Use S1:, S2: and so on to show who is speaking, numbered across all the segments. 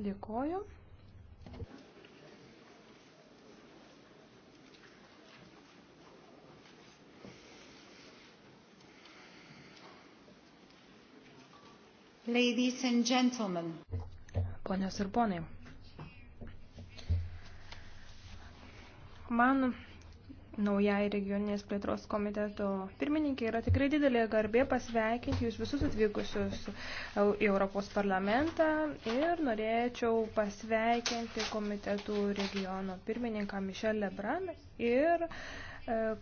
S1: Dėkoju.
S2: Ladies and gentlemen. Ponios
S1: ir ponai. Man naujai regioninės plėtros komiteto pirmininkė. Yra tikrai didelė garbė pasveikinti jūs visus atvykusius į Europos parlamentą ir norėčiau pasveikinti komitetų regiono pirmininką Mišel Lebran ir e,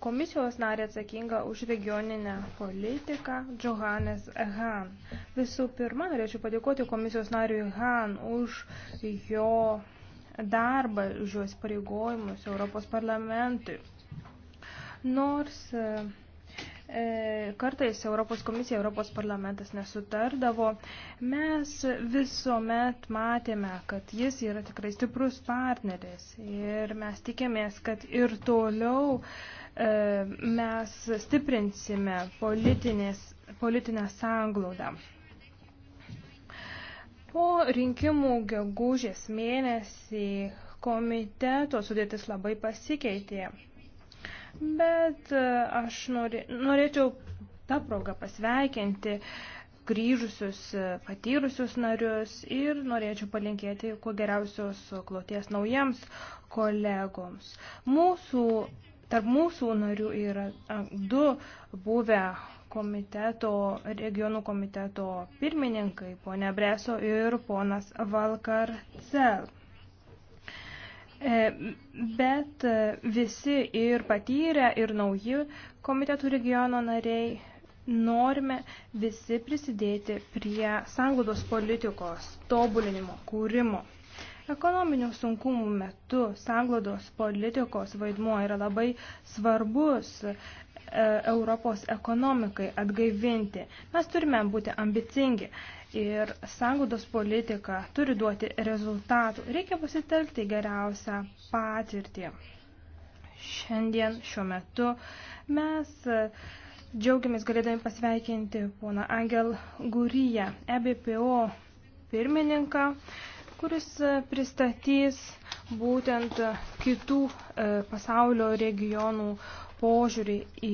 S1: komisijos narė atsakinga už regioninę politiką Johannes Han. Visų pirma, norėčiau padėkoti komisijos nariui Han už jo darbą, už jos pareigojimus Europos parlamentui. Nors e, e, kartais Europos komisija, Europos parlamentas nesutardavo, mes visuomet matėme, kad jis yra tikrai stiprus partneris ir mes tikėmės, kad ir toliau e, mes stiprinsime politinę sanglaudą. Po rinkimų gegužės mėnesį komiteto sudėtis labai pasikeitė bet e, aš norė, norėčiau tą progą pasveikinti grįžusius, e, patyrusius narius ir norėčiau palinkėti kuo geriausios kloties naujiems kolegoms. Mūsų, tarp mūsų narių yra du buvę komiteto, regionų komiteto pirmininkai, ponia Breso ir ponas Valkarcel. E, bet e, visi ir patyrę, ir nauji komitetų regiono nariai norime visi prisidėti prie sanglaudos politikos tobulinimo, kūrimo. Ekonominių sunkumų metu sanglaudos politikos vaidmuo yra labai svarbus e, Europos ekonomikai atgaivinti. Mes turime būti ambicingi ir sangudos politika turi duoti rezultatų. Reikia pasitelkti geriausią patirtį. Šiandien, šiuo metu mes e, džiaugiamės galėdami pasveikinti poną Angel Guriją, EBPO pirmininką, kuris e, pristatys būtent kitų e, pasaulio regionų požiūrį į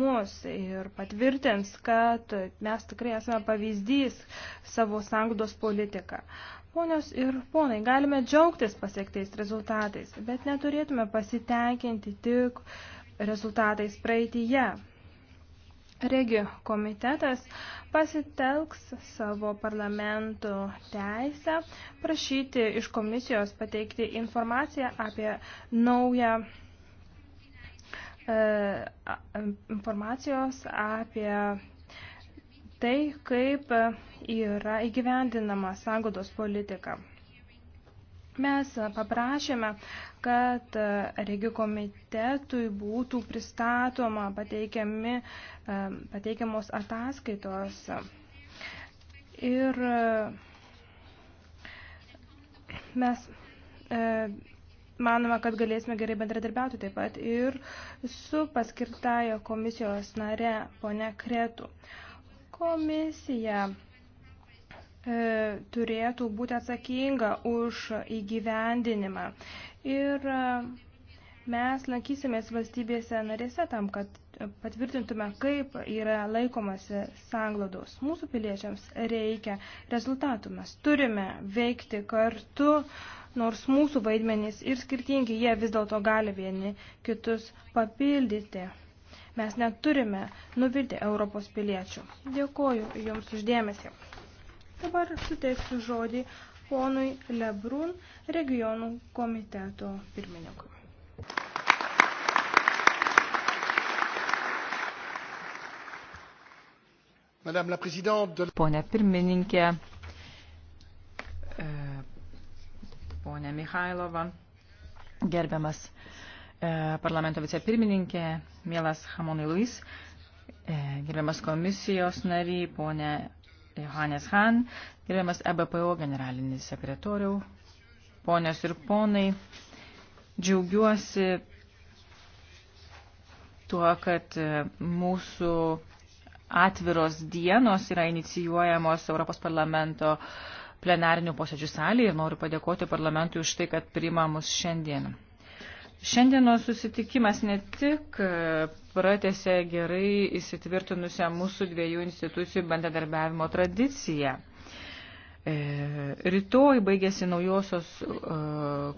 S1: mus ir patvirtins, kad mes tikrai esame pavyzdys savo sangdos politiką. Ponios ir ponai, galime džiaugtis pasiektais rezultatais, bet neturėtume pasitenkinti tik rezultatais praeitįje. Regi komitetas pasitelks savo parlamento teisę prašyti iš komisijos pateikti informaciją apie naują E, informacijos apie tai, kaip yra įgyvendinama sangodos politika. Mes paprašėme, kad regio komitetui būtų pristatoma pateikiami, e, pateikiamos ataskaitos. Ir e, mes manoma, kad galėsime gerai bendradarbiauti taip pat ir su paskirtaja komisijos nare pone Kretu. Komisija e, turėtų būti atsakinga už įgyvendinimą ir e, mes lankysimės valstybėse narėse tam, kad patvirtintume, kaip yra laikomasi sanglados. Mūsų piliečiams reikia rezultatų. Mes turime veikti kartu. E, nors mūsų vaidmenys ir skirtingi, jie vis dėlto gali vieni kitus papildyti. Mes neturime nuvilti Europos piliečių. Dėkoju Jums uždėmesi. Dabar suteiksiu žodį ponui Lebrun regionų komiteto pirmininkui.
S3: Pone pirmininkė, ponė Mihailova, gerbiamas e, parlamento vicepirmininkė, mielas Hamonai Luis, e, gerbiamas komisijos nary, ponė Johannes Han, gerbiamas EBPO generalinis sekretoriau, ponios ir ponai, džiaugiuosi tuo, kad e, mūsų atviros dienos yra inicijuojamos Europos parlamento uh, plenarinių posėdžių salėje ir noriu padėkoti parlamentui už tai, kad priima mus šiandien. Šiandienos susitikimas ne tik e, pratėse gerai įsitvirtinusią mūsų dviejų institucijų bendradarbiavimo tradiciją. E, rytoj baigėsi naujosios e,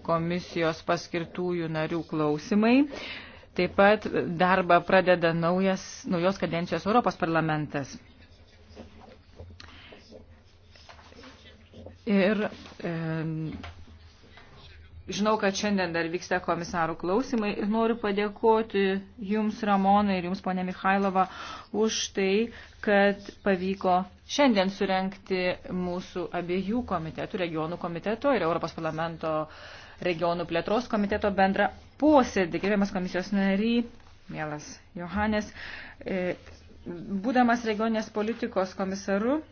S3: komisijos paskirtųjų narių klausimai. Taip pat darbą pradeda naujas, naujos kadencijos Europos parlamentas. Ir e, žinau, kad šiandien dar vyksta komisarų klausimai ir noriu padėkoti Jums, Ramonai, ir Jums, ponė Mikhailova, už tai, kad pavyko šiandien surenkti mūsų abiejų komitetų, regionų komiteto ir Europos parlamento regionų plėtros komiteto bendrą posėdį. Gerbiamas komisijos nary, mielas Johannes, e, būdamas regioninės politikos komisaru,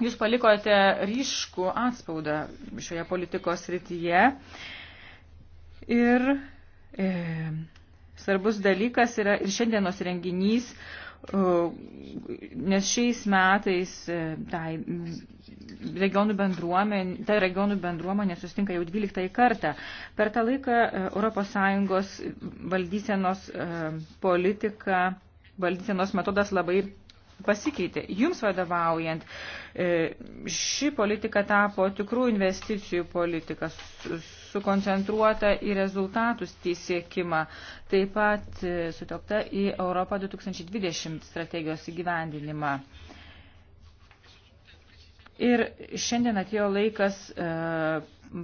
S3: Jūs palikote ryškų atspaudą šioje politikos rytyje ir e, svarbus dalykas yra ir šiandienos renginys, e, nes šiais metais e, tai, tai regionų bendruomenė, ta regionų bendruomenė sustinka jau 12 kartą. Per tą laiką ES valdysenos e, politika, valdysenos metodas labai pasikeitė. Jums vadovaujant, e, ši politika tapo tikrų investicijų politika, sukoncentruota į rezultatus teisiekimą, taip pat e, sutokta į Europą 2020 strategijos įgyvendinimą. Ir šiandien atėjo laikas e,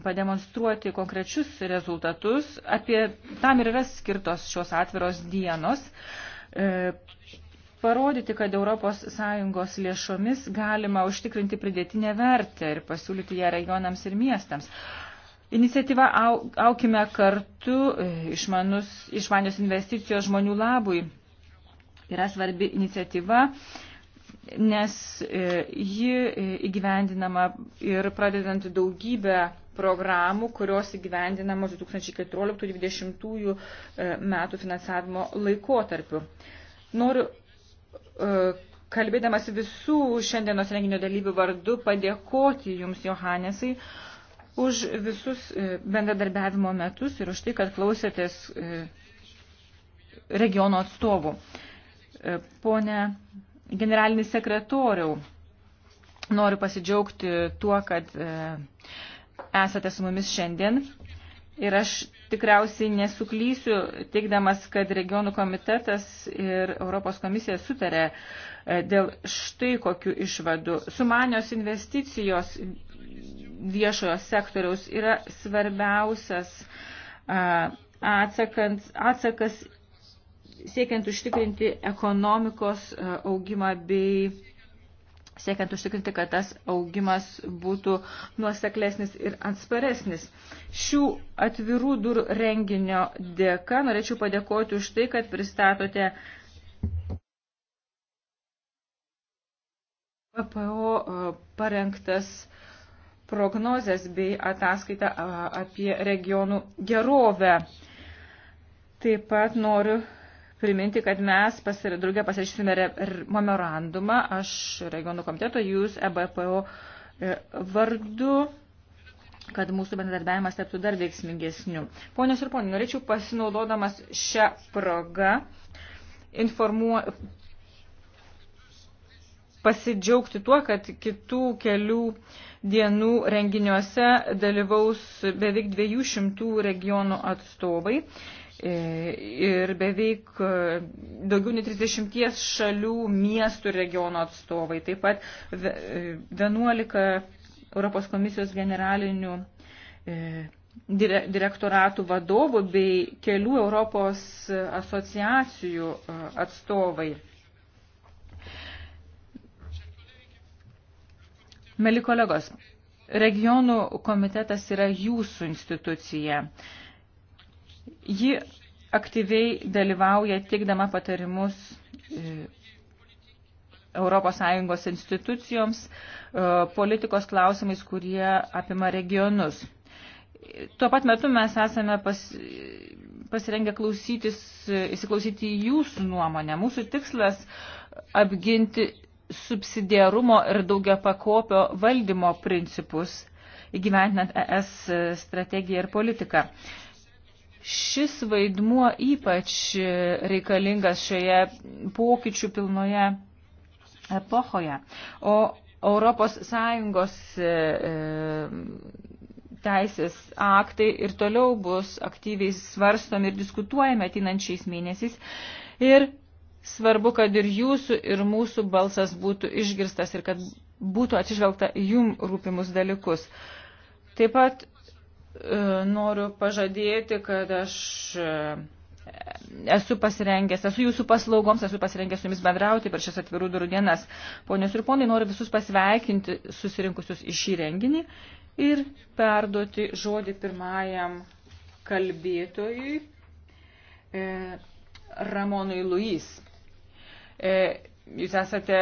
S3: pademonstruoti konkrečius rezultatus. Apie tam ir yra skirtos šios atviros dienos parodyti, kad ES lėšomis galima užtikrinti pridėtinę vertę ir pasiūlyti ją regionams ir miestams. Iniciatyva Aukime kartu, išmanus, išmanios investicijos žmonių labui yra svarbi iniciatyva, nes e, ji e, įgyvendinama ir pradedant daugybę programų, kurios įgyvendinamos 2014-2020 e, metų finansavimo laikotarpiu. Noriu E, kalbėdamas visų šiandienos renginio dalyvių vardu padėkoti Jums, Johanesai, už visus e, bendradarbiavimo metus ir už tai, kad klausėtės e, regiono atstovų. Pone generalinis sekretoriau, noriu pasidžiaugti tuo, kad esate su mumis šiandien ir aš tikriausiai nesuklysiu, teikdamas, kad regionų komitetas ir Europos komisija sutarė e, dėl štai kokių išvadų. Sumanios investicijos viešojo sektoriaus yra svarbiausias atsakant, atsakas siekiant užtikrinti ekonomikos augimą bei siekiant užtikrinti, kad tas augimas būtų nuoseklesnis ir atsparesnis. Šių atvirų durų renginio dėka norėčiau padėkoti už tai, kad pristatote PPO e, parengtas prognozes bei ataskaitą apie regionų gerovę. Taip pat noriu priminti, kad mes pasir, draugė pasirašysime memorandumą, aš regionų komiteto, jūs EBPO e, vardu kad mūsų bendradarbiavimas taptų dar veiksmingesniu. Ponios ir poniai, norėčiau pasinaudodamas šią progą informuo... pasidžiaugti tuo, kad kitų kelių dienų renginiuose dalyvaus beveik 200 regionų atstovai. E, ir beveik e, daugiau nei 30 šalių, miestų regiono atstovai, taip pat 11 e, Europos komisijos generalinių direktoratų vadovų bei kelių Europos asociacijų atstovai. Meli kolegos, regionų komitetas yra jūsų institucija. E, Ji aktyviai dalyvauja teikdama patarimus ES institucijoms e, politikos klausimais, kurie apima regionus. Tuo pat metu mes esame pas, pasirengę klausytis, įsiklausyti jūsų nuomonę. Mūsų tikslas apginti subsidiarumo ir daugia pakopio valdymo principus įgyventinant ES strategiją ir politiką. Uh, Šis vaidmuo ypač reikalingas šioje pokyčių pilnoje epochoje. O Europos Sąjungos e, e, teisės aktai ir toliau bus aktyviai svarstomi ir diskutuojami ateinančiais mėnesiais. Ir svarbu, kad ir jūsų, ir mūsų balsas būtų išgirstas ir kad būtų atsižvelgta jum rūpimus dalykus. Taip pat E, noriu pažadėti, kad aš e, esu pasirengęs, esu jūsų paslaugoms, esu pasirengęs su jumis bendrauti per šias atvirų durų dienas. Ponios ir ponai, noriu visus pasveikinti susirinkusius į šį renginį ir perduoti žodį pirmajam kalbėtojui e, Ramonui Luis. Jūs esate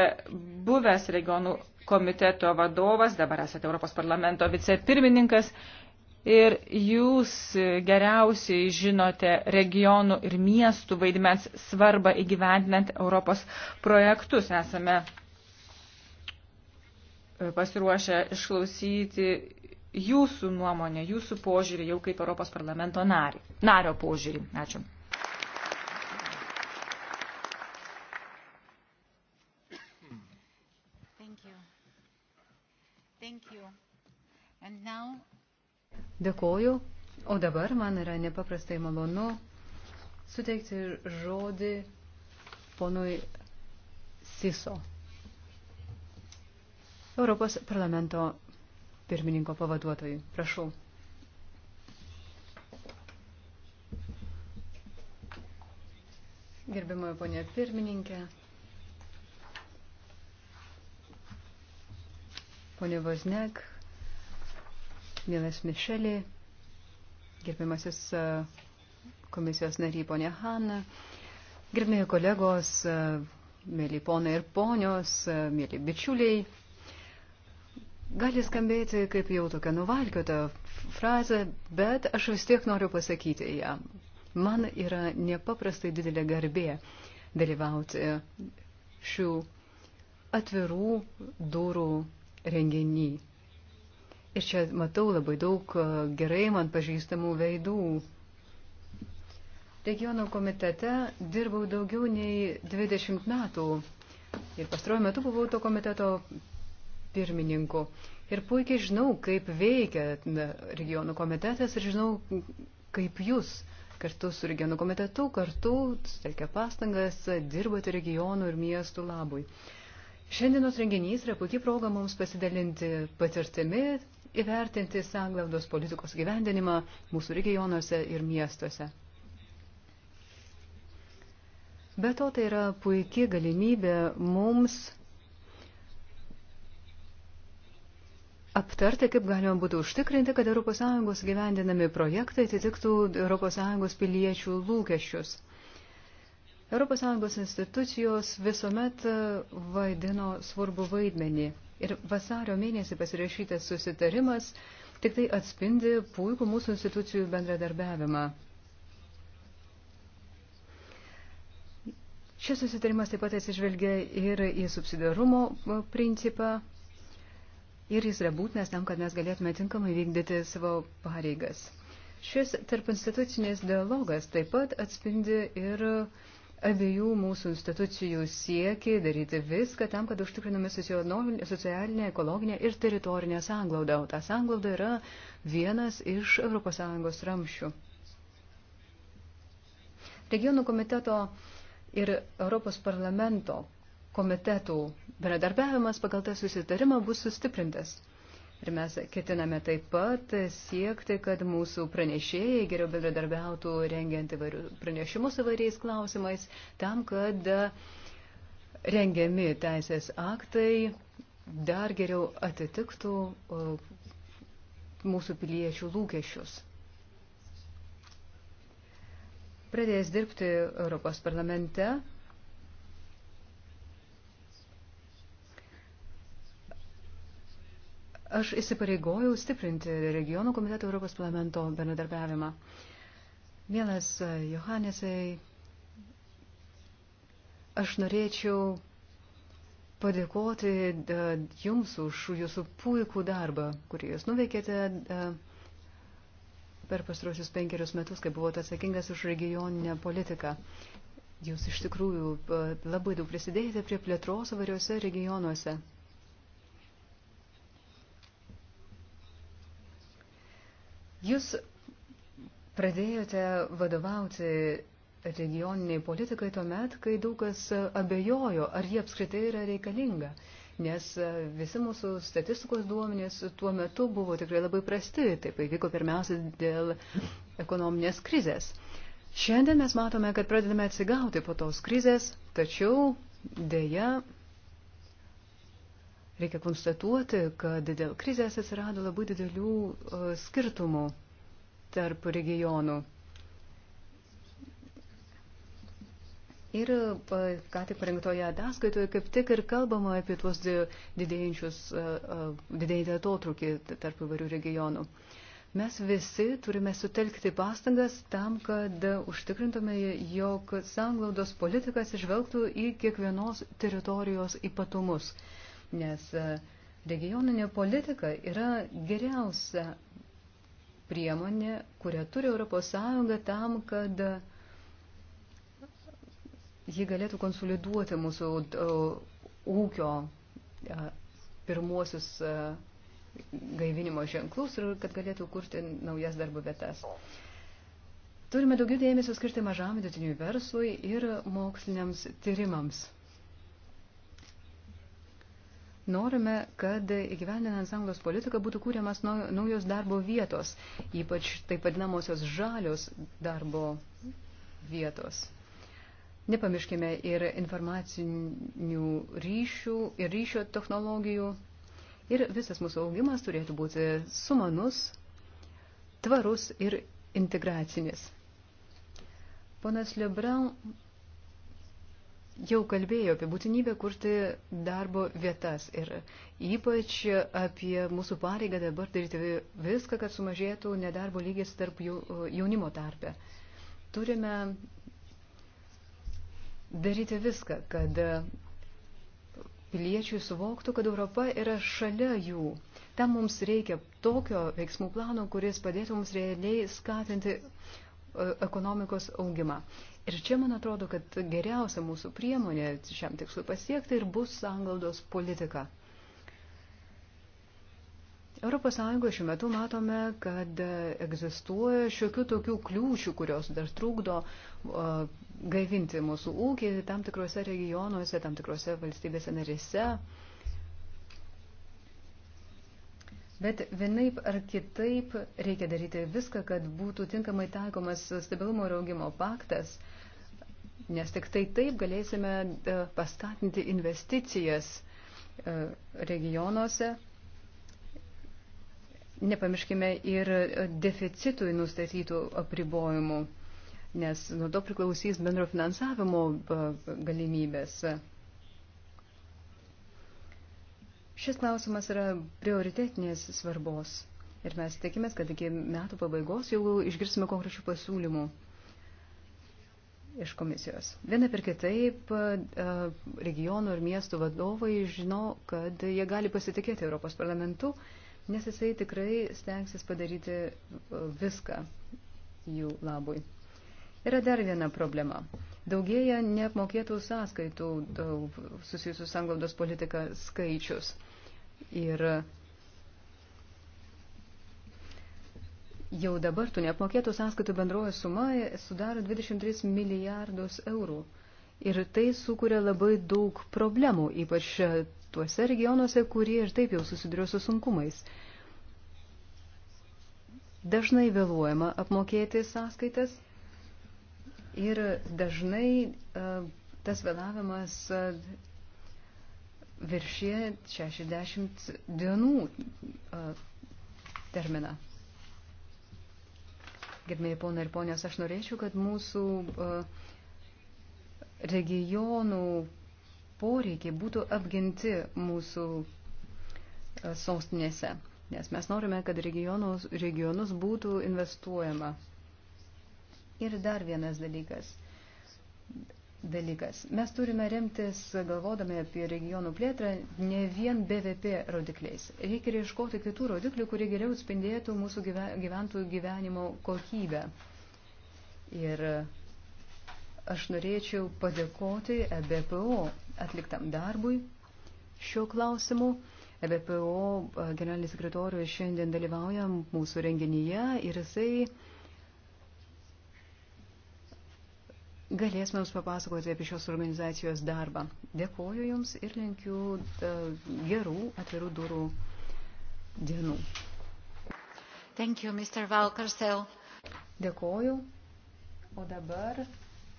S3: buvęs regionų komiteto vadovas, dabar esate Europos parlamento vicepirmininkas. pirmininkas ir jūs geriausiai žinote regionų ir miestų vaidmens svarbą įgyvendinant Europos projektus. Esame e, pasiruošę išklausyti jūsų nuomonę, jūsų požiūrį jau kaip Europos parlamento narį, nario požiūrį. Ačiū.
S2: Thank you. Thank you. And now Dėkoju. O dabar man yra nepaprastai malonu suteikti žodį ponui Siso, Europos parlamento pirmininko pavaduotojui. Prašau. Gerbiamojo ponė pirmininkė, ponė Voznek, mielas Mišelė, gerbiamasis e, komisijos nary ponė Hanna, gerbėjai kolegos, e, mėly ponai ir ponios, e, mėly bičiuliai. Gali skambėti kaip jau tokia nuvalkiota frazė, bet aš vis tiek noriu pasakyti ją. Man yra nepaprastai didelė garbė dalyvauti šių atvirų durų renginį. Ir čia matau labai daug e, gerai man pažįstamų veidų. Regiono komitete dirbau daugiau nei 20 metų ir pastaruoju metu buvau to komiteto pirmininku. Ir puikiai žinau, kaip veikia regionų komitetas ir žinau, kaip jūs kartu su regionų komitetu, kartu stelkia pastangas, dirbate regionų ir miestų labui. Šiandienos renginys yra puikiai proga mums pasidalinti patirtimi, įvertinti sanglaudos politikos gyvendinimą mūsų regionuose ir miestuose. Be to, tai yra puikia galimybė mums aptarti, kaip galima būtų užtikrinti, kad ES gyvendinami projektai atitiktų ES piliečių lūkesčius. ES institucijos visuomet vaidino svarbu vaidmenį Ir vasario mėnesį pasirašytas susitarimas tik tai atspindi puikų mūsų institucijų bendradarbiavimą. Šis susitarimas taip pat atsižvelgia ir į subsidiarumo principą, ir jis yra būtinas tam, kad mes galėtume tinkamai vykdyti savo pareigas. Šis tarp institucinės dialogas taip pat atspindi ir uh, abiejų mūsų institucijų siekį daryti viską tam, kad užtikrinami socialinė, ekologinė ir teritorinė sanglauda. O ta sanglauda yra vienas iš ES ramščių. Regionų komiteto ir Europos parlamento komitetų bendradarbiavimas pagal tą susitarimą bus sustiprintas. Ir mes ketiname taip pat siekti, kad mūsų pranešėjai geriau bendradarbiautų rengiant įvairių pranešimus įvairiais klausimais, tam, kad rengiami teisės aktai dar geriau atitiktų mūsų piliečių lūkesčius. Pradėjęs dirbti Europos parlamente, aš įsipareigojau stiprinti regionų komiteto Europos parlamento bendradarbiavimą. Mielas e, Johanesai, aš norėčiau padėkoti e, Jums už Jūsų puikų darbą, kurį Jūs nuveikėte e, per pastrosius penkerius metus, kai buvote atsakingas už regioninę politiką. Jūs iš tikrųjų labai daug prisidėjote prie plėtros įvairiuose regionuose. Jūs pradėjote vadovauti regioniniai politikai tuo met, kai daug kas abejojo, ar jie apskritai yra reikalinga. Nes e, visi mūsų statistikos duomenės tuo metu buvo tikrai labai prasti. Taip įvyko pirmiausia dėl ekonominės krizės. Šiandien mes matome, kad pradedame atsigauti po tos krizės, tačiau dėja Reikia konstatuoti, kad dėl krizės atsirado labai didelių e, skirtumų tarp regionų. Ir e, ką tik parengtoje ataskaitoje kaip tik ir kalbama apie tuos didėjančius, e, didėjantį atotrukį tarp įvairių regionų. Mes visi turime sutelkti pastangas tam, kad užtikrintume, jog sanglaudos politikas išvelgtų į kiekvienos teritorijos ypatumus nes e, regioninė politika yra geriausia priemonė, kurią turi ES tam, kad e, ji galėtų konsoliduoti mūsų e, ūkio pirmuosius gaivinimo ženklus ir kad galėtų kurti naujas darbo vietas. Turime daugiau dėmesio skirti mažam vidutiniui verslui ir moksliniams tyrimams. Norime, kad įgyvendinant sąjungos politiką būtų kūriamas naujos darbo vietos, ypač taip vadinamosios žalios darbo vietos. Nepamirškime ir informacinių ryšių ir ryšio technologijų. Ir visas mūsų augimas turėtų būti sumanus, tvarus ir integracinis. Ponas Lebrun jau kalbėjo apie būtinybę kurti darbo vietas ir ypač apie mūsų pareigą dabar daryti viską, kad sumažėtų nedarbo lygis tarp jaunimo tarpe. Turime daryti viską, kad piliečiai suvoktų, kad Europa yra šalia jų. Tam mums reikia tokio veiksmų plano, kuris padėtų mums realiai skatinti uh, E, ekonomikos augimą. Ir čia man atrodo, kad geriausia mūsų priemonė šiam tikslui pasiekti ir bus sanglaudos politika. Europos Sąjungoje šiuo metu matome, kad egzistuoja šiokių tokių kliūčių, kurios dar trukdo e, gaivinti mūsų ūkį tam tikrose regionuose, tam tikrose valstybėse narėse. Uh, Bet vienaip ar kitaip reikia daryti viską, kad būtų tinkamai taikomas stabilumo ir augimo paktas, nes tik tai taip galėsime e, paskatinti investicijas e, regionuose. Nepamirškime ir deficitui nustatytų apribojimų, nes nuo to priklausys bendro finansavimo e, galimybės. Šis klausimas yra prioritetinės svarbos ir mes tikimės, kad iki metų pabaigos jau išgirsime konkrečių pasiūlymų iš komisijos. Viena per kitaip e, regionų ir miestų vadovai žino, kad jie gali pasitikėti Europos parlamentu, nes jisai tikrai stengsis padaryti e, viską jų labui. Yra dar viena problema. Daugėja neapmokėtų sąskaitų susijusių sanglaudos politika skaičius. Ir jau dabar tų neapmokėtų sąskaitų bendroji suma sudaro 23 milijardus eurų. Ir tai sukuria labai daug problemų, ypač tuose regionuose, kurie ir taip jau susiduria su sunkumais. Dažnai vėluojama apmokėti sąskaitas Ir dažnai e, tas vėlavimas e, viršė 60 dienų e, terminą. Gerbėjai ponai ir ponios, aš norėčiau, kad mūsų regionų poreikiai būtų apginti mūsų sostinėse, nes mes norime, kad regionus, regionus būtų investuojama Ir dar vienas dalykas. dalykas. Mes turime remtis, galvodami apie regionų plėtrą, ne vien BVP rodikliais. Reikia ieškoti kitų rodiklių, kurie geriau atspindėtų mūsų gyventojų gyvenimo kokybę. Ir aš norėčiau padėkoti EBPO atliktam darbui šiuo klausimu. EBPO generalinis sekretorius šiandien dalyvauja mūsų renginyje ir jisai galės mums papasakoti apie šios organizacijos darbą. Dėkuoju Jums ir linkiu e, gerų atvirų durų dienų. Thank you, Mr. Valkarsel. Dėkuoju. O dabar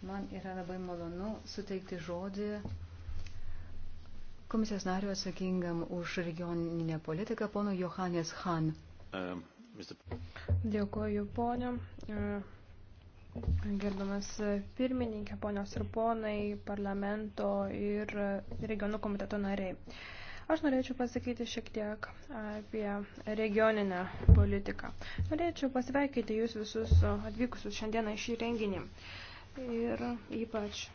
S2: man yra labai malonu suteikti žodį komisijos nariu atsakingam už regioninę politiką, ponu Johannes Han. Um, Dėkuoju, ponė.
S1: Uh, e, Gerbiamas pirmininkė, ponios ir ponai, parlamento ir regionų komiteto nariai. Aš norėčiau pasakyti šiek tiek apie regioninę politiką. Norėčiau pasveikinti jūs visus atvykusius šiandieną į šį renginį. Ir ypač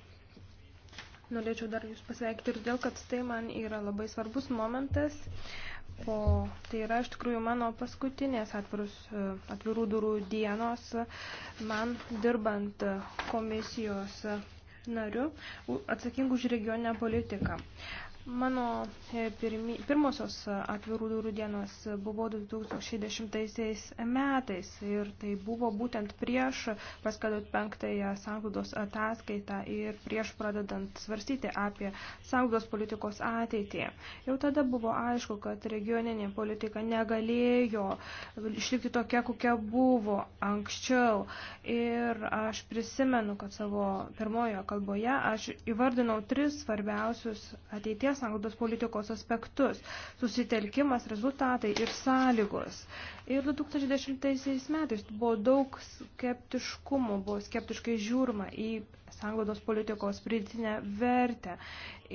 S1: norėčiau dar jūs pasveikinti ir dėl, kad tai man yra labai svarbus momentas. Uh, O tai yra iš tikrųjų mano paskutinės atvirus, e, atvirų durų dienos e, man dirbant komisijos nariu atsakingu už regioninę politiką. Mano e, pirmi, pirmosios e, atvirų durų dienos buvo 2010 metais ir tai buvo būtent prieš paskadot penktąją sanglaudos ataskaitą ir prieš pradedant svarstyti apie sanglaudos politikos ateitį. Jau tada buvo aišku, kad regioninė politika negalėjo išlikti tokia, kokia buvo anksčiau. Ir aš prisimenu, kad savo pirmojo kalboje aš įvardinau tris svarbiausius ateities kitus sanglaudos politikos aspektus - susitelkimas, rezultatai ir sąlygos. Ir 2010 metais buvo daug skeptiškumų, buvo skeptiškai žiūrima į sanglaudos politikos pridėtinę vertę.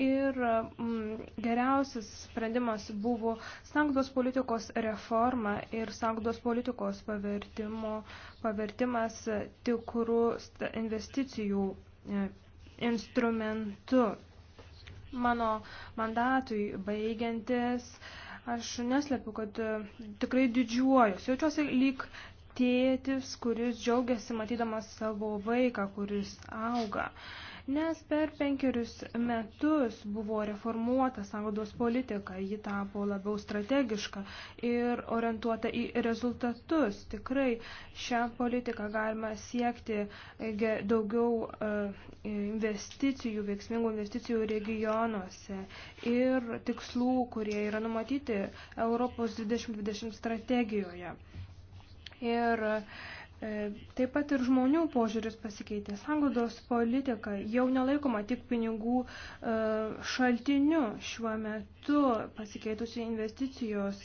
S1: Ir mm, geriausias sprendimas buvo sanglaudos politikos reforma ir sanglaudos politikos pavertimo, pavertimas tikrų investicijų e, instrumentu mano mandatui baigiantis, aš neslepiu, kad e, tikrai didžiuojuosi. Jaučiuosi lyg tėtis, kuris džiaugiasi matydamas savo vaiką, kuris auga. Uh, nes per penkerius metus buvo reformuota sąnaudos politika, ji tapo labiau strategiška ir orientuota į rezultatus. Tikrai šią politiką galima siekti e, daugiau e, investicijų, veiksmingų investicijų regionuose ir tikslų, kurie yra numatyti Europos 2020 strategijoje. Ir uh, E, taip pat ir žmonių požiūris pasikeitė. Sangodos politika jau nelaikoma tik pinigų e, šaltiniu šiuo metu pasikeitusi investicijos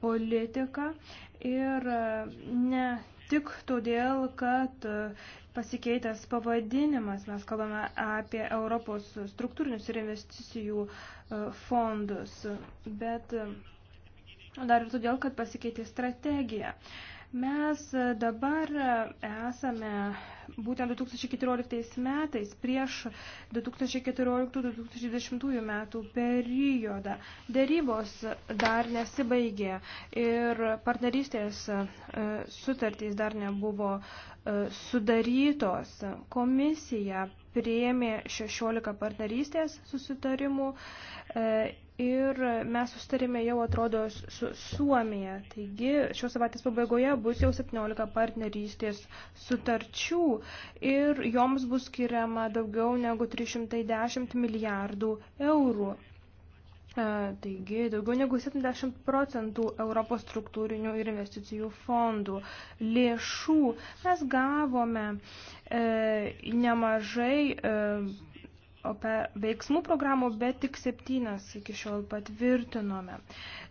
S1: politika ir e, ne tik todėl, kad pasikeitęs pavadinimas mes kalbame apie Europos struktūrinius ir investicijų fondus, bet dar ir todėl, kad pasikeitė strategija. Uh, Mes dabar esame būtent 2014 metais prieš 2014-2020 metų periodą. Dėrybos dar nesibaigė ir partnerystės e, sutartys dar nebuvo e, sudarytos. Komisija prieėmė 16 partnerystės susitarimų e, ir mes sustarėme jau atrodo su Suomija. Taigi šios savaitės pabaigoje bus jau 17 partnerystės sutarčių ir joms bus skiriama daugiau negu 310 milijardų eurų. E, taigi daugiau negu 70 procentų Europos struktūrinių ir investicijų fondų lėšų mes gavome e, nemažai e, veiksmų programų, bet tik septynas iki šiol patvirtinome.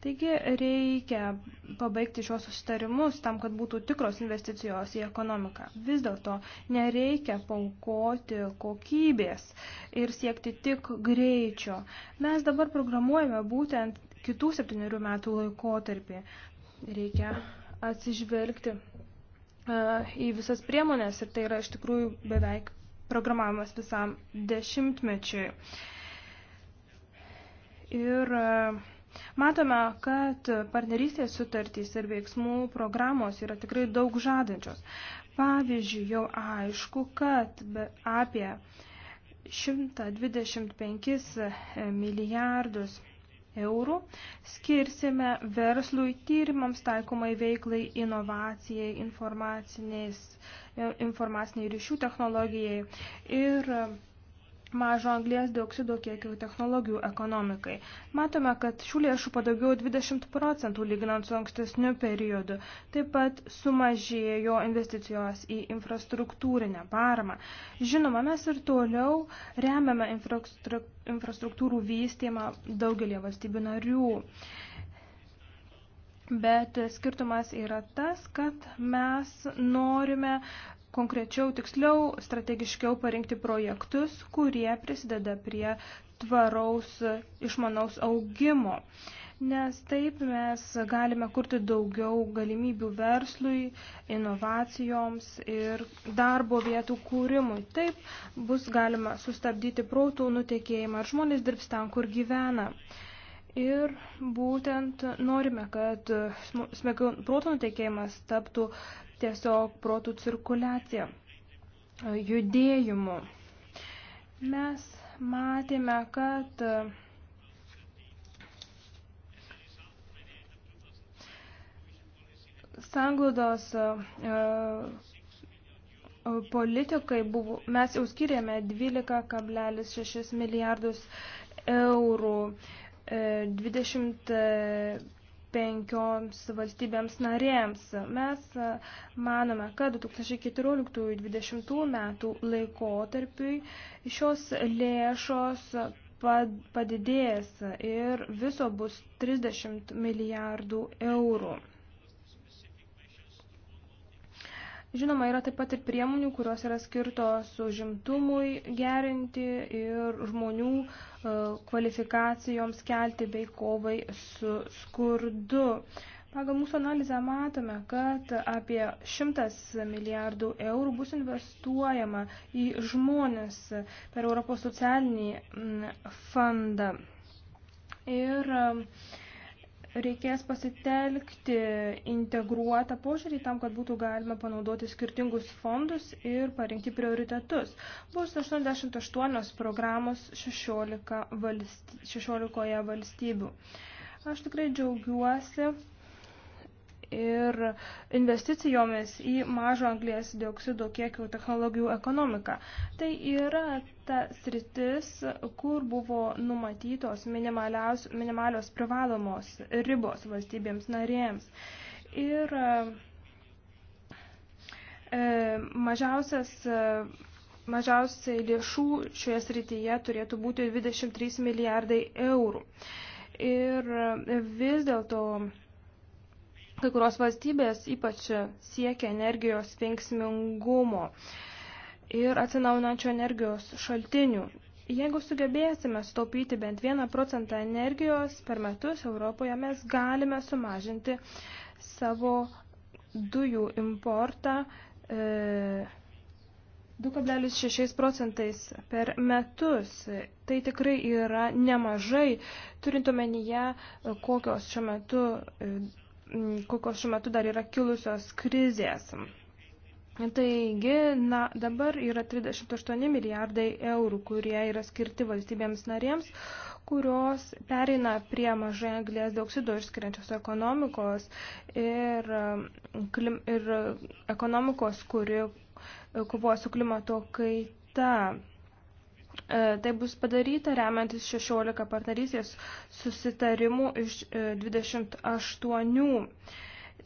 S1: Taigi reikia pabaigti šios susitarimus tam, kad būtų tikros investicijos į ekonomiką. Vis dėlto nereikia paukoti kokybės ir siekti tik greičio. Mes dabar programuojame būtent kitų septyniarių metų laikotarpį. Reikia atsižvelgti į visas priemonės ir tai yra iš tikrųjų beveik programavimas visam dešimtmečiui. Ir e, matome, kad partnerystės sutartys ir veiksmų programos yra tikrai daug žadančios. Pavyzdžiui, jau aišku, kad apie 125 milijardus eurų skirsime verslui tyrimams taikomai veiklai, inovacijai, informaciniais E, informaciniai ryšių technologijai ir e, mažo anglės dioksido kiekio technologijų ekonomikai. Matome, kad šių lėšų padaugėjo 20 procentų lyginant su ankstesniu periodu. Taip pat sumažėjo investicijos į infrastruktūrinę paramą. Žinoma, mes ir toliau remiame infrastruktūrų vystymą daugelį valstybių narių. Bet skirtumas yra tas, kad mes norime konkrečiau, tiksliau, strategiškiau parinkti projektus, kurie prisideda prie tvaraus išmanaus augimo. Nes taip mes galime kurti daugiau galimybių verslui, inovacijoms ir darbo vietų kūrimui. Taip bus galima sustabdyti protų nutekėjimą ir žmonės dirbs ten, kur gyvena. Uh, Ir būtent norime, kad protų nutekėjimas taptų tiesiog protų cirkuliacija, judėjimu. Mes matėme, kad e, sanglaudos e, e, politikai buvo, mes jau skiriame 12,6 milijardus eurų 25 valstybėms narėms. Mes e, manome, kad 2014-2020 metų laikotarpiui šios lėšos padidės ir viso bus 30 milijardų eurų. Žinoma, yra taip pat ir priemonių, kurios yra skirtos užimtumui gerinti ir žmonių uh, E, kvalifikacijoms kelti bei kovai su skurdu. Pagal mūsų analizę matome, kad apie 100 milijardų eurų bus investuojama į žmonės per Europos socialinį fondą. Ir uh, reikės pasitelkti integruotą požiūrį tam, kad būtų galima panaudoti skirtingus fondus ir parinkti prioritetus. Bus 88 programos 16, valsty 16 valstybių. Aš tikrai džiaugiuosi ir investicijomis į mažo anglės dioksido kiekio technologijų ekonomiką. Tai yra ta sritis, kur buvo numatytos minimalios privalomos ribos valstybėms narėms. Ir e, mažiausias e, mažiausiai lėšų šioje srityje turėtų būti 23 milijardai eurų. Ir e, vis dėlto Kai kurios valstybės ypač siekia energijos veiksmingumo ir atsinaunančio energijos šaltinių. Jeigu sugebėsime staupyti bent 1 procentą energijos per metus Europoje, mes galime sumažinti savo dujų importą e, 2,6 procentais per metus. Tai tikrai yra nemažai, turint omenyje, kokios šiuo metu e, kokios šiuo metu dar yra kilusios krizės. Taigi, na, dabar yra 38 milijardai eurų, kurie yra skirti valstybėms narėms, kurios pereina prie mažai anglės dioksido išskiriančios ekonomikos ir, um, klim, ir um, ekonomikos, kuri kovoja su klimato kaita. E, tai bus padaryta remiantis 16 partnerysės susitarimų iš 28. E,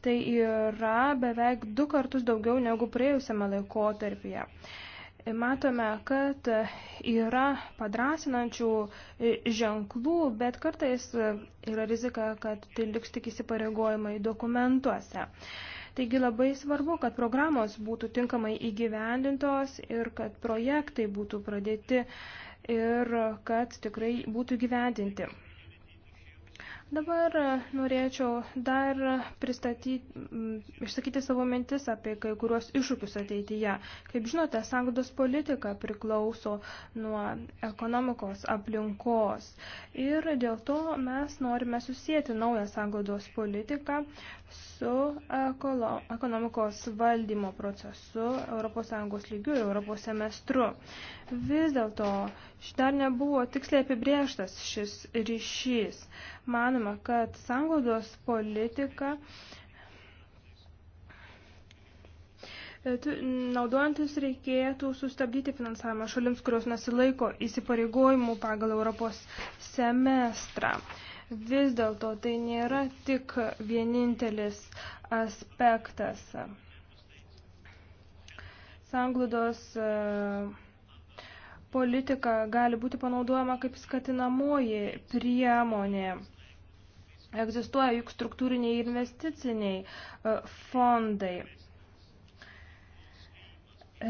S1: tai yra beveik du kartus daugiau negu praėjusiame laikotarpyje. E, matome, kad yra padrasinančių ženklų, bet kartais yra rizika, kad tai liks tik įsipareigojimai dokumentuose. Taigi labai svarbu, kad programos būtų tinkamai įgyvendintos ir kad projektai būtų pradėti ir kad tikrai būtų gyvendinti. Dabar norėčiau dar pristatyti, mm, išsakyti savo mintis apie kai kuriuos iššūkius ateityje. Kaip žinote, sanglaudos politika priklauso nuo ekonomikos aplinkos ir dėl to mes norime susijęti naują sanglaudos politiką su e, ekonomikos valdymo procesu ES lygiu ir Europos semestru. Vis dėlto dar nebuvo tiksliai apibrėžtas šis ryšys. Manoma, kad sangodos politika e, naudojantis reikėtų sustabdyti finansavimą šalims, kurios nesilaiko įsipareigojimų pagal Europos semestrą. Uh, Vis dėlto tai nėra tik vienintelis aspektas. Sanglaudos e, politika gali būti panaudojama kaip skatinamoji priemonė. Egzistuoja juk struktūriniai investiciniai e, fondai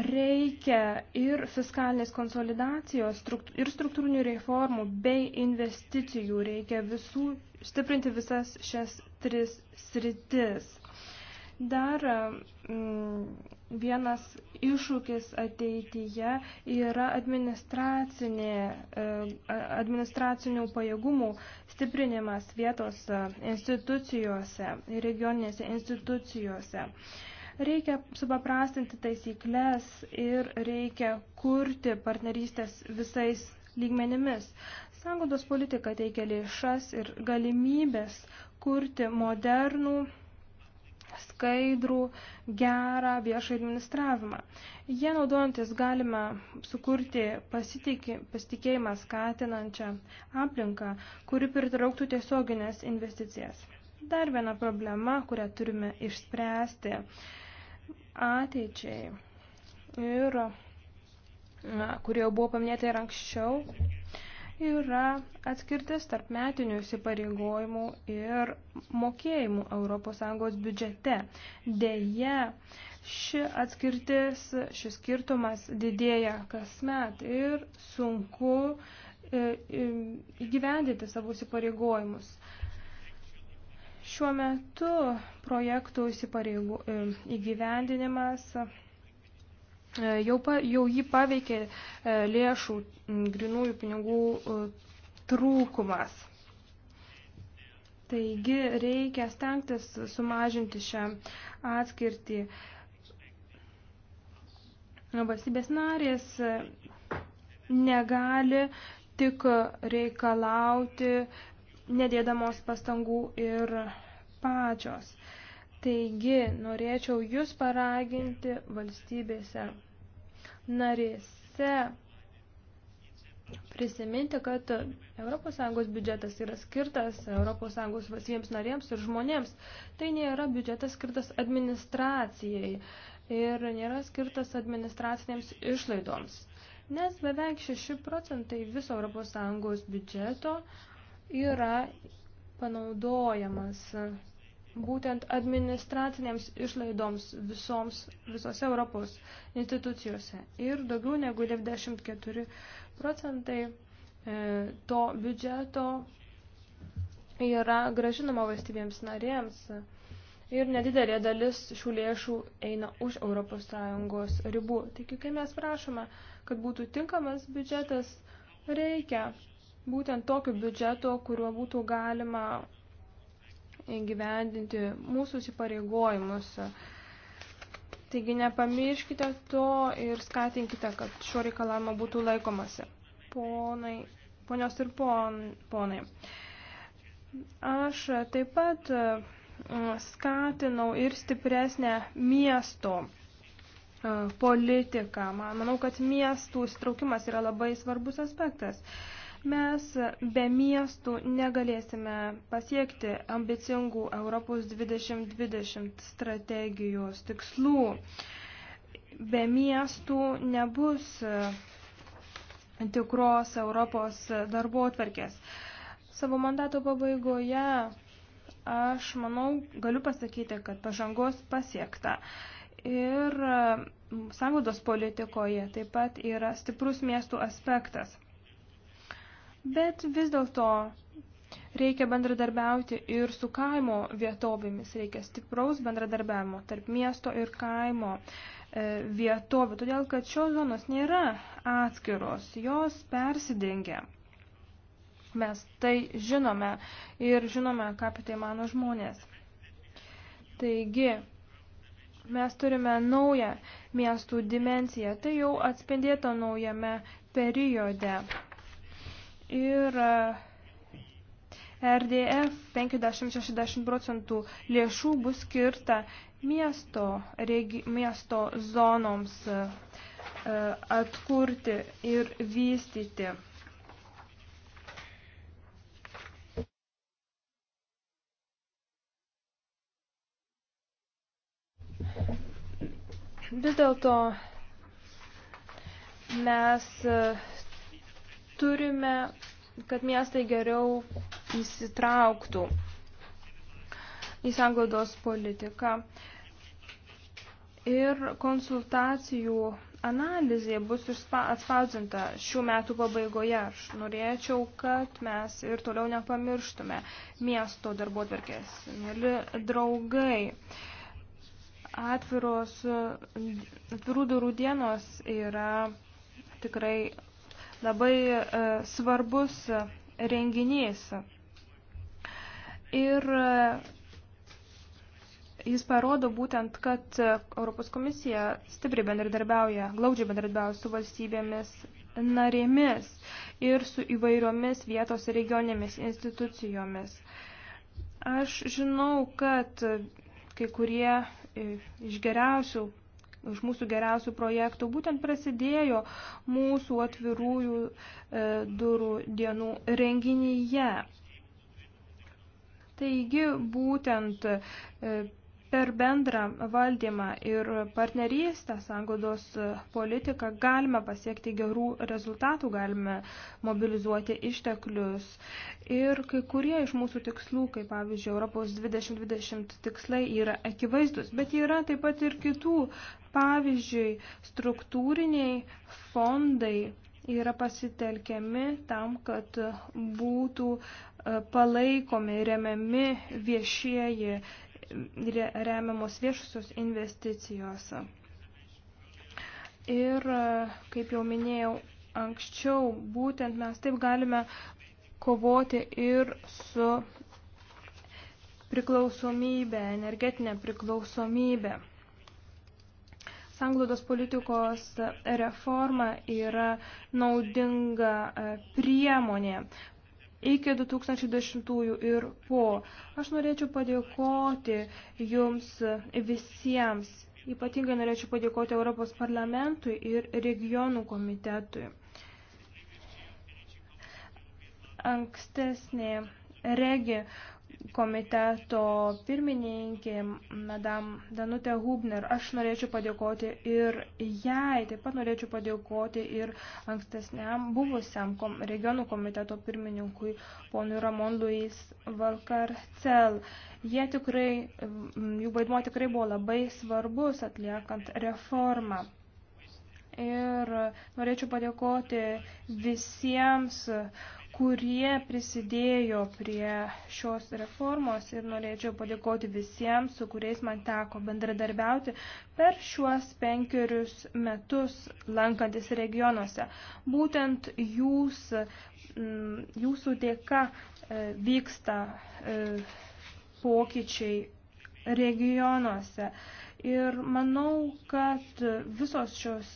S1: reikia ir fiskalinės konsolidacijos, ir struktūrinių reformų, bei investicijų. Reikia visų stiprinti visas šias tris sritis. Dar mm, vienas iššūkis ateityje yra administracinė, e, administracinių pajėgumų stiprinimas vietos e, institucijose, regioninėse institucijose. institucijose Reikia supaprastinti taisyklės ir reikia kurti partnerystės visais lygmenimis. Sangodos politika teikia lėšas ir galimybės kurti modernų skaidrų, gerą viešą administravimą. Jie naudojantis galime sukurti pasitikėjimą skatinančią aplinką, kuri pritrauktų tiesioginės investicijas. Dar viena problema, kurią turime išspręsti, ateičiai. Ir, na, kurie buvo paminėta ir anksčiau, yra atskirtis tarp metinių įsipareigojimų ir mokėjimų ES biudžete. Deja, ši atskirtis, šis skirtumas didėja kasmet ir sunku e, e, įgyvendyti savo įsipareigojimus. Šiuo metu projektų įsipareigų e, įgyvendinimas e, jau, pa, jau jį paveikė e, lėšų grinųjų pinigų trūkumas. Taigi reikia stengtis sumažinti šią atskirtį. Valstybės narės negali tik reikalauti nedėdamos pastangų ir pačios. Taigi, norėčiau Jūs paraginti valstybėse narėse prisiminti, kad ES biudžetas yra skirtas ES valstybėms narėms ir žmonėms. Tai nėra biudžetas skirtas administracijai ir nėra skirtas administracinėms išlaidoms, nes beveik 6 procentai viso ES biudžeto uh, yra panaudojamas būtent administracinėms išlaidoms visoms, visose Europos institucijose. Ir daugiau negu 94 procentai e, to biudžeto yra gražinama valstybėms narėms ir nedidelė dalis šių lėšų eina už ES ribų. Taigi, kai mes prašome, kad būtų tinkamas biudžetas, reikia būtent tokiu biudžetu, kuriuo būtų galima įgyvendinti mūsų įsipareigojimus. Taigi nepamirškite to ir skatinkite, kad šio reikalavimo būtų laikomasi. Ponai, ponios ir pon, ponai. Aš taip pat mm, skatinau ir stipresnę miesto e, politiką. Manau, kad miestų įsitraukimas yra labai svarbus aspektas. Uh, Mes be miestų negalėsime pasiekti ambicingų Europos 2020 strategijos tikslų. Be miestų nebus e, tikros Europos darbo atverkės. Savo mandato pabaigoje aš manau, galiu pasakyti, kad pažangos pasiekta. Ir e, sąnaudos politikoje taip pat yra stiprus miestų aspektas bet vis dėlto reikia bendradarbiauti ir su kaimo vietovėmis, reikia stipraus bendradarbiavimo tarp miesto ir kaimo e, vietovių, todėl kad šios zonos nėra atskiros, jos persidengia. Mes tai žinome ir žinome, ką apie tai mano žmonės. Taigi, mes turime naują miestų dimenciją, tai jau atspindėta naujame periode ir e, RDF 50-60 procentų lėšų bus skirta miesto, regi, miesto zonoms e, atkurti ir vystyti. Vis dėlto mes uh, turime, kad miestai geriau įsitrauktų į sanglaudos politiką. Ir konsultacijų analizė bus atspausdinta šių metų pabaigoje. Aš norėčiau, kad mes ir toliau nepamirštume miesto darbotvarkės. Mėly draugai, atviros, atvirų durų dienos yra tikrai labai e, svarbus renginys. Ir e, jis parodo būtent, kad Europos komisija stipriai bendradarbiauja, glaudžiai bendradarbiauja su valstybėmis narėmis ir su įvairiomis vietos regionėmis institucijomis. Aš žinau, kad kai kurie iš geriausių iš mūsų geriausių projektų būtent prasidėjo mūsų atvirųjų e, durų dienų renginyje. Taigi būtent e, per bendrą valdymą ir partnerystę sangodos politiką galime pasiekti gerų rezultatų, galime mobilizuoti išteklius. Ir kai kurie iš mūsų tikslų, kaip pavyzdžiui Europos 2020 tikslai, yra akivaizdus, bet yra taip pat ir kitų. Pavyzdžiui, struktūriniai fondai yra pasitelkiami tam, kad būtų e, palaikomi, remiami viešieji remiamos viešusios investicijos. Ir, e, kaip jau minėjau anksčiau, būtent mes taip galime kovoti ir su priklausomybė, energetinė priklausomybė. Sanglaudos politikos reforma yra naudinga e, priemonė, iki 2010 ir po. Aš norėčiau padėkoti jums visiems. Ypatingai norėčiau padėkoti Europos parlamentui ir regionų komitetui. Ankstesnė regi komiteto pirmininkė, madam Danutė Hubner. Aš norėčiau padėkoti ir jai, taip pat norėčiau padėkoti ir ankstesniam buvusiam kom, regionų komiteto pirmininkui, ponui Ramon Luis Valkarcel. Jie tikrai, jų vaidmuo tikrai buvo labai svarbus atliekant reformą. Ir norėčiau padėkoti visiems, kurie prisidėjo prie šios reformos ir norėčiau padėkoti visiems, su kuriais man teko bendradarbiauti per šiuos penkerius metus lankantis regionuose. Būtent jūs, mm, jūsų dėka e, vyksta e, pokyčiai regionuose. Ir manau, kad visos šios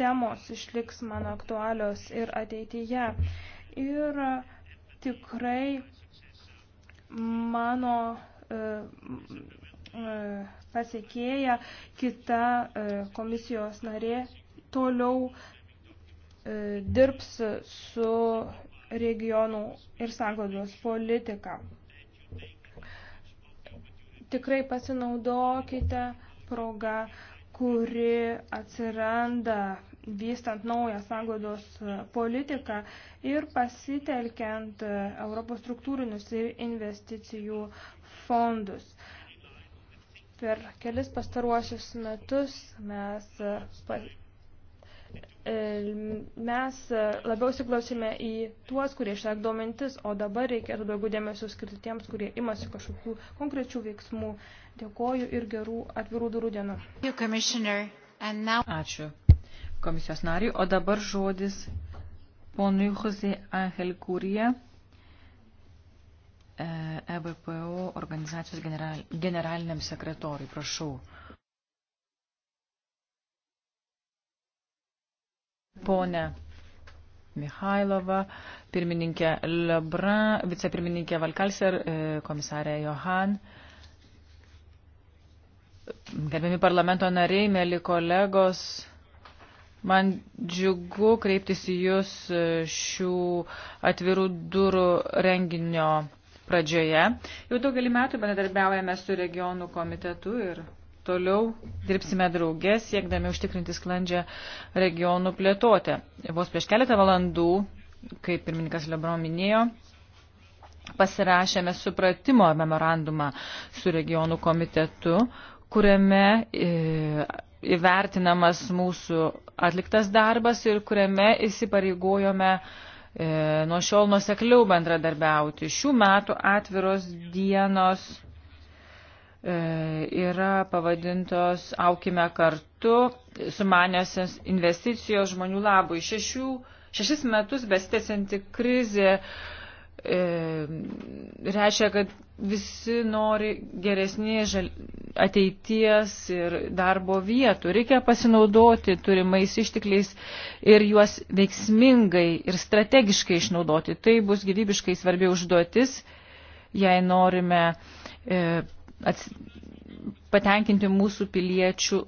S1: temos išliks man aktualios ir ateityje ir tikrai mano e, e, pasiekėja kita e, komisijos narė toliau dirbs su regionų ir sanglaudos politika. Tikrai pasinaudokite progą, kuri atsiranda vystant naują sanglaudos e, politiką ir pasitelkiant e, Europos struktūrinius ir investicijų fondus. Per kelis pastaruosius metus mes, e, mes labiau įsiklausime į tuos, kurie išsakdo mintis, o dabar reikėtų daugiau dėmesio skirti tiems, kurie imasi kažkokių konkrečių veiksmų. Dėkoju ir gerų atvirų durų dienų.
S3: Ačiū komisijos nariui. O dabar žodis ponui Jose Angel Kurija, EBPO e organizacijos general, generaliniam sekretoriui. Prašau. Pone Mihailova, pirmininkė Lebra, vicepirmininkė Valkalser, e, komisarė Johan. Gerbiami parlamento nariai, mėly kolegos, Man džiugu kreiptis į Jūs e, šių atvirų durų renginio pradžioje. Jau daugelį metų bendradarbiaujame su regionų komitetu ir toliau dirbsime drauge, siekdami užtikrinti sklandžią regionų plėtotę. Vos prieš keletą valandų, kaip pirmininkas Lebron minėjo, pasirašėme supratimo memorandumą su regionų komitetu, kuriame e, įvertinamas mūsų atliktas darbas ir kuriame įsipareigojome e, nuo šiol nusekliau bendradarbiauti. Šių metų atviros dienos e, yra pavadintos Aukime kartu, sumaniosios investicijos žmonių labui. Šešių, šešis metus besitėsianti krizė e, reiškia, kad visi nori geresnės žal... ateities ir darbo vietų. Reikia pasinaudoti turimais ištikliais ir juos veiksmingai ir strategiškai išnaudoti. Tai bus gyvybiškai svarbi užduotis, jei norime e, ats... patenkinti mūsų piliečių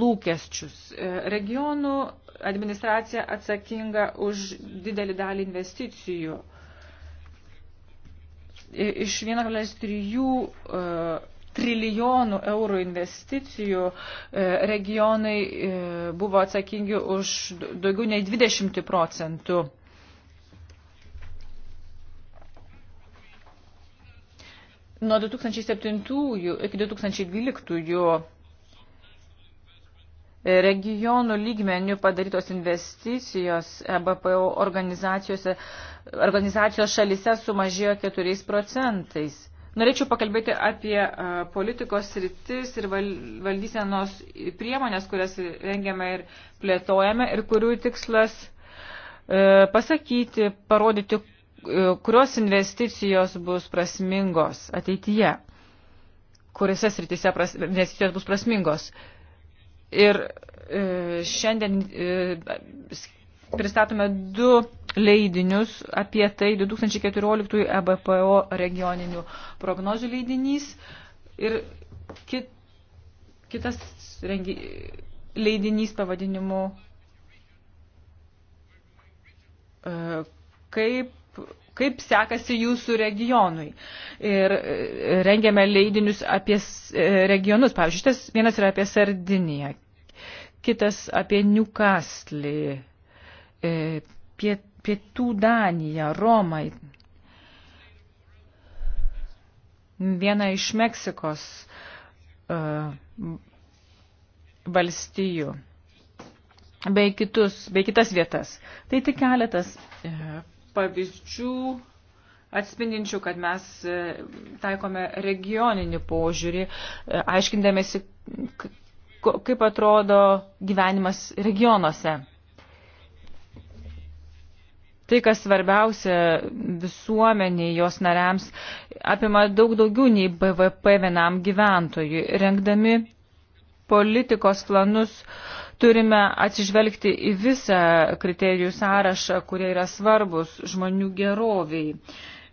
S3: lūkesčius. E, regionų administracija atsakinga už didelį dalį investicijų iš 1,3 e, trilijonų eurų investicijų e, regionai e, buvo atsakingi už daugiau nei 20 procentų. Nuo 2007 iki 2012 regionų lygmenių padarytos investicijos e BPO organizacijose, organizacijos šalise sumažėjo 4 procentais. Norėčiau pakalbėti apie e, politikos rytis ir valdysenos priemonės, kurias rengiame ir plėtojame ir kurių tikslas e, pasakyti, parodyti, kurios investicijos bus prasmingos ateityje, kuriuose srityse pras, investicijos bus prasmingos. Ir e, šiandien e, pristatome du leidinius apie tai 2014 EBPO regioninių prognozių leidinys ir kit, kitas rengi, leidinys pavadinimu e, kaip, kaip sekasi jūsų regionui. Ir rengiame leidinius apie regionus. Pavyzdžiui, šitas vienas yra apie Sardiniją, kitas apie Newcastle, e, piet, pietų Daniją, Romą. Viena iš Meksikos uh, valstijų bei, kitus, bei kitas vietas. Tai tik keletas e, pavyzdžių atspindinčių, kad mes taikome regioninį požiūrį, aiškindamėsi, kaip atrodo gyvenimas regionuose. Tai, kas svarbiausia visuomeniai, jos nariams, apima daug daugiau nei BVP vienam gyventojui. Rengdami politikos planus turime atsižvelgti į visą kriterijų sąrašą, kurie yra svarbus žmonių geroviai.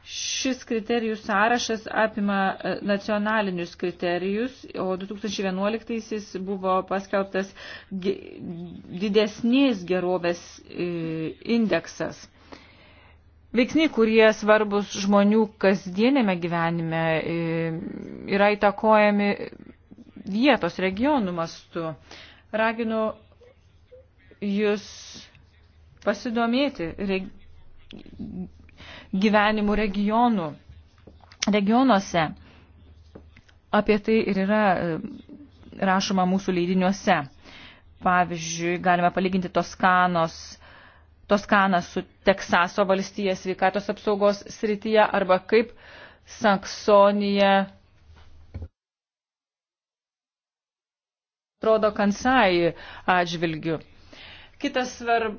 S3: Šis kriterijų sąrašas apima e, nacionalinius kriterijus, o 2011-aisis buvo paskelbtas didesnės gerovės e, indeksas. Veiksniai, kurie svarbus žmonių kasdienėme gyvenime, e, yra įtakojami vietos regionų mastu. Raginu jūs pasidomėti gyvenimu regionų, regionuose. Apie tai ir yra e, rašoma mūsų leidiniuose. Pavyzdžiui, galime palyginti Toskanos, Toskaną su Teksaso valstija sveikatos apsaugos srityje arba kaip Saksonija atrodo Kansai atžvilgiu. Kitas svarb,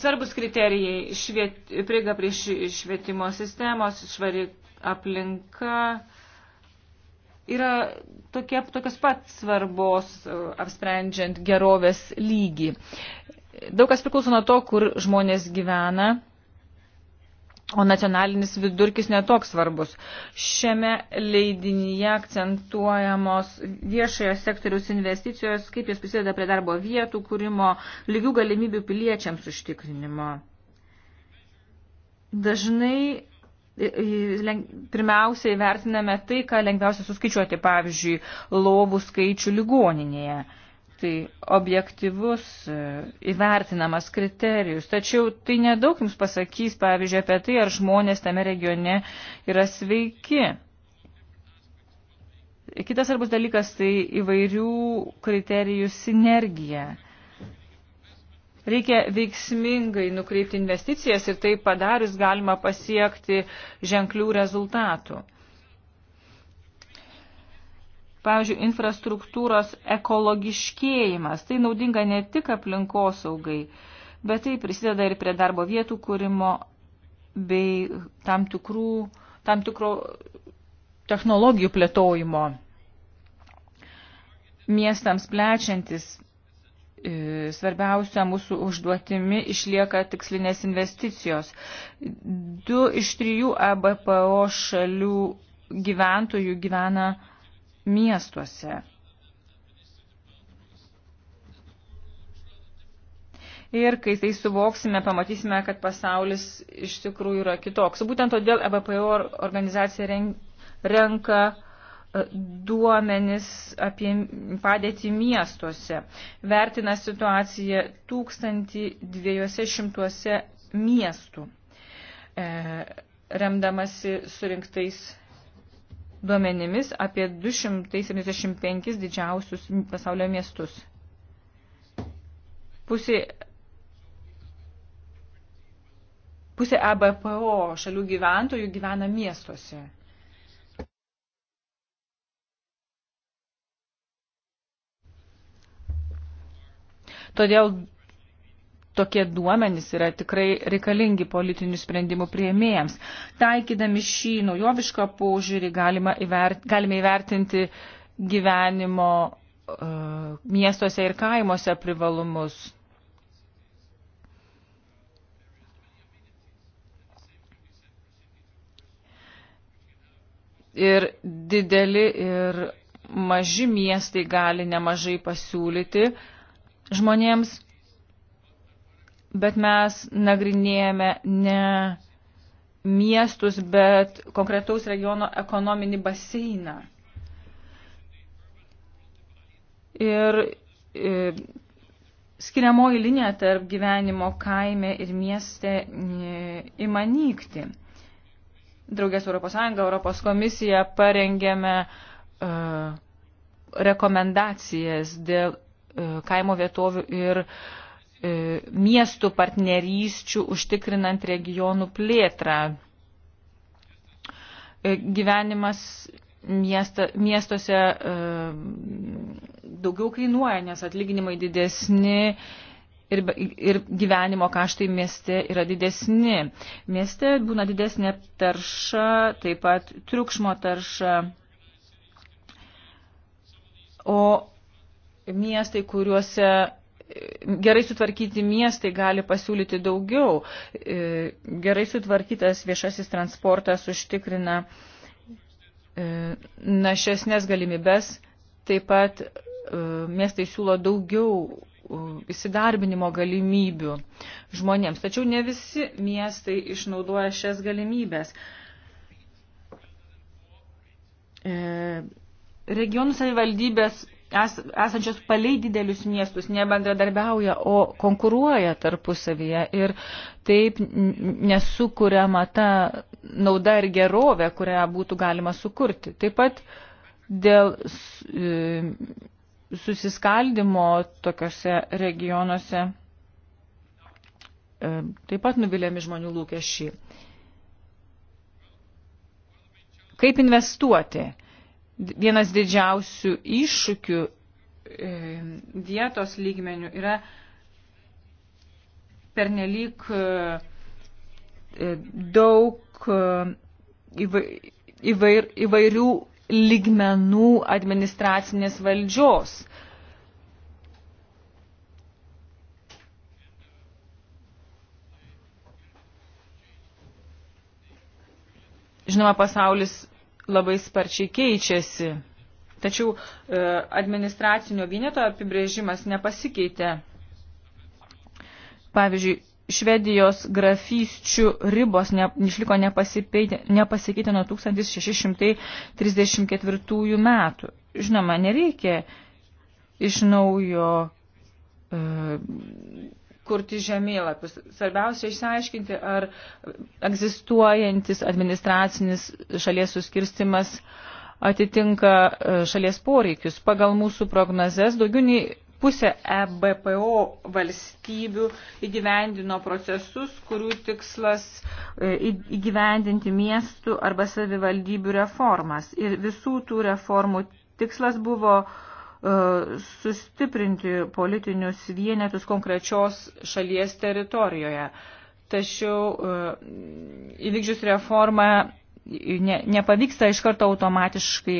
S3: svarbus kriterijai šviet, - prieiga prie švietimo sistemos, švari aplinka yra tokie, tokios pat svarbos e, apsprendžiant gerovės lygį. Daug kas priklauso nuo to, kur žmonės gyvena o nacionalinis vidurkis netoks svarbus. Šiame leidinyje akcentuojamos viešojo sektoriaus investicijos, kaip jos prisideda prie darbo vietų kūrimo, lygių galimybių piliečiams užtikrinimo. Dažnai pirmiausiai vertiname tai, ką lengviausia suskaičiuoti, pavyzdžiui, lovų skaičių ligoninėje tai objektivus e, įvertinamas kriterijus. Tačiau tai nedaug jums pasakys, pavyzdžiui, apie tai, ar žmonės tame regione yra sveiki. Kitas svarbus dalykas tai įvairių kriterijų sinergija. Reikia veiksmingai nukreipti investicijas ir tai padarius galima pasiekti ženklių rezultatų. Pavyzdžiui, infrastruktūros ekologiškėjimas. Tai naudinga ne tik aplinkosaugai, bet tai prisideda ir prie darbo vietų kūrimo bei tam, tikrų, tam tikro technologijų plėtojimo. Miestams plečiantis e, svarbiausia mūsų užduotimi išlieka tikslinės investicijos. Du iš trijų ABPO šalių gyventojų gyvena miestuose. Ir kai tai suvoksime, pamatysime, kad pasaulis iš tikrųjų yra kitoks. Būtent todėl EBPO organizacija renka e, duomenis apie padėtį miestuose. Vertina situaciją 1200 miestų, e, remdamasi surinktais duomenimis apie 275 didžiausius pasaulio miestus. Pusė, pusė ABPO šalių gyventojų gyvena miestuose. Todėl tokie duomenys yra tikrai reikalingi politinių sprendimų prieimėjams. Taikydami šį naujovišką požiūrį galima įvert, galime įvertinti gyvenimo uh, miestuose ir kaimuose privalumus. Ir dideli ir maži miestai gali nemažai pasiūlyti žmonėms bet mes nagrinėjame ne miestus, bet konkretaus regiono ekonominį baseiną. Ir, ir e, skiriamoji linija tarp gyvenimo kaime ir mieste ima e, nykti. Draugės Europos Sąjunga, Europos komisija parengėme uh, rekomendacijas dėl uh, kaimo vietovių ir uh, E, miestų partnerysčių užtikrinant regionų plėtrą. E, gyvenimas miesta, miestuose e, daugiau kainuoja, nes atlyginimai didesni ir, ir gyvenimo kaštai mieste yra didesni. Mieste būna didesnė tarša, taip pat triukšmo tarša. O miestai, kuriuose gerai sutvarkyti miestai gali pasiūlyti daugiau. E, gerai sutvarkytas viešasis transportas užtikrina e, našesnės galimybės, taip pat e, miestai siūlo daugiau įsidarbinimo galimybių žmonėms. Tačiau ne visi miestai išnaudoja šias galimybės. Regionų savivaldybės es, esančios palei didelius miestus nebendradarbiauja, o konkuruoja tarpusavyje ir taip nesukuriama ta nauda ir gerovė, kurią būtų galima sukurti. Taip pat dėl e, susiskaldimo tokiuose regionuose e, taip pat nuvilėmi žmonių lūkesčiai. Kaip investuoti? vienas didžiausių iššūkių vietos e, lygmenių yra pernelyg e, e, daug įvair, įvairių lygmenų administracinės valdžios. Žinoma, pasaulis labai sparčiai keičiasi. Tačiau e, administracinio vieneto apibrėžimas nepasikeitė. Pavyzdžiui, Švedijos grafysčių ribos ne, išliko nepasikeitę nuo 1634 metų. Žinoma, nereikia iš naujo e, kurti žemėlapius. Svarbiausia išsiaiškinti, ar egzistuojantis administracinis šalies suskirstimas atitinka e, šalies poreikius. Pagal mūsų prognozes daugiau nei pusė EBPO valstybių įgyvendino procesus, kurių tikslas e, įgyvendinti miestų arba savivaldybių reformas. Ir visų tų reformų tikslas buvo uh, E, sustiprinti politinius vienetus konkrečios šalies teritorijoje. Tačiau e, įvykdžius reformą ne, nepavyksta iš karto automatiškai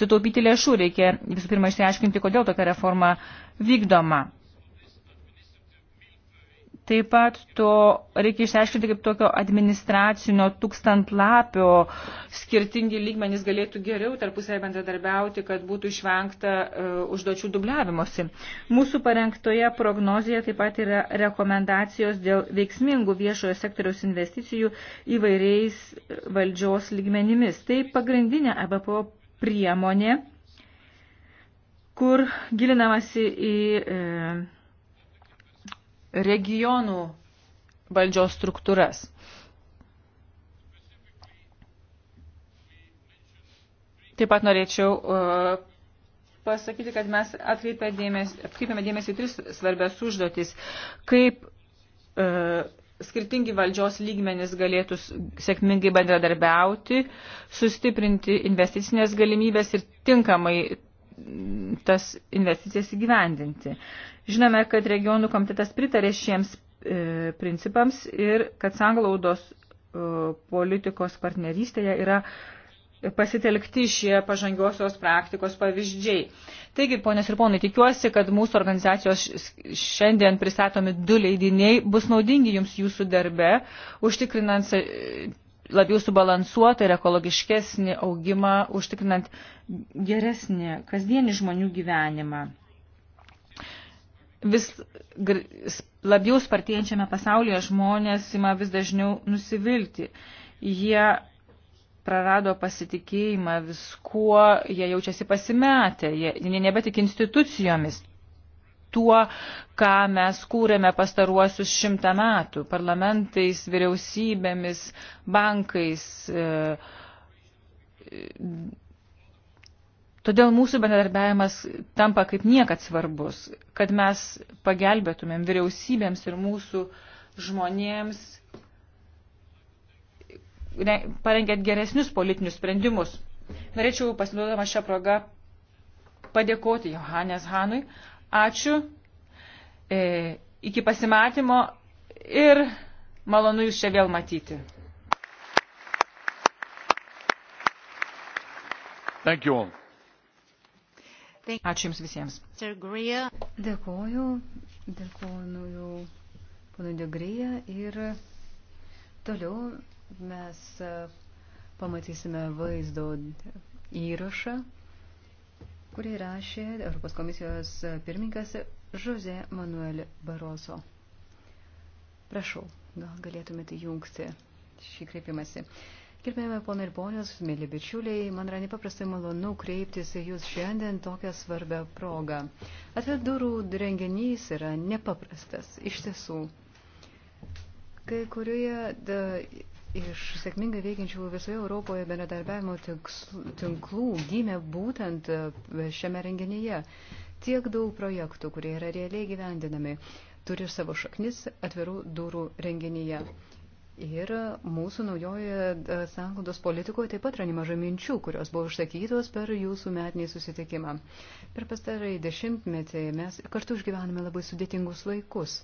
S3: sutaupyti lėšų. Reikia visų pirma išsiaiškinti, kodėl tokia reforma vykdoma. Taip pat to reikia išsiaiškinti, kaip tokio administracinio tūkstantlapio skirtingi lygmenys galėtų geriau tarpusai bendradarbiauti, kad būtų išvengta uh, užduočių dubliavimosi. Mūsų parengtoje prognozija taip pat yra rekomendacijos dėl veiksmingų viešojo sektoriaus investicijų įvairiais e, valdžios lygmenimis. Tai pagrindinė ABPO priemonė, kur gilinamasi į. Uh, regionų valdžios struktūras. Taip pat norėčiau uh, pasakyti, kad mes atkreipėme dėmesį, atkreipėme dėmesį tris svarbias užduotis, kaip uh, skirtingi valdžios lygmenys galėtų sėkmingai bendradarbiauti, sustiprinti investicinės galimybės ir tinkamai tas investicijas įgyvendinti. Žinome, kad regionų komitetas pritarė šiems e, principams ir kad sanglaudos e, politikos partnerystėje yra pasitelkti šie pažangiosios praktikos pavyzdžiai. Taigi, ponės ir ponai, tikiuosi, kad mūsų organizacijos šiandien pristatomi du leidiniai bus naudingi jums jūsų darbe, užtikrinant labiau subalansuotą ir ekologiškesnį augimą, užtikrinant geresnį kasdienį žmonių gyvenimą. Vis labiau spartėjančiame pasaulyje žmonės ima vis dažniau nusivilti. Jie prarado pasitikėjimą viskuo, jie jaučiasi pasimetę, jie, jie nebetik institucijomis tuo, ką mes kūrėme pastaruosius šimtą metų - parlamentais, vyriausybėmis, bankais. E, Todėl mūsų bendradarbiavimas tampa kaip niekad svarbus, kad mes pagelbėtumėm vyriausybėms ir mūsų žmonėms parengėt geresnius politinius sprendimus. Norėčiau pasinaudodama šią progą padėkoti Johannes Hanui Ačiū. E, iki pasimatymo ir malonu Jūs čia vėl matyti. Thank you all. Ačiū Jums visiems.
S2: Dėkoju, dėkoju ponui Degrija ir toliau mes pamatysime vaizdo įrašą kurį rašė Europos komisijos pirmininkas Žuze Manuel Baroso. Prašau, gal galėtumėte jungti šį kreipimąsi. Gerbėjame ponai ir ponios, mėly bičiuliai, man yra nepaprastai malonu kreiptis į Jūs šiandien tokią svarbę progą. Atvedurų renginys yra nepaprastas, iš tiesų. Kai kurioje iš sėkmingai veikiančių visoje Europoje bendradarbiavimo tinklų gimė būtent e, šiame renginyje. Tiek daug projektų, kurie yra realiai gyvendinami, turi savo šaknis atvirų durų renginyje. Ir mūsų naujoje e, sąnglaudos politikoje taip pat yra nemažai minčių, kurios buvo išsakytos per jūsų metinį susitikimą. Per pastarąjį dešimtmetį mes kartu išgyvename labai sudėtingus laikus.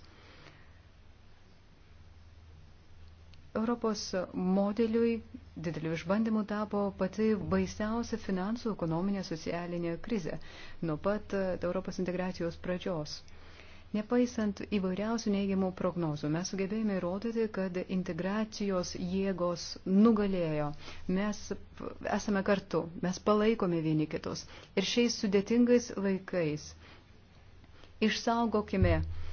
S2: Europos modeliui dideliu išbandymu tapo pati baisiausia finansų, ekonominė, socialinė krizė nuo pat e, Europos integracijos pradžios. Nepaisant įvairiausių neigiamų prognozų, mes sugebėjome įrodyti, kad integracijos jėgos nugalėjo. Mes esame kartu, mes palaikome vieni kitus. Ir šiais sudėtingais laikais išsaugokime uh,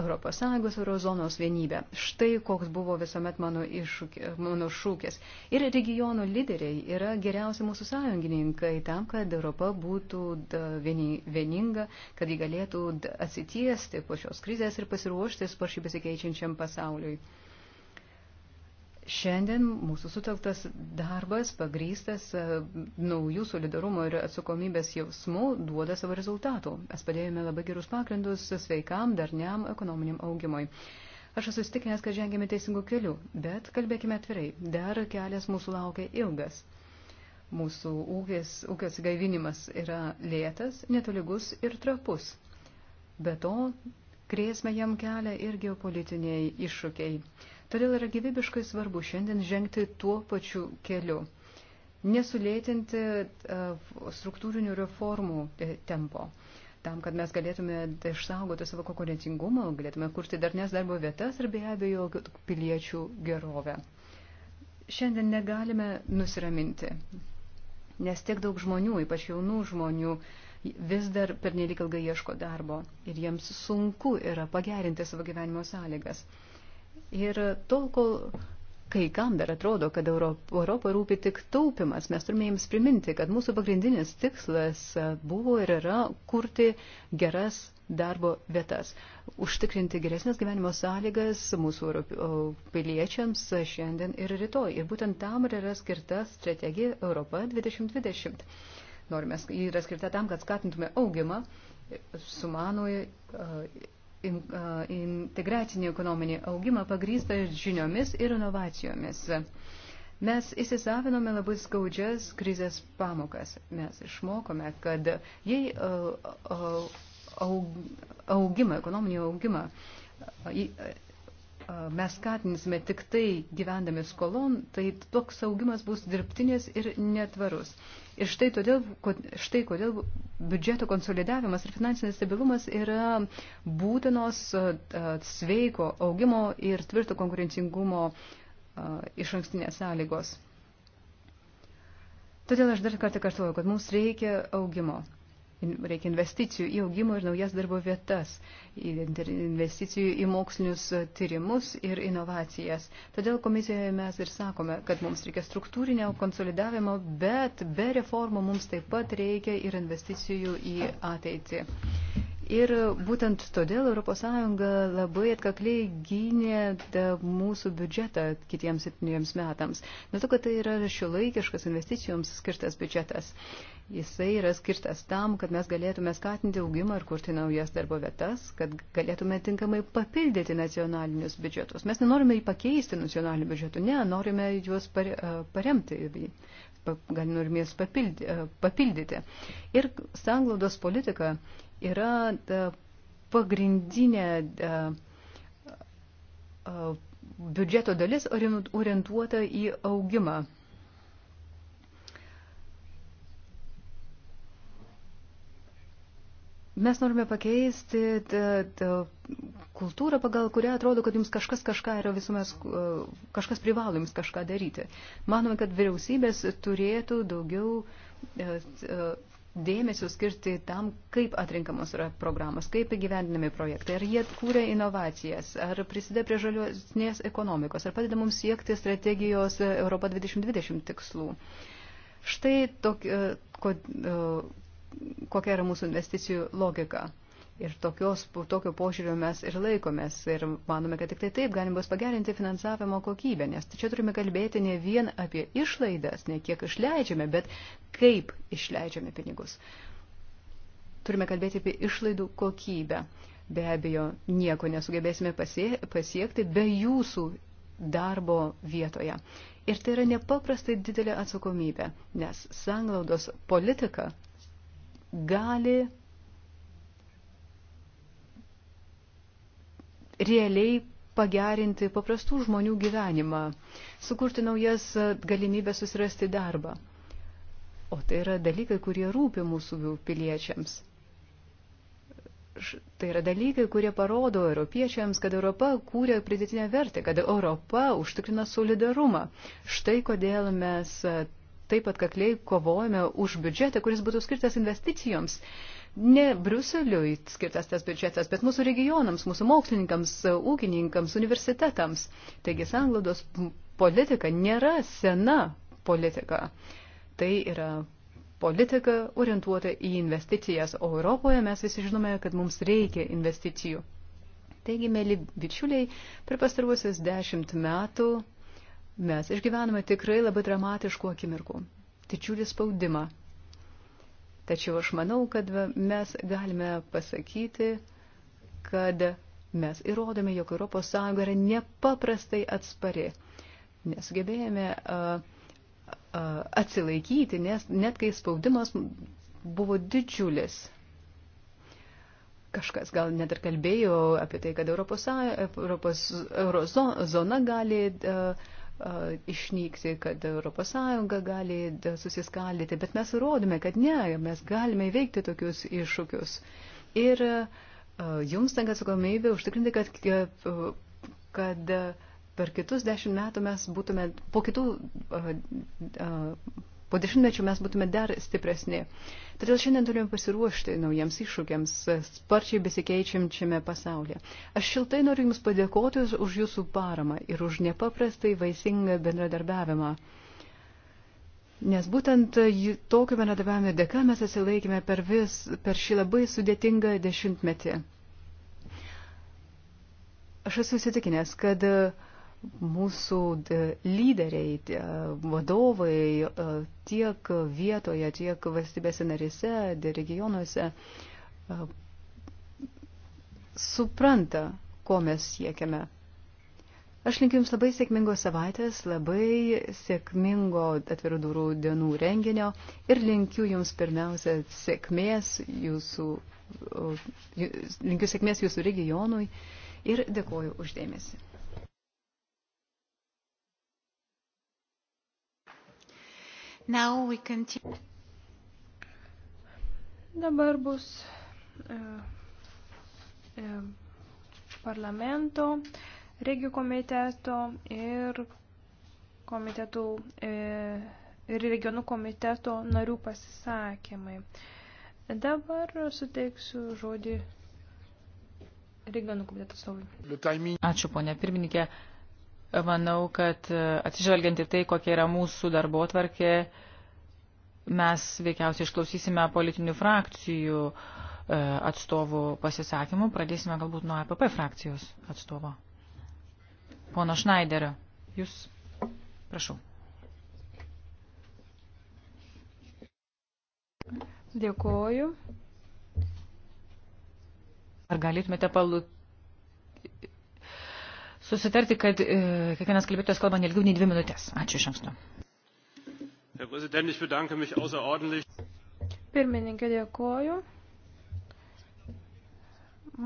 S2: Europos Sąjungos eurozonos vienybę. Štai koks buvo visuomet mano, iššūkė, mano šūkis. Ir regiono lyderiai yra geriausi mūsų sąjungininkai tam, kad Europa būtų vieninga, kad ji galėtų atsitiesti po šios krizės ir pasiruoštis po šį besikeičiančiam pasauliui. Šiandien mūsų sutelktas darbas, pagrystas e, naujų solidarumo ir atsakomybės jausmų, duoda savo rezultatų. Mes padėjome labai gerus pagrindus sveikam, darniam ekonominiam augimui. Aš esu įstikinęs, kad žengėme teisingų kelių, bet kalbėkime atvirai, dar kelias mūsų laukia ilgas. Mūsų ūkės, ūkės gaivinimas yra lėtas, netoligus ir trapus. Be to, grėsmę jam kelia ir geopolitiniai iššūkiai. Todėl yra gyvybiškai svarbu šiandien žengti tuo pačiu keliu. Nesulėtinti e, struktūrinių reformų e, tempo tam, kad mes galėtume išsaugoti savo konkurencingumą, galėtume kurti darnes darbo vietas ir be abejo piliečių gerovę. Šiandien negalime nusiraminti, nes tiek daug žmonių, ypač jaunų žmonių, vis dar pernelyg ilgai ieško darbo ir jiems sunku yra pagerinti savo gyvenimo sąlygas. Ir tol, kol kai kam dar atrodo, kad Europą rūpi tik taupimas, mes turime jiems priminti, kad mūsų pagrindinis tikslas buvo ir yra kurti geras darbo vietas, užtikrinti geresnės gyvenimo sąlygas mūsų piliečiams šiandien ir rytoj. Ir būtent tam yra skirta strategija Europa 2020. Norime, ji yra skirta tam, kad skatintume augimą sumanų e, integracinį ekonominį augimą pagrįstą žiniomis ir inovacijomis. Mes įsisavinome labai skaudžias krizės pamokas. Mes išmokome, kad jei augimą, ekonominį augimą mes skatinsime tik tai gyvendami skolon, tai toks augimas bus dirbtinis ir netvarus. Ir štai, todėl, štai kodėl biudžeto konsolidavimas ir finansinis stabilumas yra būtinos sveiko augimo ir tvirto konkurencingumo iš ankstinės sąlygos. Todėl aš dar kartą kartuoju, kad mums reikia augimo. Reikia investicijų į augimo ir naujas darbo vietas, investicijų į mokslinius tyrimus ir inovacijas. Todėl komisijoje mes ir sakome, kad mums reikia struktūrinio konsolidavimo, bet be reformų mums taip pat reikia ir investicijų į ateitį. Ir būtent todėl ES labai atkakliai gynė e, mūsų biudžetą kitiems septyniems metams. Dėl to, kad tai yra šiuolaikiškas investicijoms skirtas biudžetas. Jisai yra skirtas tam, kad mes galėtume skatinti augimą ir kurti naujas darbo vietas, kad galėtume tinkamai papildyti nacionalinius biudžetus. Mes nenorime jį pakeisti nacionalinių biudžetų, ne, norime juos e, paremti, gal norime juos papildyti. Ir sanglaudos politika yra pagrindinė biudžeto dalis orientuota į augimą. Mes norime pakeisti tą, tą kultūrą, pagal kurią atrodo, kad jums kažkas kažką yra visuomet, kažkas privalo jums kažką daryti. Manome, kad vyriausybės turėtų daugiau dėmesio skirti tam, kaip atrinkamos yra programos, kaip įgyvendinami projektai, ar jie kūrė inovacijas, ar prisideda prie žaliosnės ekonomikos, ar padeda mums siekti strategijos Europa 2020 tikslų. Štai tok, e, ko, e, kokia yra mūsų investicijų logika. Ir tokios, tokio požiūrio mes ir laikomės ir manome, kad tik tai taip galim bus pagerinti finansavimo kokybę, nes čia turime kalbėti ne vien apie išlaidas, ne kiek išleidžiame, bet kaip išleidžiame pinigus. Turime kalbėti apie išlaidų kokybę. Be abejo, nieko nesugebėsime pasiekti be jūsų darbo vietoje. Ir tai yra nepaprastai didelė atsakomybė, nes sanglaudos politika gali realiai pagerinti paprastų žmonių gyvenimą, sukurti naujas galimybės susirasti darbą. O tai yra dalykai, kurie rūpi mūsų piliečiams. Tai yra dalykai, kurie parodo europiečiams, kad Europa kūrė pridėtinę vertę, kad Europa užtikrina solidarumą. Štai kodėl mes taip atkakliai kovojame už biudžetą, kuris būtų skirtas investicijoms ne Bruseliui skirtas tas biudžetas, bet mūsų regionams, mūsų mokslininkams, ūkininkams, universitetams. Taigi sanglaudos politika nėra sena politika. Tai yra politika orientuota į investicijas, o Europoje mes visi žinome, kad mums reikia investicijų. Taigi, mėly bičiuliai, per pastaruosius dešimt metų mes išgyvename tikrai labai dramatiškų akimirkų. Didžiulį spaudimą Tačiau aš manau, kad mes galime pasakyti, kad mes įrodome, jog ES yra nepaprastai atspari. Nesugebėjome atsilaikyti, nes net kai spaudimas buvo didžiulis. Kažkas gal net ir kalbėjo apie tai, kad Europos, Europos eurozona gali uh, išnyksi, kad ES gali susiskaldyti, bet mes rodome, kad ne, mes galime įveikti tokius iššūkius. Ir jums tenka atsakomybė užtikrinti, kad, kad per kitus dešimt metų mes būtume, po kitų po dešimtmečių mes būtume dar stipresni. Todėl šiandien turime pasiruošti naujiems iššūkiams sparčiai besikeičiančiame pasaulyje. Aš šiltai noriu Jums padėkoti už Jūsų paramą ir už nepaprastai vaisingą bendradarbiavimą. Nes būtent tokio bendradarbiavimo dėka mes atsilaikėme per, vis, per šį labai sudėtingą dešimtmetį. Aš esu įsitikinęs, kad uh, mūsų e, lyderiai, e, vadovai e, tiek vietoje, tiek valstybėse narise, regionuose supranta, ko mes siekiame. Aš linkiu Jums labai sėkmingos savaitės, labai sėkmingo atvirų durų dienų renginio ir linkiu Jums pirmiausia sėkmės Jūsų, linkiu sėkmės Jūsų regionui ir dėkoju uždėmesi. Dabar
S1: bus e, e, parlamento, regių komiteto ir komitetų e, ir regionų komiteto narių pasisakymai. Dabar suteiksiu žodį regionų komiteto savui.
S3: Ačiū, ponia pirmininkė manau, kad e, atsižvelgiant į tai, kokia yra mūsų darbo tvarkė, mes veikiausiai išklausysime politinių frakcijų e, atstovų pasisakymų. Pradėsime galbūt nuo APP frakcijos atstovo. Pono Šnaiderio, jūs prašau.
S1: Dėkoju.
S3: Ar galėtumėte palu susitarti, kad e, kiekvienas kalbėtojas kalba nelgiau nei dvi
S1: minutės. Ačiū iš anksto. Pirmininkė, dėkoju.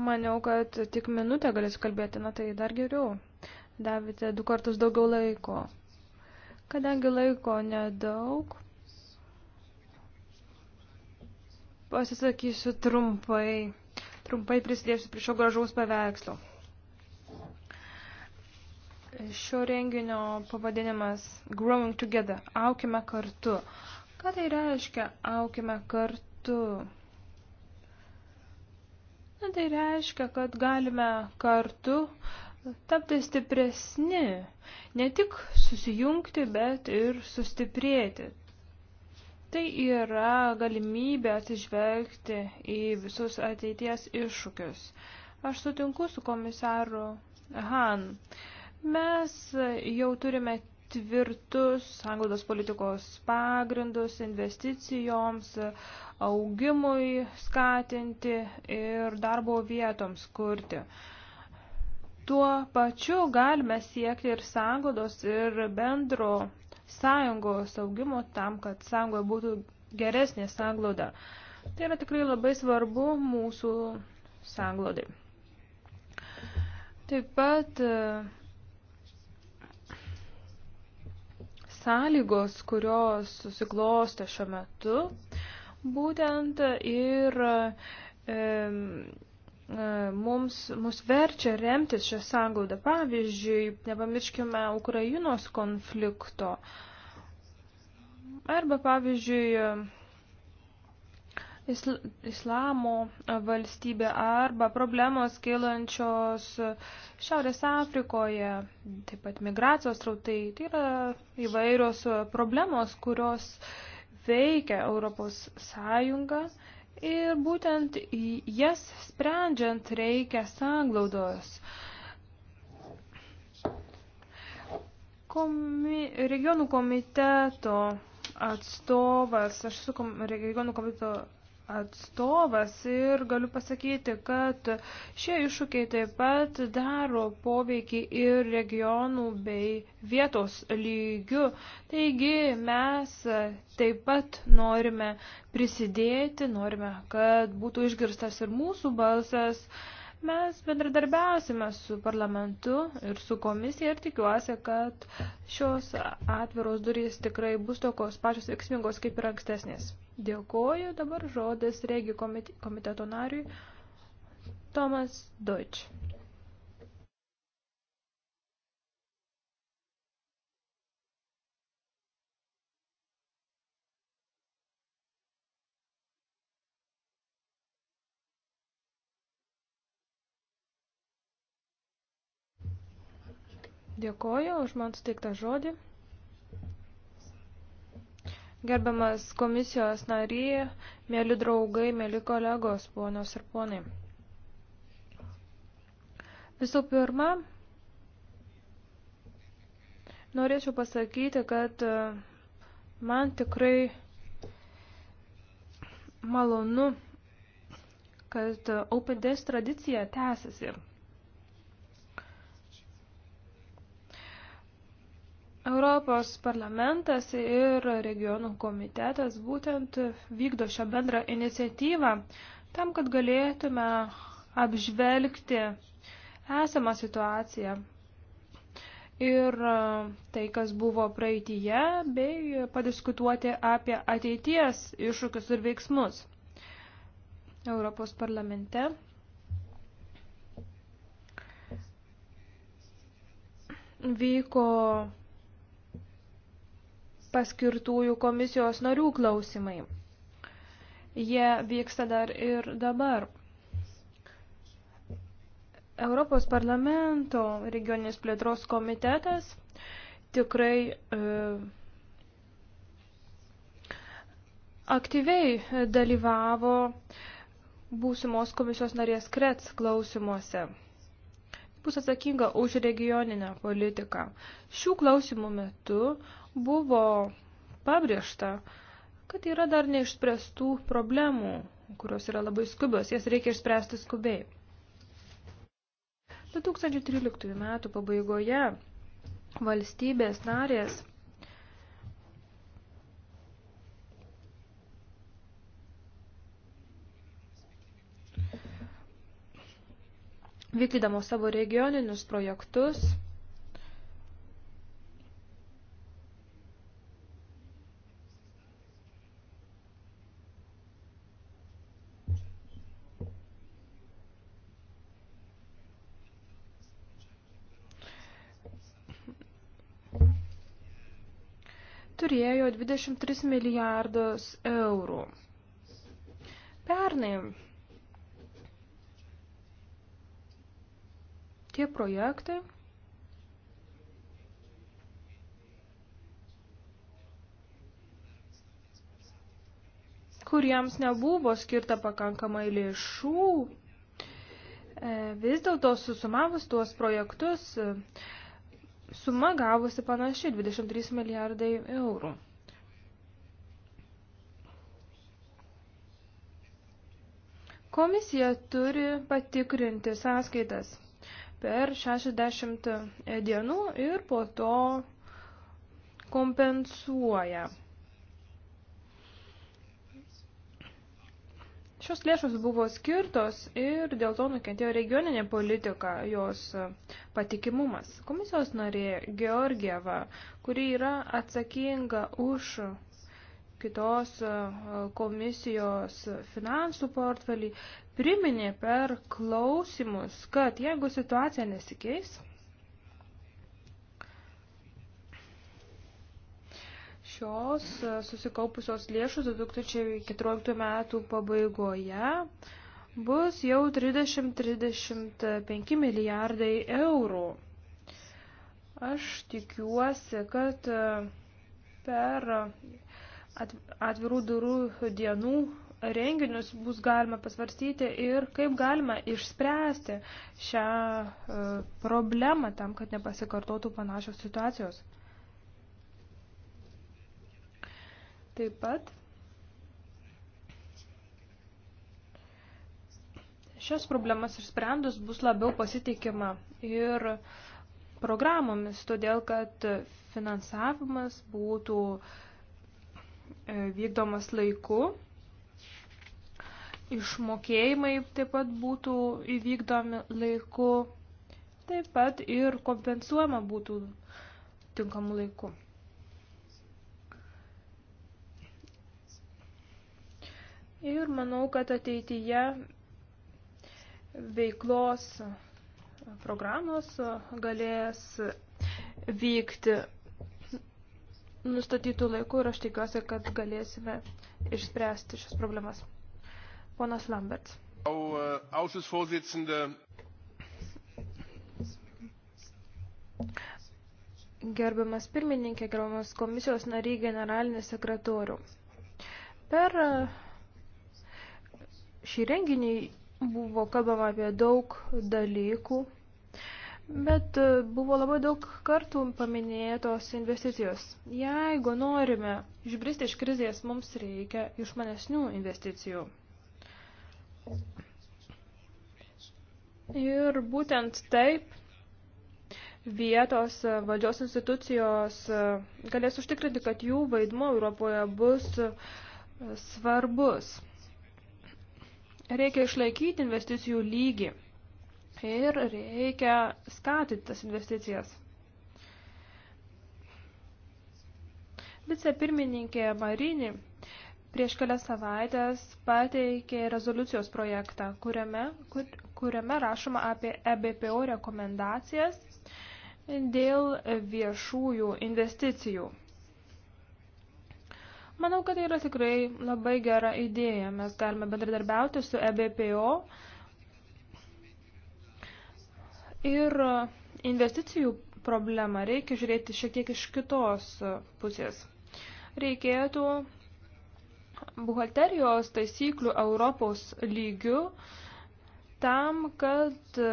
S1: Maniau, kad tik minutę galėsiu kalbėti, na tai dar geriau. Davite du kartus daugiau laiko. Kadangi laiko nedaug, pasisakysiu trumpai. Trumpai prisidėsiu prie šio gražaus paveikslo. Šio renginio pavadinimas Growing Together – aukime kartu. Ką tai reiškia aukime kartu? Na, tai reiškia, kad galime kartu tapti stipresni, ne tik susijungti, bet ir sustiprėti. Tai yra galimybė atsižvelgti į visus ateities iššūkius. Aš sutinku su komisaru Han. Uh, Mes jau turime tvirtus sanglaudos politikos pagrindus investicijoms, augimui skatinti ir darbo vietoms kurti. Tuo pačiu galime siekti ir sanglaudos ir bendro sąjungos augimo tam, kad sąjungoje būtų geresnė sanglauda. Tai yra tikrai labai svarbu mūsų sanglaudai. Taip pat sąlygos, kurios susiklostė šiuo metu, būtent ir e, mums, mus verčia remtis šią sągaudą. Pavyzdžiui, nepamirškime Ukrainos konflikto. Arba, pavyzdžiui, islamo valstybė arba problemos kilančios Šiaurės Afrikoje, taip pat migracijos trautai. Tai yra įvairios problemos, kurios veikia Europos Sąjungą ir būtent jas sprendžiant reikia sanglaudos. Komi, regionų komiteto atstovas, aš su kom, regionų komiteto atstovas ir galiu pasakyti, kad šie iššūkiai taip pat daro poveikį ir regionų bei vietos lygių. Taigi mes taip pat norime prisidėti, norime, kad būtų išgirstas ir mūsų balsas. Mes bendradarbiausime su parlamentu ir su komisija ir tikiuosi, kad šios atviros durys tikrai bus tokios pačios veiksmingos kaip ir ankstesnės. Dėkoju dabar žodis regi komiteto nariui Tomas Deutsch. Dėkoju už man suteiktą žodį. Gerbiamas komisijos nary, mėly draugai, mėly kolegos, ponios ir ponai. Visų pirma, norėčiau pasakyti, kad e, man tikrai malonu, kad e, Open Days tradicija tęsiasi. Europos parlamentas ir regionų komitetas būtent vykdo šią bendrą iniciatyvą tam, kad galėtume apžvelgti esamą situaciją ir tai, kas buvo praeityje, bei padiskutuoti apie ateities iššūkius ir veiksmus. Europos parlamente vyko paskirtųjų komisijos narių klausimai. Jie vyksta dar ir dabar. Europos parlamento regioninės plėtros komitetas tikrai e, aktyviai dalyvavo būsimos komisijos narės Krets klausimuose. Bus atsakinga už regioninę politiką. Šių klausimų metu Buvo pabrėžta, kad yra dar neišspręstų problemų, kurios yra labai skubios, jas reikia išspręsti skubiai. 2013 metų pabaigoje valstybės narės vykdydamos savo regioninius projektus turėjo 23 milijardus eurų. Pernai tie projektai kuriems nebuvo skirta pakankamai lėšų, e, vis dėlto susumavus tuos projektus Suma gavosi panaši 23 milijardai eurų. Komisija turi patikrinti sąskaitas per 60 dienų ir po to kompensuoja. Šios lėšos buvo skirtos ir dėl to nukentėjo regioninė politika, jos patikimumas. Komisijos narė Georgieva, kuri yra atsakinga už kitos e, komisijos finansų portfelį, priminė per klausimus, kad jeigu situacija nesikeis, šios e, susikaupusios lėšus 2014 metų pabaigoje bus jau 30-35 milijardai eurų. Aš tikiuosi, kad e, per atvirų durų dienų renginius bus galima pasvarstyti ir kaip galima išspręsti šią e, problemą tam, kad nepasikartotų panašios situacijos. Taip pat Šias problemas išsprendus bus labiau pasitikima ir programomis, todėl kad finansavimas būtų e, vykdomas laiku, išmokėjimai taip pat būtų įvykdomi laiku, taip pat ir kompensuojama būtų tinkamu laiku. Ir manau, kad ateityje veiklos programos galės vykti nustatytų laikų ir aš tikiuosi, kad galėsime išspręsti šias problemas. Ponas Lambert. Äh, gerbiamas pirmininkė, gerbiamas komisijos nariai, generalinis sekretorių. Per äh, šį renginį Buvo kalbama apie daug dalykų, bet e, buvo labai daug kartų paminėtos investicijos. Jeigu norime išbristi iš krizės, mums reikia išmanesnių investicijų. Ir būtent taip vietos e, valdžios institucijos e, galės užtikrinti, kad jų vaidmo Europoje bus svarbus. Reikia išlaikyti investicijų lygį ir reikia skatinti tas investicijas. Vicepirmininkė Marini prieš kelias savaitės pateikė rezoliucijos projektą, kuriame, kur, kuriame rašoma apie EBPO rekomendacijas dėl viešųjų investicijų. Manau, kad tai yra tikrai labai gera idėja. Mes galime bendradarbiauti su EBPO ir e, investicijų problemą reikia žiūrėti šiek tiek iš kitos e, pusės. Reikėtų buhalterijos taisyklių Europos lygių tam, kad e,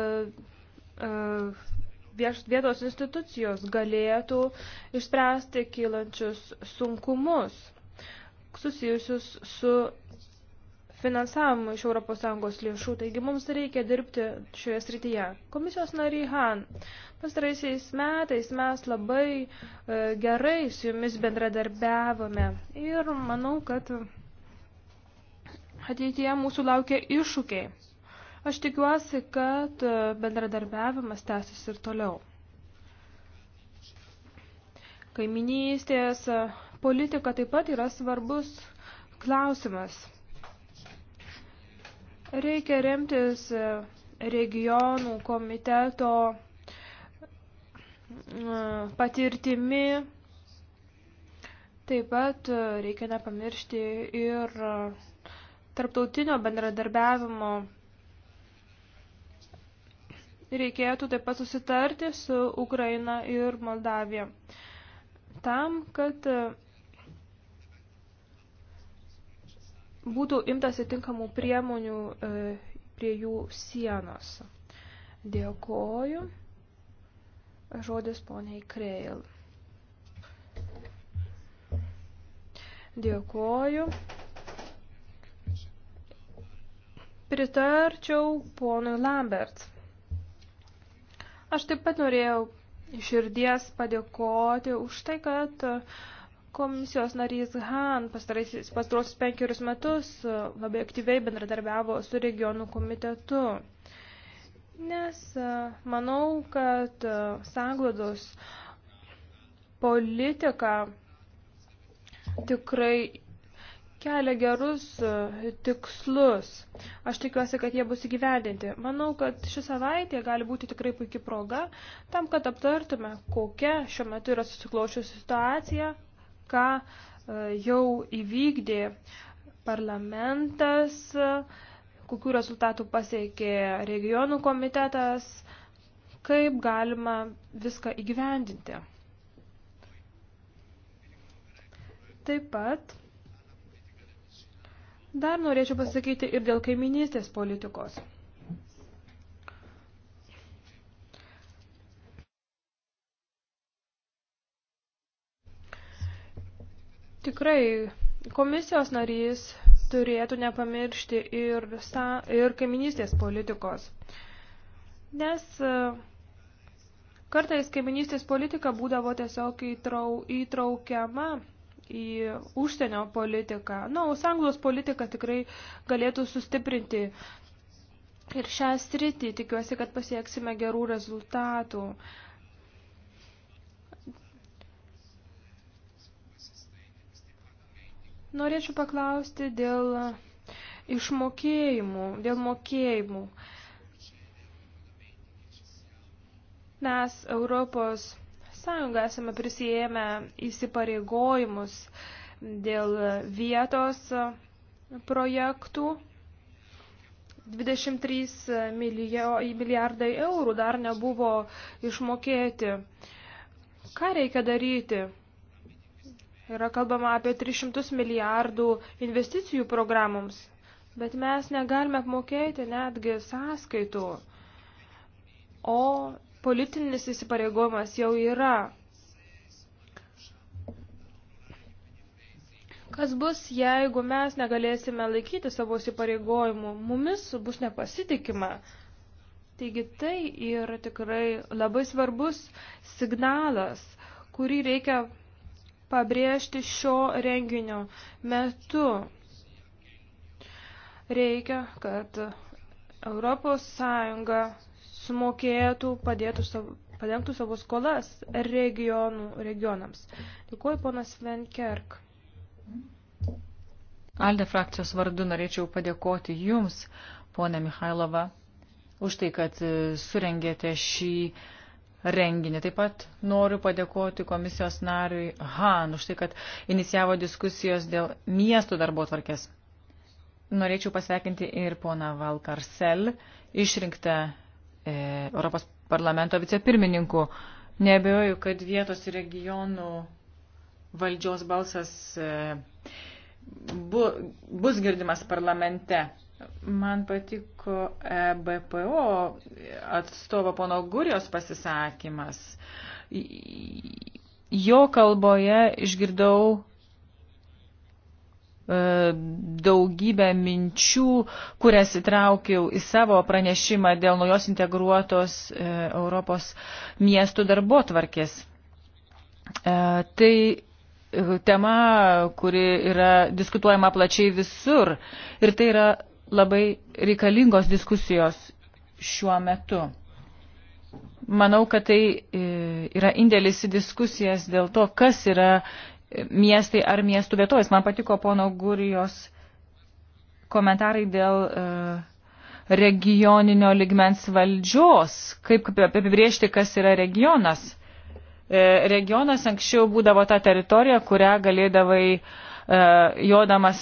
S1: vietos institucijos galėtų išspręsti kylančius sunkumus susijusius su finansavimu iš ES lėšų, taigi mums reikia dirbti šioje srityje. Komisijos nariai Han, pastaraisiais metais mes labai e, gerai su jumis bendradarbiavome ir manau, kad ateityje mūsų laukia iššūkiai. Aš tikiuosi, kad e, bendradarbiavimas tęsis ir toliau. Kaiminystės, politika taip pat yra svarbus klausimas. Reikia remtis e, regionų komiteto e, patirtimi. Taip pat e, reikia nepamiršti ir tarptautinio bendradarbiavimo. Reikėtų taip pat susitarti su Ukraina ir Moldavija. Tam, kad būtų imtasi tinkamų priemonių e, prie jų sienos. Dėkoju. Žodis poniai Kreil. Dėkoju. Pritarčiau ponui Lambert. Aš taip pat norėjau širdies padėkoti už tai, kad uh, Komisijos narys Han pastarosius penkerius metus e, labai aktyviai bendradarbiavo su regionų komitetu, nes e, manau, kad e, sanglodos politika tikrai kelia gerus tikslus. Aš tikiuosi, kad jie bus įgyvendinti. Manau, kad ši savaitė gali būti tikrai puikia proga tam, kad aptartume, kokia šiuo metu yra susiklošiusi situacija ką e, jau įvykdė parlamentas, kokių rezultatų pasiekė regionų komitetas, kaip galima viską įgyvendinti. Taip pat dar norėčiau pasakyti ir dėl kaiminystės politikos. Tikrai komisijos narys turėtų nepamiršti ir, sa, ir kaiminystės politikos. Nes e, kartais kaiminystės politika būdau tiesiog įtrau, įtraukiama į užsienio politiką. Na, nu, Anglos politika tikrai galėtų sustiprinti ir šią sritį. Tikiuosi, kad pasieksime gerų rezultatų. Uh, Norėčiau paklausti dėl išmokėjimų, dėl mokėjimų. Mes Europos Sąjunga esame prisijėmę įsipareigojimus dėl vietos projektų. 23 milijardai eurų dar nebuvo išmokėti. Ką reikia daryti? Yra kalbama apie 300 milijardų investicijų programoms, bet mes negalime apmokėti netgi sąskaitų, o politinis įsipareigojimas jau yra. Kas bus, jeigu mes negalėsime laikyti savo įsipareigojimų, mumis bus nepasitikima. Taigi tai yra tikrai labai svarbus signalas, kurį reikia pabrėžti šio renginio metu. Reikia, kad Europos Sąjunga sumokėtų, padėtų savo, padengtų savo skolas regionų, regionams. Dėkuoju, ponas Venkerk.
S3: Alde frakcijos vardu norėčiau padėkoti Jums, ponė Mihailova, už tai, kad e, surengėte šį renginį. Taip pat noriu padėkoti komisijos nariui Han už tai, kad inicijavo diskusijos dėl miestų darbo tvarkės. Norėčiau pasveikinti ir poną Valkarsel, išrinktą e, Europos parlamento vicepirmininku. Nebejoju, kad vietos ir regionų valdžios balsas e, bu, bus girdimas parlamente. Man patiko e BPO atstovo pono Gurijos pasisakymas. Jo kalboje išgirdau e, daugybę minčių, kurias įtraukiau į savo pranešimą dėl naujos integruotos e, Europos miestų darbo tvarkės. Tai tema, kuri yra diskutuojama plačiai visur ir tai yra labai reikalingos diskusijos šiuo metu. Manau, kad tai e, yra indėlis į diskusijas dėl to, kas yra e, miestai ar miestų vietovės. Man patiko pono Gurijos komentarai dėl e, regioninio ligmens valdžios, kaip apibriežti, kas yra regionas. Regionas anksčiau būdavo ta teritorija, kurią galėdavai uh, E, jodamas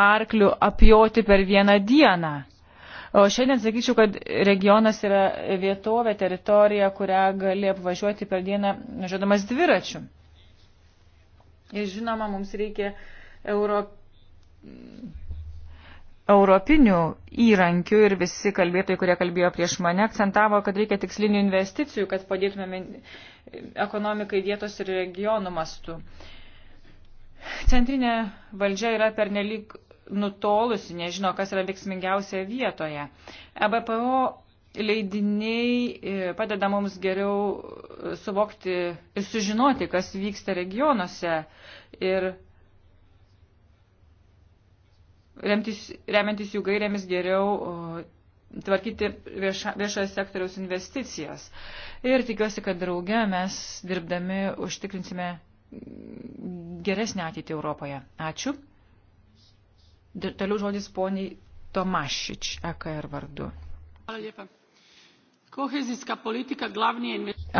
S3: arklių apjoti per vieną dieną. O šiandien sakyčiau, kad regionas yra vietovė, teritorija, kurią gali apvažiuoti per dieną žodamas dviračiu. Ir žinoma, mums reikia euro... europinių įrankių ir visi kalbėtojai, kurie kalbėjo prieš mane, akcentavo, kad reikia tikslinių investicijų, kad padėtumėme ekonomikai vietos ir regionų mastu. Uh, Centrinė valdžia yra pernelyg nutolusi, nežino, kas yra veiksmingiausia vietoje. EBPO leidiniai e, padeda mums geriau e, suvokti ir sužinoti, kas vyksta regionuose ir remtis, remiantis jų gairėmis geriau e, tvarkyti vieša, viešojo sektoriaus investicijas. Ir tikiuosi, kad drauge mes dirbdami užtikrinsime geresnę ateitį Europoje. Ačiū. Toliau žodis poniai Tomašić, AKR e vardu.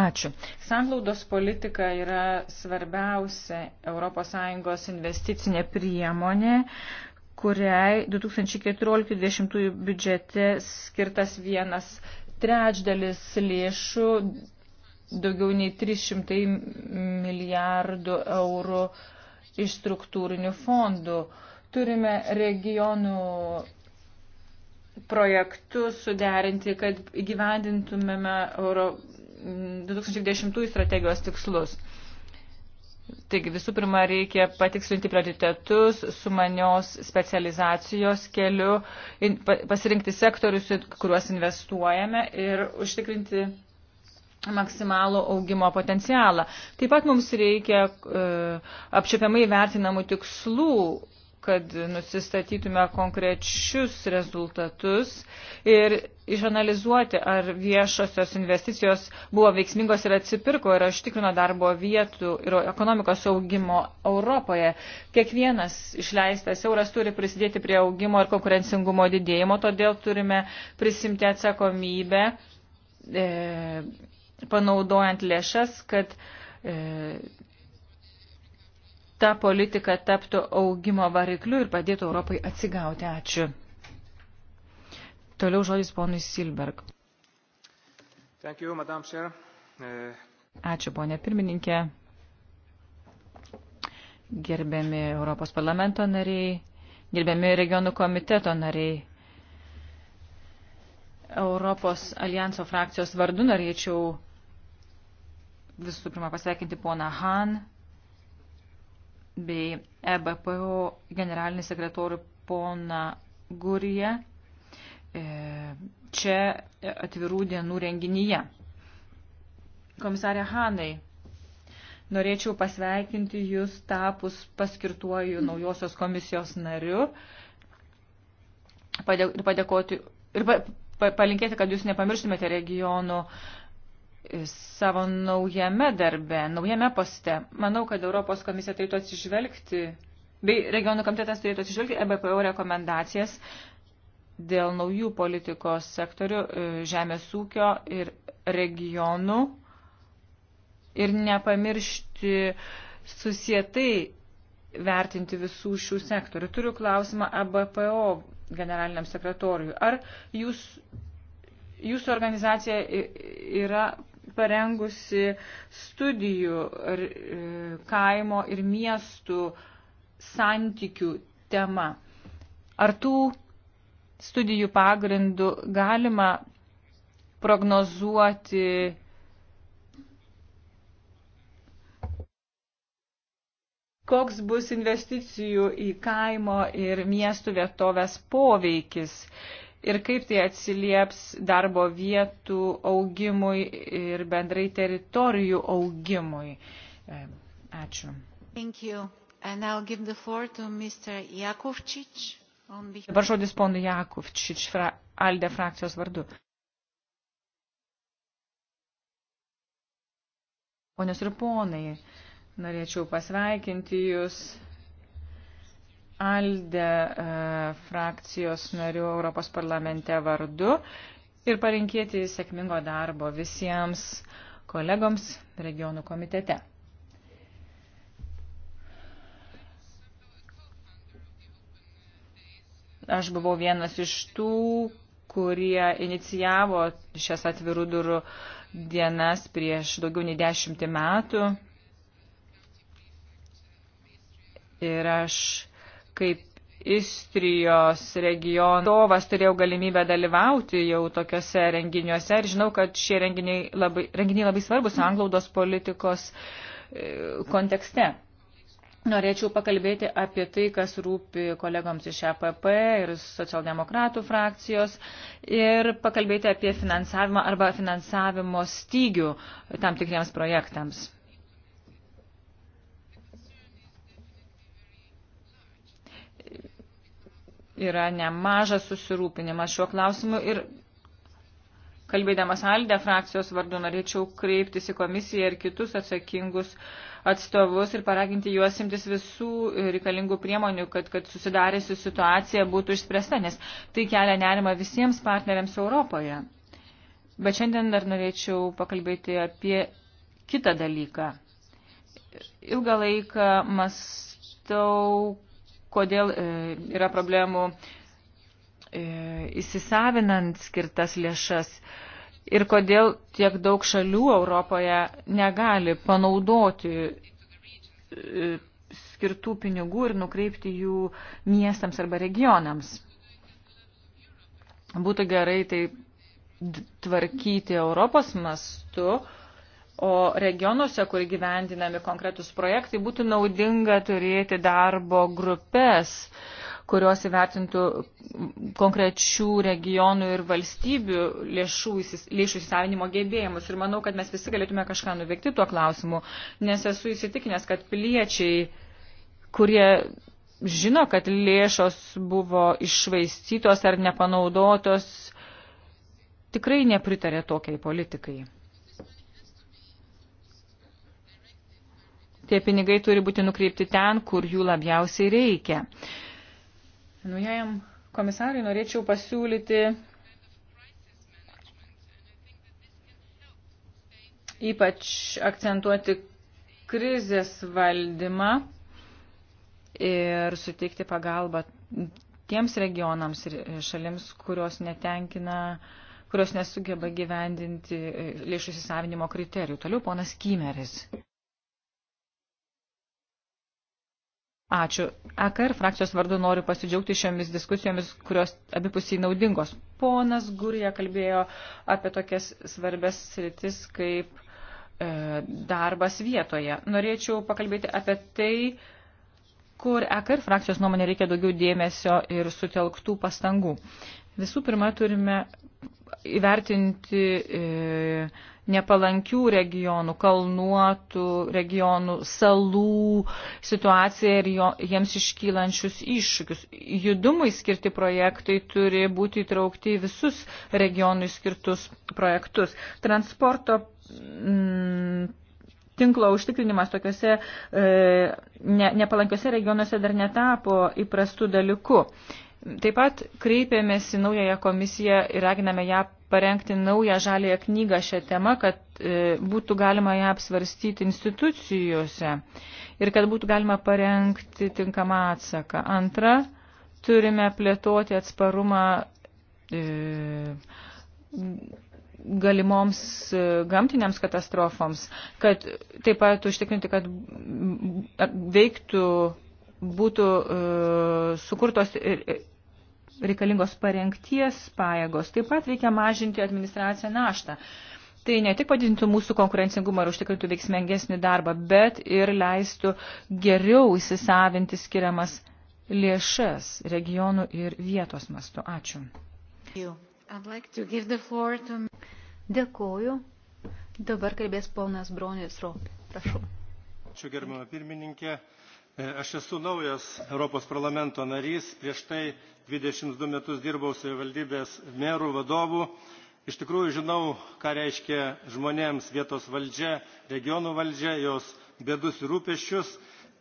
S3: Ačiū. Sanglaudos politika yra svarbiausia ES investicinė priemonė, kuriai 2014-2020 biudžete skirtas vienas trečdalis lėšų daugiau nei 300 milijardų eurų iš struktūrinių fondų. Turime regionų projektus suderinti, kad gyvendintumėme Euro 2010 mm, strategijos tikslus. Taigi visų pirma reikia patikslinti prioritetus su manios specializacijos keliu, pasirinkti sektorius, kuriuos investuojame ir užtikrinti maksimalų augimo potencialą. Taip pat mums reikia e, apčiopiamai vertinamų tikslų, kad nusistatytume konkrečius rezultatus ir išanalizuoti, ar viešosios investicijos buvo veiksmingos ir atsipirko ir užtikrino darbo vietų ir ekonomikos augimo Europoje. Kiekvienas išleistas euras turi prisidėti prie augimo ir konkurencingumo didėjimo, todėl turime prisimti atsakomybę. E, panaudojant lėšas, kad e, ta politika taptų augimo varikliu ir padėtų Europai atsigauti. Ačiū. Toliau žodis ponui Silberg.
S1: Thank you, Madam Chair. E,
S3: Ačiū, ponė pirmininkė. Gerbiami Europos parlamento nariai, gerbiami regionų komiteto nariai. Europos alijanso frakcijos vardu norėčiau visų pirma pasveikinti poną Han bei EBPO generalinį sekretorių poną Guriją e, čia atvirų dienų renginyje. Komisarė Hanai, norėčiau pasveikinti Jūs tapus paskirtuoju naujosios komisijos nariu ir padėkoti ir pa, pa, palinkėti, kad Jūs nepamirštumėte regionų uh, savo naujame darbe, naujame poste. Manau, kad Europos komisija turėtų atsižvelgti, bei regionų komitetas turėtų atsižvelgti EBPO rekomendacijas dėl naujų politikos sektorių e, žemės ūkio ir regionų ir nepamiršti susietai vertinti visų šių sektorių. Turiu klausimą ABPO e generaliniam sekretoriui. Ar jūs, jūsų organizacija yra parengusi studijų ar, e, kaimo ir miestų santykių tema. Ar tų studijų pagrindų galima prognozuoti koks bus investicijų į kaimo ir miestų vietovės poveikis ir kaip tai atsilieps darbo vietų augimui ir bendrai teritorijų augimui. E, ačiū. Dabar žodis ponui Jakovčič, fra, Alde frakcijos vardu. Ponios ir ponai, norėčiau pasveikinti Jūs Alde e, frakcijos narių Europos parlamente vardu ir palinkėti sėkmingo darbo visiems kolegoms regionų komitete. Aš buvau vienas iš tų, kurie inicijavo šias atvirų durų dienas prieš daugiau nei dešimtį metų. Ir aš kaip Istrijos regiono tovas turėjau galimybę dalyvauti jau tokiuose renginiuose ir žinau, kad šie renginiai labai, renginiai labai svarbus anglaudos politikos e, kontekste. Norėčiau pakalbėti apie tai, kas rūpi kolegoms iš APP ir socialdemokratų frakcijos ir pakalbėti apie finansavimą arba finansavimo stygių tam tikriems projektams. yra nemažas susirūpinimas šiuo klausimu ir kalbėdamas Alde frakcijos vardu norėčiau kreiptis į komisiją ir kitus atsakingus atstovus ir paraginti juos imtis visų reikalingų priemonių, kad, kad susidarėsi situacija būtų išspręsta, nes tai kelia nerima visiems partneriams Europoje. Bet šiandien dar norėčiau pakalbėti apie kitą dalyką. Ilgą laiką mastau, kodėl e, yra problemų e, įsisavinant skirtas lėšas ir kodėl tiek daug šalių Europoje negali panaudoti e, skirtų pinigų ir nukreipti jų miestams arba regionams. Būtų gerai tai tvarkyti Europos mastu, O regionuose, kur gyvendinami konkretus projektai, būtų naudinga turėti darbo grupės, kurios įvertintų konkrečių regionų ir valstybių lėšų, lėšų įsisavinimo gebėjimus. Ir manau, kad mes visi galėtume kažką nuveikti tuo klausimu, nes esu įsitikinęs, kad piliečiai, kurie žino, kad lėšos buvo išvaistytos ar nepanaudotos, tikrai nepritarė tokiai politikai. Tie pinigai turi būti nukreipti ten, kur jų labiausiai reikia. Naujajam komisarui norėčiau pasiūlyti ypač akcentuoti krizės valdymą ir suteikti pagalbą tiems regionams ir šalims, kurios netenkina, kurios nesugeba gyvendinti lėšų įsisavinimo kriterijų. Toliau ponas Kymeris. Ačiū. AKR e frakcijos vardu noriu pasidžiaugti šiomis diskusijomis, kurios abipusiai naudingos. Ponas Gurija kalbėjo apie tokias svarbės sritis kaip e, darbas vietoje. Norėčiau pakalbėti apie tai, kur AKR e frakcijos nuomonė reikia daugiau dėmesio ir sutelktų pastangų. Visų pirma, turime įvertinti e, nepalankių regionų, kalnuotų regionų, salų situaciją ir jo, jiems iškylančius iššūkius. Judumui skirti projektai turi būti įtraukti į visus regionui skirtus projektus. Transporto mm, tinklo užtikrinimas tokiuose e, ne, nepalankiuose regionuose dar netapo įprastų dalykų. E, Taip pat kreipėmės į naująją komisiją ir raginame ją parengti naują žalėją knygą šią temą, kad e, būtų galima ją apsvarstyti institucijose ir kad būtų galima parengti tinkamą atsaką. Antra, turime plėtoti atsparumą e, galimoms e, gamtiniams katastrofoms, kad taip pat užtikrinti, kad veiktų būtų e, sukurtos reikalingos parengties pajėgos. Taip pat reikia mažinti administraciją naštą. Tai ne tik padidintų mūsų konkurencingumą ir užtikrintų veiksmengesnį darbą, bet ir leistų geriau įsisavinti skiriamas lėšas regionų ir vietos mastu. Ačiū.
S2: Dėkuoju. Dabar kalbės ponas Bronis Ropė. Prašau.
S4: Ačiū gerbama pirmininkė. E, aš esu naujas Europos parlamento narys, prieš tai 22 metus dirbau savivaldybės merų vadovų. Iš tikrųjų žinau, ką reiškia žmonėms vietos valdžia, regionų valdžia, jos bėdus ir rūpeščius.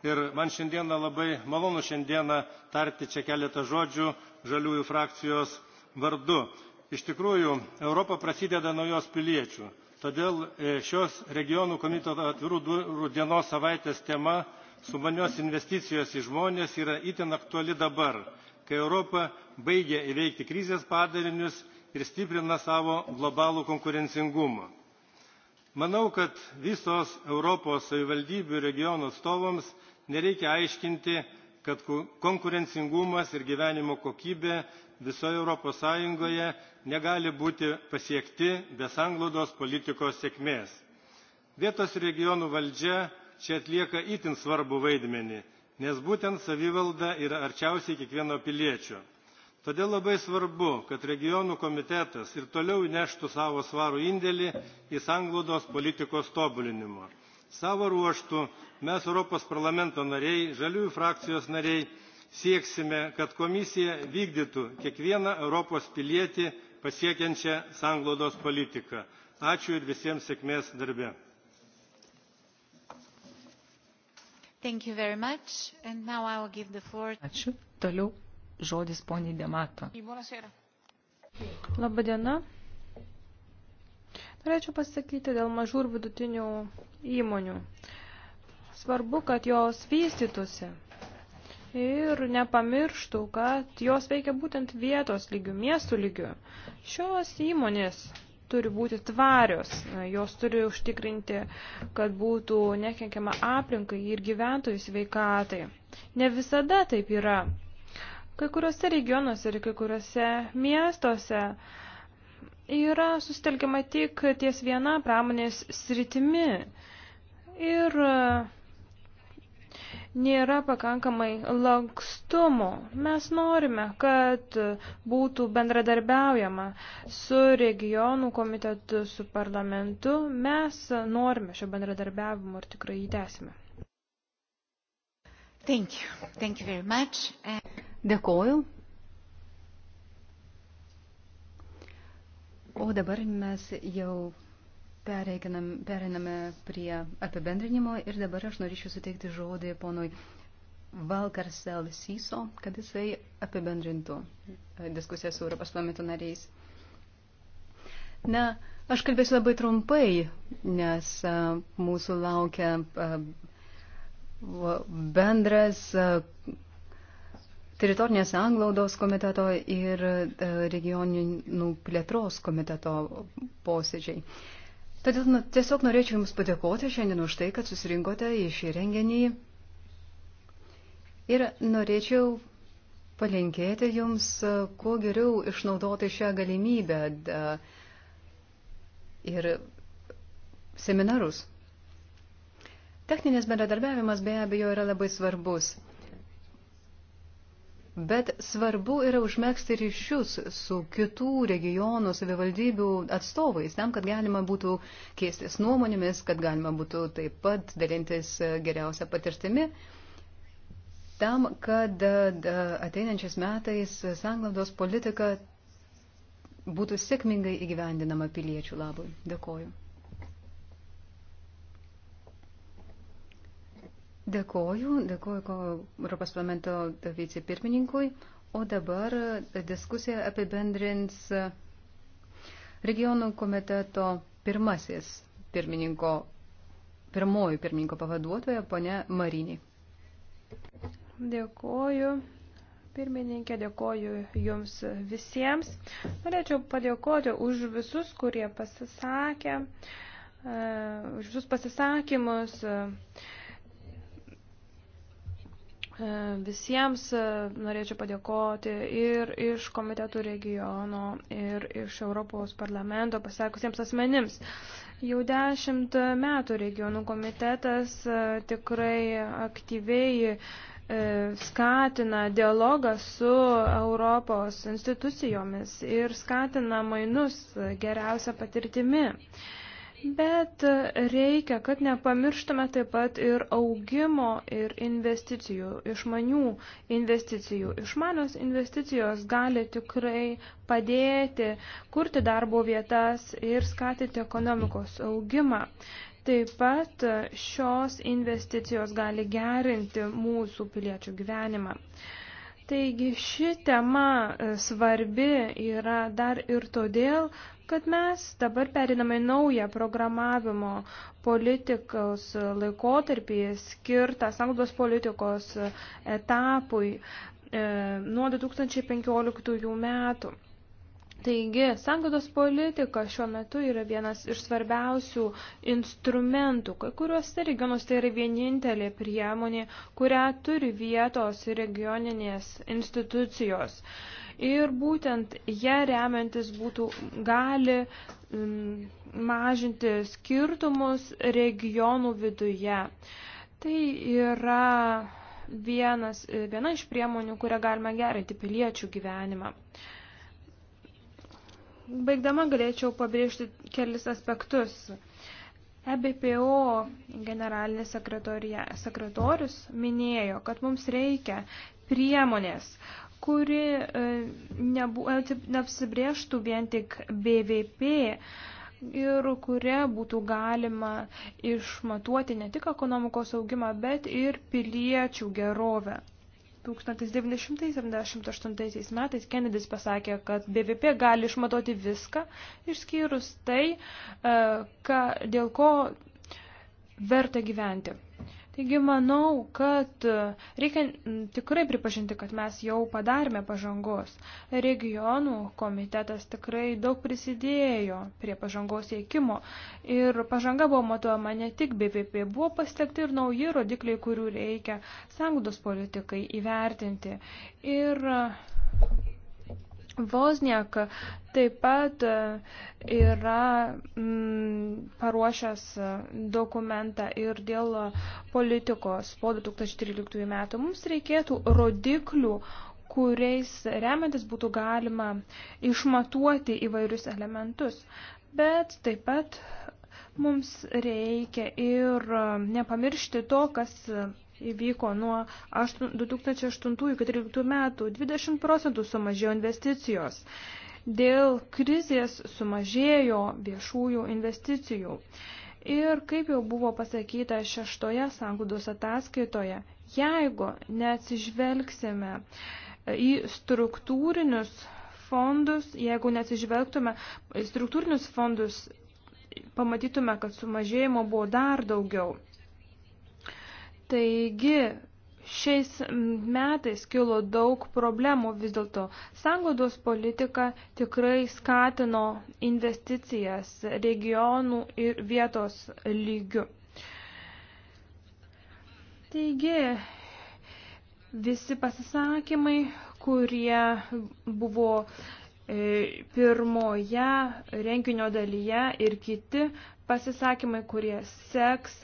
S4: Ir man šiandieną labai malonu šiandieną tarti čia keletą žodžių žaliųjų frakcijos vardu. Iš tikrųjų, Europa prasideda nuo jos piliečių. Todėl e, šios regionų komiteto atvirų durų dienos savaitės tema sumanios investicijos į žmonės yra itin aktuali dabar kai europa baigia įveikti krizės padarinius ir stiprina savo globalų konkurencingumą. manau kad visos europos savivaldybių ir regionų atstovams nereikia aiškinti kad konkurencingumas ir gyvenimo kokybė visoje europos sąjungoje negali būti pasiekti be sanglaudos politikos sėkmės. vietos ir regionų valdžia čia atlieka itin svarbu vaidmenį, nes būtent savivalda yra arčiausiai kiekvieno piliečio. Todėl labai svarbu, kad regionų komitetas ir toliau neštų savo svarų indėlį į sanglaudos politikos tobulinimą. Savo ruoštų mes Europos parlamento nariai, žaliųjų frakcijos nariai sieksime, kad komisija vykdytų kiekvieną Europos pilietį pasiekiančią sanglaudos politiką. Ačiū ir visiems sėkmės darbe.
S2: Thank you very
S3: much. And now I will give the floor. Ačiū. Toliau žodis poniai Demato.
S1: Labą dieną. Norėčiau pasakyti dėl mažų ir vidutinių įmonių. Svarbu, kad jos vystytųsi ir nepamirštų, kad jos veikia būtent vietos lygių, miestų lygių. Šios įmonės turi būti tvarios, jos turi užtikrinti, kad būtų nekenkiama aplinkai ir gyventojų sveikatai. Ne visada taip yra. Kai kuriuose regionuose ir kai kuriuose miestuose yra sustelkiama tik ties viena pramonės sritimi. Ir uh, nėra pakankamai lankstumo. Mes norime, kad būtų bendradarbiaujama su regionų komitetu, su parlamentu. Mes norime šio bendradarbiavimo ir tikrai jį tęsime.
S2: Thank you. Thank you very much. Dėkoju. O dabar mes jau Pereiname prie apibendrinimo ir dabar aš norėčiau suteikti žodį ponui Valkarsel Syso, kad jisai apibendrintų e, diskusiją su Europos parlamento nariais. Na, aš kalbėsiu labai trumpai, nes e, mūsų laukia e, bendras teritorinės anglaudos komiteto ir regioninių plėtros komiteto posėdžiai. Todėl nu, tiesiog norėčiau Jums padėkoti šiandien už tai, kad susirinkote į šį renginį. Ir norėčiau palinkėti Jums, e, kuo geriau išnaudoti šią galimybę e, ir seminarus. Techninis bendradarbiavimas be abejo yra labai svarbus. Bet svarbu yra užmėgsti ryšius su kitų regionų savivaldybių atstovais, tam, kad galima būtų keistis nuomonėmis, kad galima būtų taip pat dalintis geriausią patirtimi, tam, kad ateinančiais metais sanglaudos politika būtų sėkmingai įgyvendinama piliečių labui. Dėkoju. Dėkoju, dėkoju Europos parlamento vicepirmininkui. O dabar diskusiją apibendrins regionų komiteto pirmasis pirmininko, pirmoji pirmininko pavaduotoja, ponia Marinė.
S1: Dėkoju pirmininkė, dėkoju jums visiems. Norėčiau padėkoti už visus, kurie pasisakė, e, už visus pasisakymus. Uh, E, visiems e, norėčiau padėkoti ir iš komitetų regiono, ir iš Europos parlamento pasakusiems asmenims. Jau dešimt metų regionų komitetas e, tikrai aktyviai skatina dialogą su Europos institucijomis ir skatina mainus geriausią patirtimi. Bet reikia, kad nepamirštume taip pat ir augimo ir investicijų, išmanių investicijų. Išmanios investicijos gali tikrai padėti kurti darbo vietas ir skatinti ekonomikos augimą. Taip pat šios investicijos gali gerinti mūsų piliečių gyvenimą. Taigi ši tema svarbi yra dar ir todėl, kad mes dabar periname naują programavimo politikos laikotarpį skirtą sanglaudos politikos etapui e, nuo 2015 metų. Taigi, sangados politika šiuo metu yra vienas iš svarbiausių instrumentų, kai kuriuose regionuose tai yra vienintelė priemonė, kurią turi vietos ir regioninės institucijos. Uh, ir būtent jie remiantis būtų gali mažinti skirtumus regionų viduje. Tai yra vienas, viena iš priemonių, kurią galima gerinti piliečių gyvenimą. Baigdama galėčiau pabrėžti kelis aspektus. EBPO generalinis sekretorius minėjo, kad mums reikia priemonės, uh, kuri e, nebu, e, neapsibrieštų vien tik BVP ir kuria būtų galima išmatuoti ne tik ekonomikos augimą, bet ir piliečių gerovę. 1978 metais Kennedys pasakė, kad BVP gali išmatuoti viską, išskyrus tai, e, ka, dėl ko verta gyventi. Taigi manau, kad e, reikia tikrai pripažinti, kad mes jau padarėme pažangos. Regionų komitetas tikrai daug prisidėjo prie pažangos siekimo ir pažanga buvo matuojama ne tik BVP, buvo pasiekti ir nauji rodikliai, kurių reikia sanglaudos politikai įvertinti. Ir Vozniak taip pat e, yra mm, paruošęs e, dokumentą ir dėl politikos po 2013 metų mums reikėtų rodiklių, kuriais remiantis būtų galima išmatuoti įvairius elementus. Bet taip pat mums reikia ir e, nepamiršti to, kas įvyko nuo 2008 iki 2013 metų 20 procentų sumažėjo investicijos. Dėl krizės sumažėjo viešųjų investicijų. Ir kaip jau buvo pasakyta šeštoje sangudos ataskaitoje, jeigu neatsižvelgsime į struktūrinius fondus, jeigu neatsižvelgtume struktūrinius fondus, pamatytume, kad sumažėjimo buvo dar daugiau. Taigi, šiais metais kilo daug problemų vis dėlto. Sangodos politika tikrai skatino investicijas regionų ir vietos lygių. Taigi, visi pasisakymai, kurie buvo e, pirmoje renginio dalyje ir kiti pasisakymai, kurie seks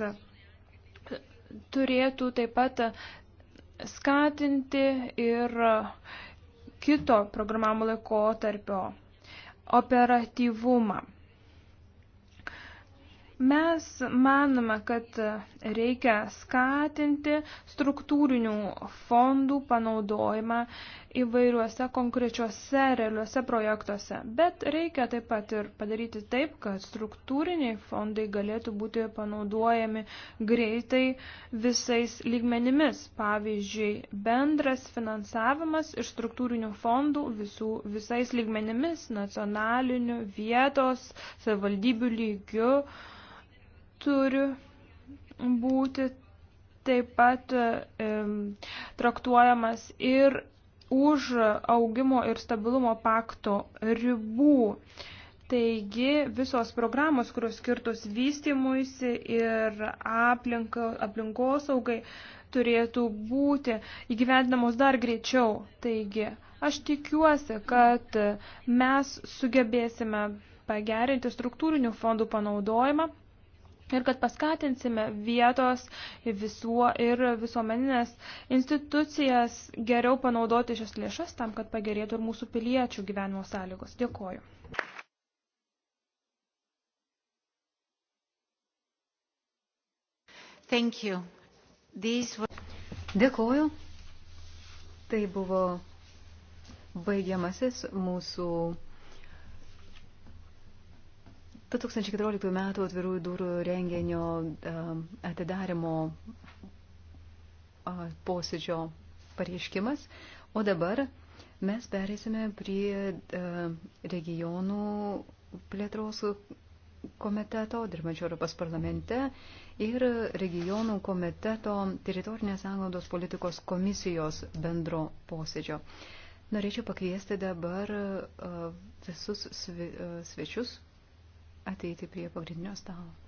S1: turėtų taip pat skatinti ir kito programavimo laikotarpio operatyvumą. Mes manome, kad reikia skatinti struktūrinių fondų panaudojimą įvairiuose konkrečiuose realiuose projektuose, bet reikia taip pat ir padaryti taip, kad struktūriniai fondai galėtų būti panaudojami greitai visais lygmenimis. Pavyzdžiui, bendras finansavimas iš struktūrinių fondų visų, visais lygmenimis - nacionaliniu, vietos, savivaldybių lygiu turi būti taip pat e, traktuojamas ir už augimo ir stabilumo pakto ribų. Taigi visos programos, kurios skirtos vystimuisi ir aplinko, aplinkosaugai, turėtų būti įgyvendinamos dar greičiau. Taigi aš tikiuosi, kad mes sugebėsime pagerinti struktūrinių fondų panaudojimą ir kad paskatinsime vietos visuo ir visuomeninės institucijas geriau panaudoti šias lėšas tam, kad pagerėtų ir mūsų piliečių gyvenimo sąlygos. Dėkoju.
S2: Thank you. These were... Dėkoju. Tai buvo baigiamasis mūsų 2014 m. atvirųjų durų renginio e, atidarimo posėdžio pareiškimas, o dabar mes perėsime prie e, regionų plėtros komiteto, dirbančio Europos parlamente, ir regionų komiteto teritorinės sąnaudos politikos komisijos bendro posėdžio. Norėčiau pakviesti dabar e, visus svečius ateiti prie pagrindinio stalo.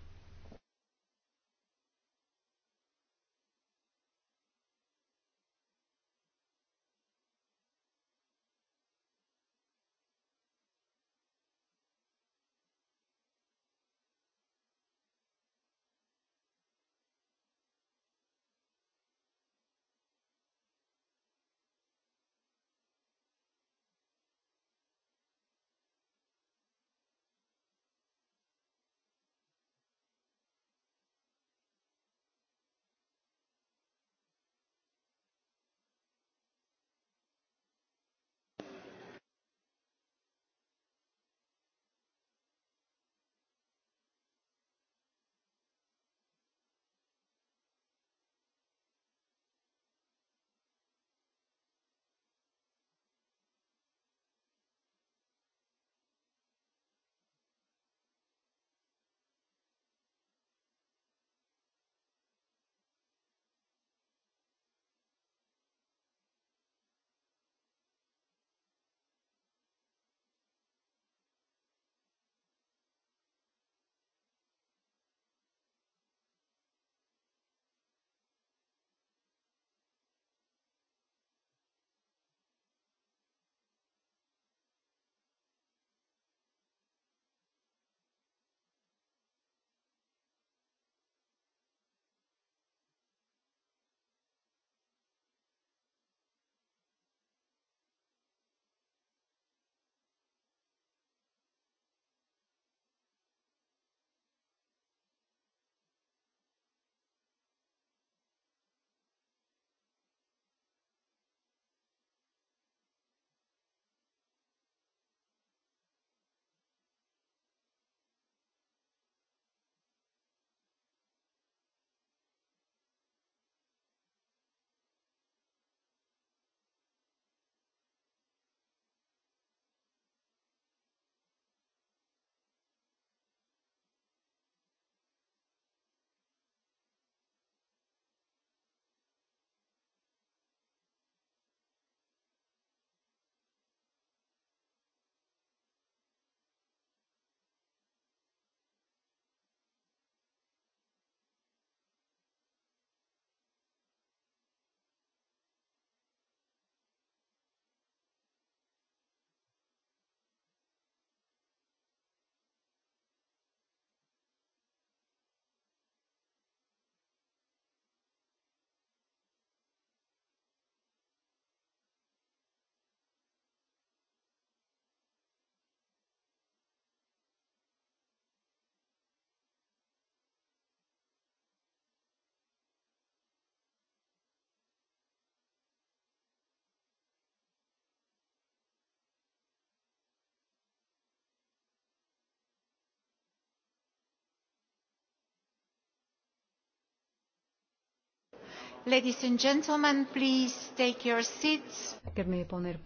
S2: Ladies and gentlemen, please take your seats. Gerbėjai ponai ir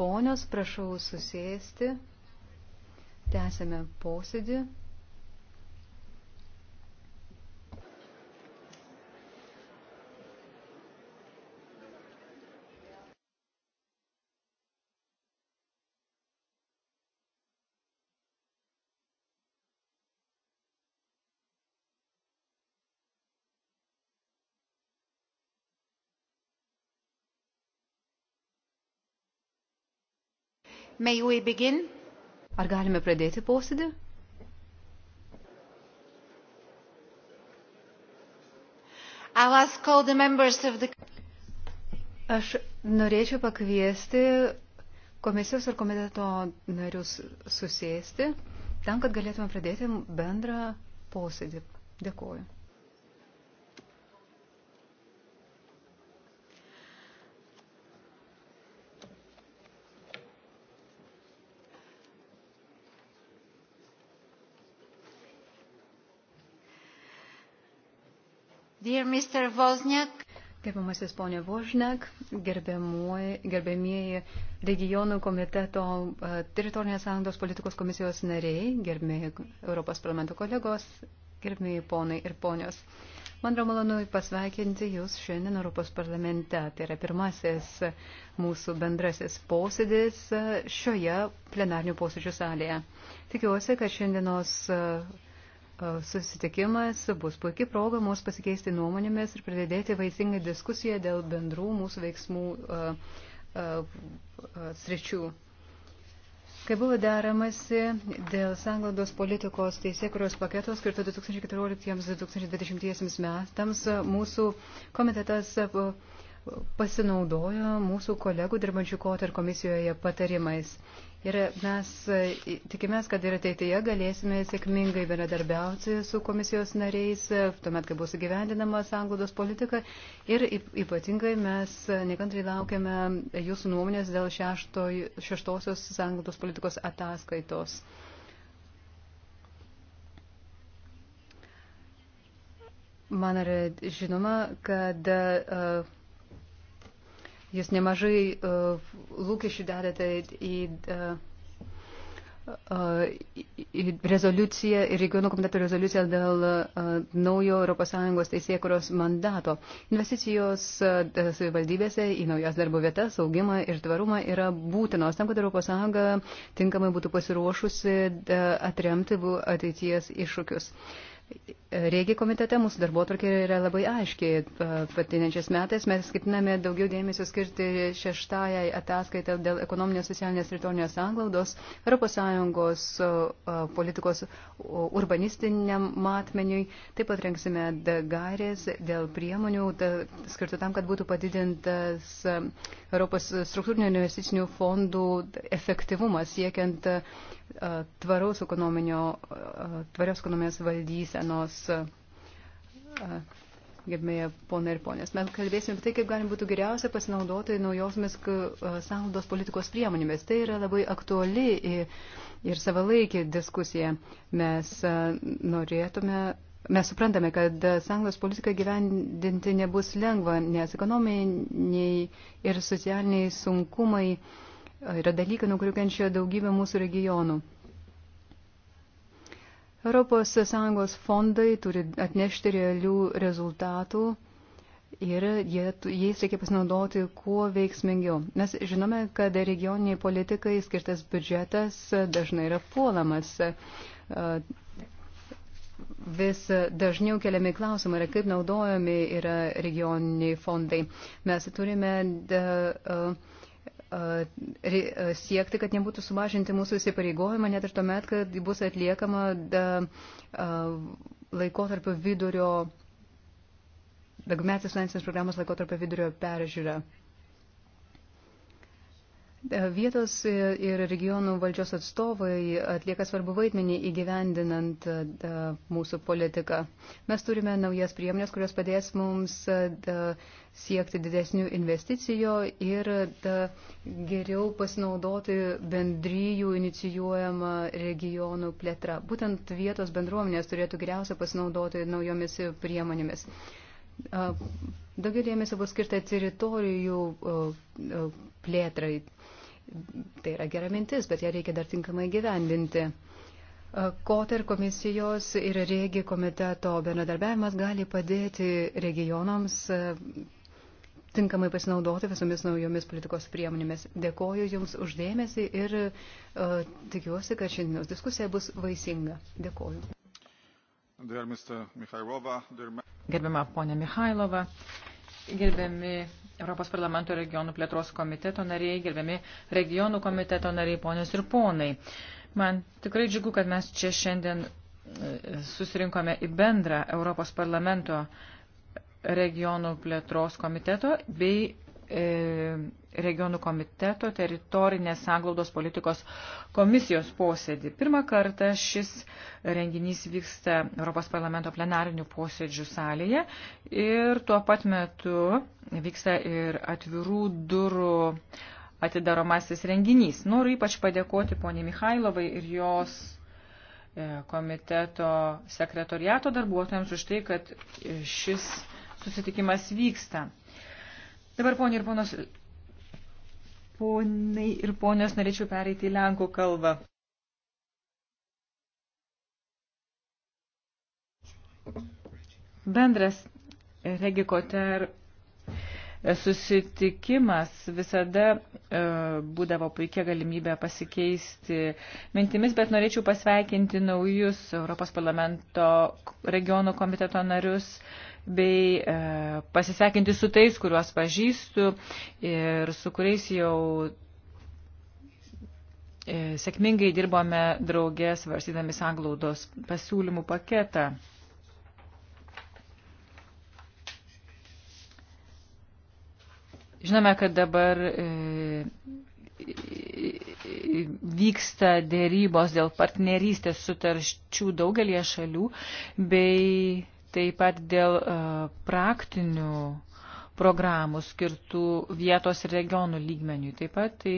S2: ponios, prašau susėsti. Tęsime posėdį. Ar galime pradėti posėdį? The... Aš norėčiau pakviesti komisijos ir komiteto narius susėsti, tam, kad galėtume pradėti bendrą posėdį. Dėkuoju. Gerbiamasis ponė Vožnek, gerbėmieji regionų komiteto e, teritorinės sąjungos politikos komisijos nariai, gerbėmieji Europos parlamento kolegos, gerbėmieji ponai ir ponios. Man yra malonu pasveikinti Jūs šiandien Europos parlamente. Tai yra pirmasis mūsų bendrasis posėdis e, šioje plenarnių posėdžių salėje. Tikiuosi, kad šiandienos uh, susitikimas bus puikiai proga mums pasikeisti nuomonėmis ir pradėti vaisingą diskusiją dėl bendrų mūsų veiksmų uh, uh, sričių. Kai buvo deramasi dėl sanglaudos politikos teisėkuros paketos skirto 2014-2020 metams, mūsų komitetas pasinaudojo mūsų kolegų dirbančių kotar komisijoje patarimais. Ir mes e, tikimės, kad ir ateityje galėsime sėkmingai bendradarbiauti su komisijos nariais, e, tuomet, kai bus įgyvendinama sanglaudos politika. Ir ypatingai mes e, nekantriai laukiame jūsų nuomonės dėl šešto, šeštosios sanglaudos politikos ataskaitos. Man yra žinoma, kad. Uh, Jūs nemažai uh, lūkesčių dedate į, uh, į rezoliuciją ir regionų komiteto rezoliuciją dėl uh, naujo ES teisėkuros mandato. Investicijos uh, savivaldybėse į naujas darbo vietas, saugimą ir tvarumą yra būtinos tam, kad ES tinkamai būtų pasiruošusi uh, atremti ateities iššūkius. Regi komitete mūsų darbotvarkė yra labai aiški. Patinančiais metais mes skirtiname daugiau dėmesio skirti šeštajai ataskaitai dėl ekonominės, socialinės ir teritorinės anglaudos, ES politikos urbanistiniam matmeniui. Taip pat renksime gairės dėl priemonių skirtų tam, kad būtų padidintas Europos struktūrinio investicinių fondų efektyvumas siekiant tvarios ekonominės valdysenos gerbėjai ponai ir ponės. Mes kalbėsime apie tai, kaip galim būtų geriausia pasinaudoti naujosmis sąnaudos politikos priemonėmis. Tai yra labai aktuali ir savalaikė diskusija. Mes norėtume. Mes suprantame, kad sąjungos politiką gyvendinti nebus lengva, nes ekonominiai ir socialiniai sunkumai yra dalykai, nuo kurių kenčia daugybė mūsų regionų. ES fondai turi atnešti realių rezultatų ir jie, jais reikia pasinaudoti kuo veiksmingiau. Mes žinome, kad regioniniai politikai skirtas biudžetas dažnai yra puolamas. Vis dažniau keliami klausimai yra, kaip naudojami yra regioniniai fondai. Mes turime. De, uh, siekti, kad nebūtų sumažinti mūsų įsipareigojimą, net ir tuomet, kad bus atliekama laikotarpio vidurio, daugiametės finansinės programos laikotarpio vidurio peržiūra. Vietos ir regionų valdžios atstovai atlieka svarbu vaidmenį įgyvendinant mūsų politiką. Mes turime naujas priemonės, kurios padės mums siekti didesnių investicijų ir geriau pasinaudoti bendryjų inicijuojamą regionų plėtrą. Būtent vietos bendruomenės turėtų geriausia pasinaudoti naujomis priemonėmis. Daugiau dėmesio bus skirta teritorijų plėtrai. Tai yra gera mintis, bet ją reikia dar tinkamai gyvendinti. E, Koter komisijos ir regi komiteto bendradarbiavimas gali padėti regionams e, tinkamai pasinaudoti visomis naujomis politikos priemonėmis. Dėkoju Jums uždėmesi ir uh, tikiuosi, kad šiandienos diskusija bus vaisinga. Dėkoju. Gerbiama ponė Mihailova,
S4: gerbiami
S3: Europos parlamento regionų plėtros komiteto nariai, gerbiami regionų komiteto nariai, ponios ir ponai. Man tikrai džiugu, kad mes čia šiandien e, susirinkome į bendrą Europos parlamento regionų plėtros komiteto bei E, regionų komiteto teritorinės sanglaudos politikos komisijos posėdį. Pirmą kartą šis renginys vyksta Europos parlamento plenarinių posėdžių salėje ir tuo pat metu vyksta ir atvirų durų atidaromasis renginys. Noriu ypač padėkoti poniai Mihailovai ir jos e, komiteto sekretoriato darbuotojams už tai, kad šis susitikimas vyksta. Dabar, poniai ir ponos, ponai ir ponios, norėčiau pereiti į Lenkų kalbą. Bendras regikoter susitikimas visada e, būdavo puikia galimybė pasikeisti mintimis, bet norėčiau pasveikinti naujus Europos parlamento regionų komiteto narius bei e, pasisekinti su tais, kuriuos pažįstu ir su kuriais jau e, sėkmingai dirbome draugės varsydami sanglaudos pasiūlymų paketą. Žinome, kad dabar e, vyksta dėrybos dėl partnerystės sutarčių daugelie šalių, bei taip pat dėl e, praktinių programų skirtų vietos ir regionų lygmenių. Taip pat tai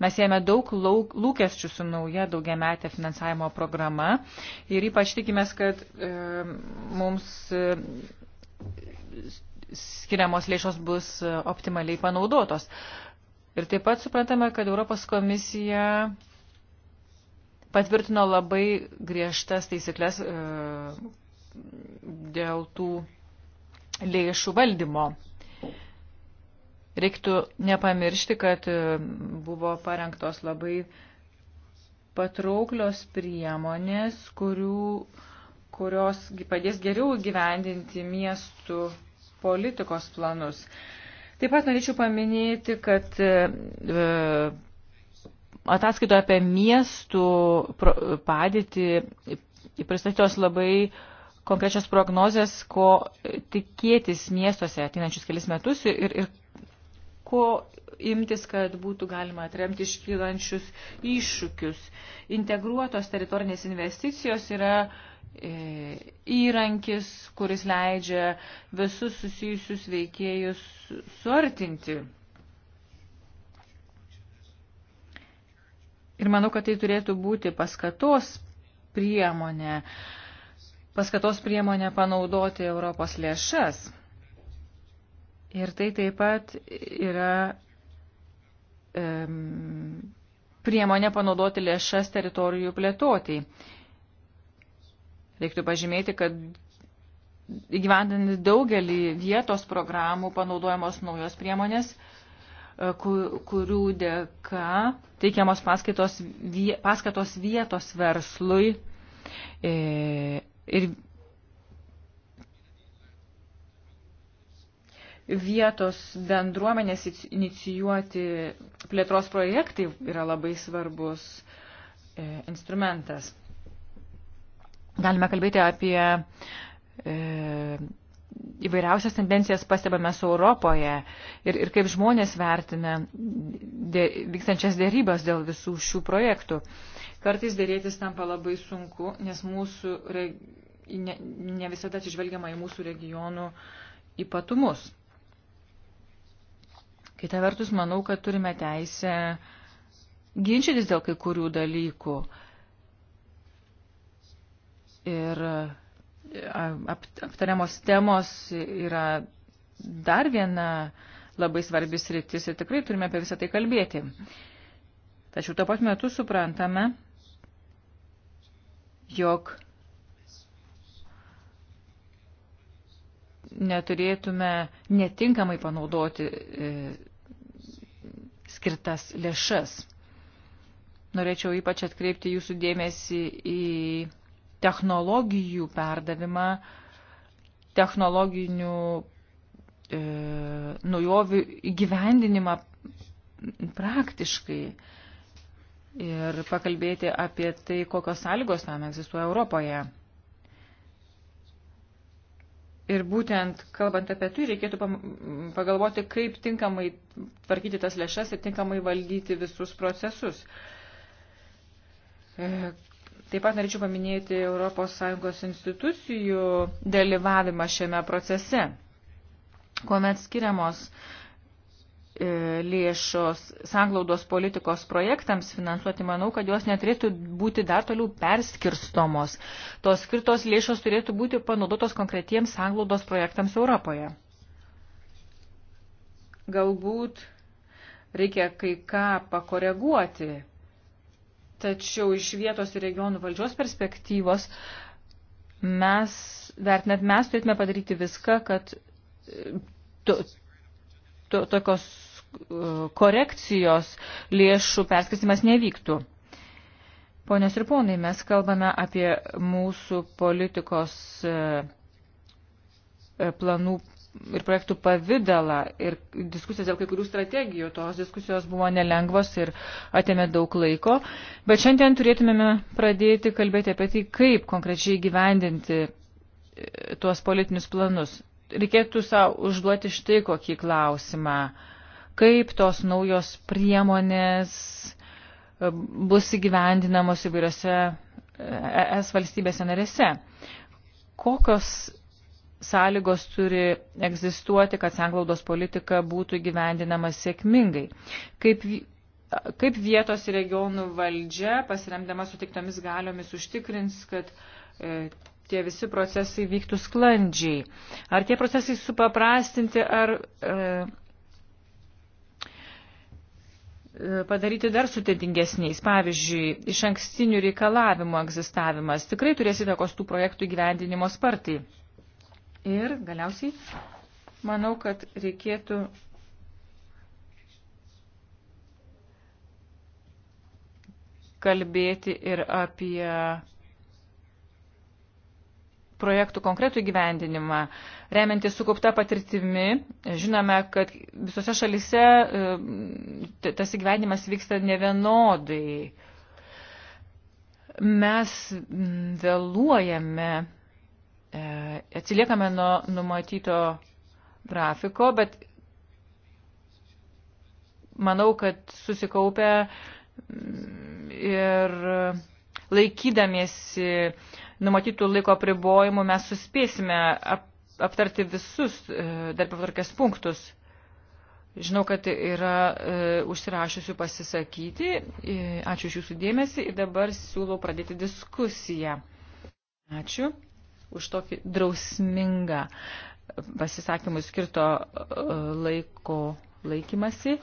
S3: mes jėme daug lūkesčių su nauja daugiametė finansavimo programa ir ypač tikimės, kad e, mums e, skiriamos lėšos bus e, optimaliai panaudotos. Ir taip pat suprantame, kad Europos komisija patvirtino labai griežtas taisyklės e, dėl tų lėšų valdymo. Reiktų nepamiršti, kad e, buvo parengtos labai patrauklios priemonės, kurių, kurios padės geriau gyvendinti miestų politikos planus. Taip pat norėčiau paminėti, kad e, ataskaito apie miestų padėtį pristatytos labai konkrečios prognozės, ko tikėtis miestuose ateinančius kelis metus ir, ir ko imtis, kad būtų galima atremti iškylančius iššūkius. Integruotos teritorinės investicijos yra e, įrankis, kuris leidžia visus susijusius veikėjus suartinti Ir manau, kad tai turėtų būti paskatos priemonė, paskatos priemonė panaudoti Europos lėšas. Ir tai taip pat yra um, priemonė panaudoti lėšas teritorijų plėtoti. Reiktų pažymėti, kad įgyvendinti daugelį vietos programų panaudojamos naujos priemonės – kurių dėka teikiamos paskaitos, paskatos vietos verslui e, ir vietos bendruomenės inicijuoti plėtros projektai yra labai svarbus e, instrumentas. Galime kalbėti apie e, įvairiausias tendencijas pastebame su Europoje ir, ir kaip žmonės vertina dė, vykstančias dėrybas dėl visų šių projektų. Kartais dėrėtis tampa labai sunku, nes mūsų re, ne, ne visada atsižvelgiama į mūsų regionų ypatumus. Kita vertus, manau, kad turime teisę ginčytis dėl kai kurių dalykų. Ir aptariamos temos yra dar viena labai svarbis rytis ir tikrai turime apie visą tai kalbėti. Tačiau tuo pat metu suprantame, jog neturėtume netinkamai panaudoti e, skirtas lėšas. Norėčiau ypač atkreipti jūsų dėmesį į technologijų perdavimą, technologinių e, naujovių įgyvendinimą praktiškai ir pakalbėti apie tai, kokios sąlygos tam egzistuoja Europoje. Ir būtent, kalbant apie tai, reikėtų pagalvoti, kaip tinkamai tvarkyti tas lėšas ir tinkamai valdyti visus procesus. E, Taip pat norėčiau paminėti ES institucijų dalyvavimą šiame procese, kuomet skiriamos e, lėšos sanglaudos politikos projektams finansuoti, manau, kad jos neturėtų būti dar toliau perskirstomos. Tos skirtos lėšos turėtų būti panaudotos konkretiems sanglaudos projektams Europoje. Galbūt reikia kai ką pakoreguoti, Tačiau iš vietos ir regionų valdžios perspektyvos mes, vertinant, mes turėtume padaryti viską, kad e, to, to, tokios e, korekcijos lėšų perskirstimas nevyktų. Ponios ir ponai, mes kalbame apie mūsų politikos e, planų ir projektų pavydalą ir diskusijas dėl kai kurių strategijų. Tos diskusijos buvo nelengvos ir atėmė daug laiko, bet šiandien turėtumėme pradėti kalbėti apie tai, kaip konkrečiai gyvendinti e, tuos politinius planus. Reikėtų savo užduoti štai kokį klausimą. Kaip tos naujos priemonės e, bus įgyvendinamos įvairiose ES e valstybėse narėse? Kokios sąlygos turi egzistuoti, kad sanglaudos politika būtų gyvendinama sėkmingai. Kaip, kaip vietos ir regionų valdžia, pasiremdama sutiktomis galiomis, užtikrins, kad e, tie visi procesai vyktų sklandžiai. Ar tie procesai supaprastinti, ar e, e padaryti dar sudėtingesniais. Pavyzdžiui, iš ankstinių reikalavimų egzistavimas tikrai turės įtakos tų projektų gyvendinimo spartai. Ir galiausiai manau, kad reikėtų kalbėti ir apie projektų konkretų įgyvendinimą. Remiantis sukaupta patirtimi, žinome, kad visose šalise e, tas įgyvendinimas vyksta nevienodai. Mes vėluojame E, atsiliekame nuo numatyto grafiko, bet manau, kad susikaupę mm, ir laikydamiesi numatytų laiko pribojimų mes suspėsime ap, aptarti visus e, darbų tvarkės punktus. Žinau, kad yra e, užsirašiusių pasisakyti. E, ačiū iš jūsų dėmesį ir dabar siūlau pradėti diskusiją. Ačiū už tokį drausmingą pasisakymui skirto e, laiko laikymasi.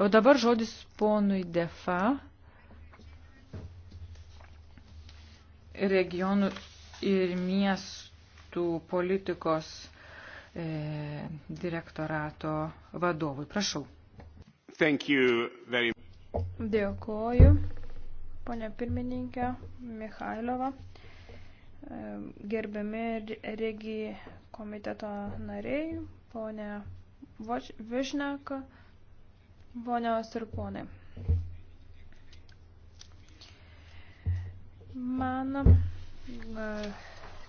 S3: O dabar žodis ponui Defa regionų ir miestų politikos e, direktorato vadovui. Prašau.
S4: Thank you very much.
S1: Dėkoju, ponė pirmininkė Mikhailova. E, gerbiami regi komiteto nariai, ponė Višneka, ponios ir ponai. Man e,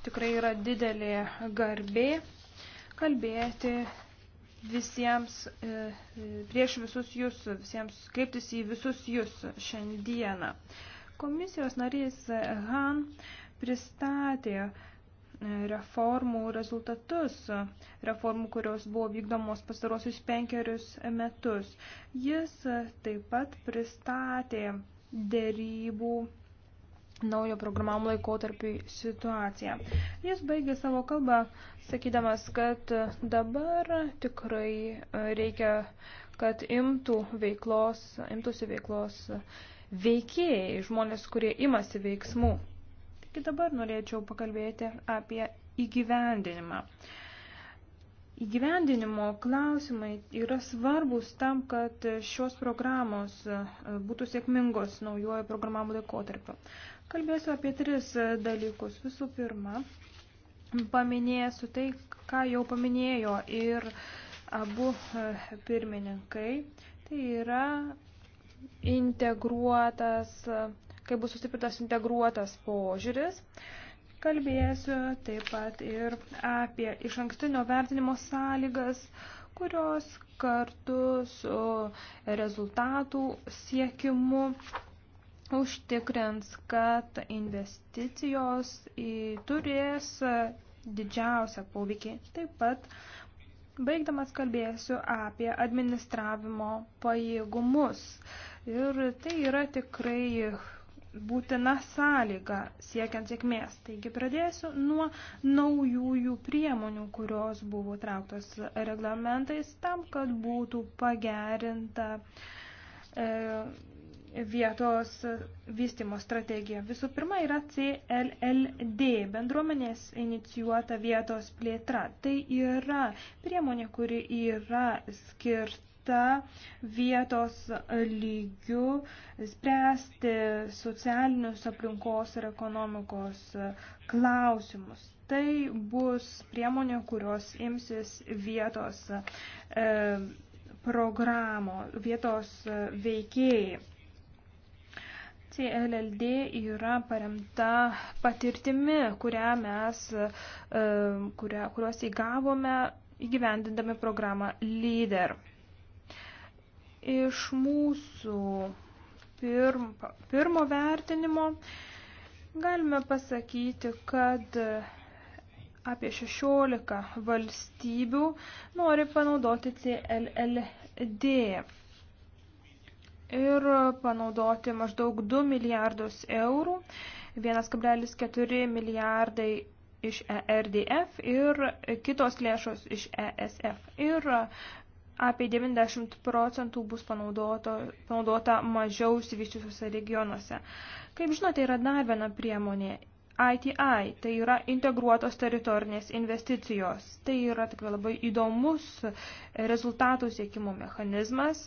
S1: tikrai yra didelė garbė kalbėti visiems, e, prieš visus jūs, visiems kreiptis į visus jūs šiandieną. Komisijos narys Han e, pristatė e, reformų rezultatus, reformų, kurios buvo vykdomos pastarosius penkerius metus. Jis e, taip pat pristatė dėrybų naujo programavimo laikotarpiui situaciją. Jis baigė savo kalbą, sakydamas, kad dabar tikrai e, reikia, kad imtų veiklos, imtųsi veiklos veikėjai, žmonės, kurie imasi veiksmų. Taigi dabar norėčiau pakalbėti apie įgyvendinimą. Įgyvendinimo klausimai yra svarbus tam, kad šios programos e, būtų sėkmingos naujojo programavimo laikotarpio. Kalbėsiu apie tris e, dalykus. Visų pirma, paminėsiu tai, ką jau paminėjo ir abu e, pirmininkai. Tai yra integruotas kai bus sustiprintas integruotas požiūris. Kalbėsiu taip pat ir apie iš ankstinio vertinimo sąlygas, kurios kartu su rezultatų siekimu užtikrins, kad investicijos turės didžiausią poveikį. Taip pat Baigdamas kalbėsiu apie administravimo pajėgumus. Ir tai yra tikrai būtina sąlyga siekiant sėkmės. Taigi pradėsiu nuo naujųjų priemonių, kurios buvo trauktos reglamentais tam, kad būtų pagerinta e, vietos vystimo strategija. Visų pirma yra CLLD, bendruomenės inicijuota vietos plėtra. Tai yra priemonė, kuri yra skirta skirta vietos lygių spręsti socialinius aplinkos ir ekonomikos klausimus. Tai bus priemonė, kurios imsis vietos e, programo, vietos veikėjai. CLLD yra paremta patirtimi, kurią mes, e, kurią, kurios įgavome įgyvendindami programą LEADER iš mūsų pirm, pirmo vertinimo galime pasakyti, kad apie 16 valstybių nori panaudoti CLLD ir panaudoti maždaug 2 milijardus eurų, 1,4 milijardai iš ERDF ir kitos lėšos iš ESF. Ir apie 90 procentų bus panaudoto, panaudota mažiau išsivyščiusiuose regionuose. Kaip žinote, yra dar viena priemonė ITI, tai yra integruotos teritorinės investicijos. Tai yra tikrai labai įdomus rezultatų siekimo mechanizmas,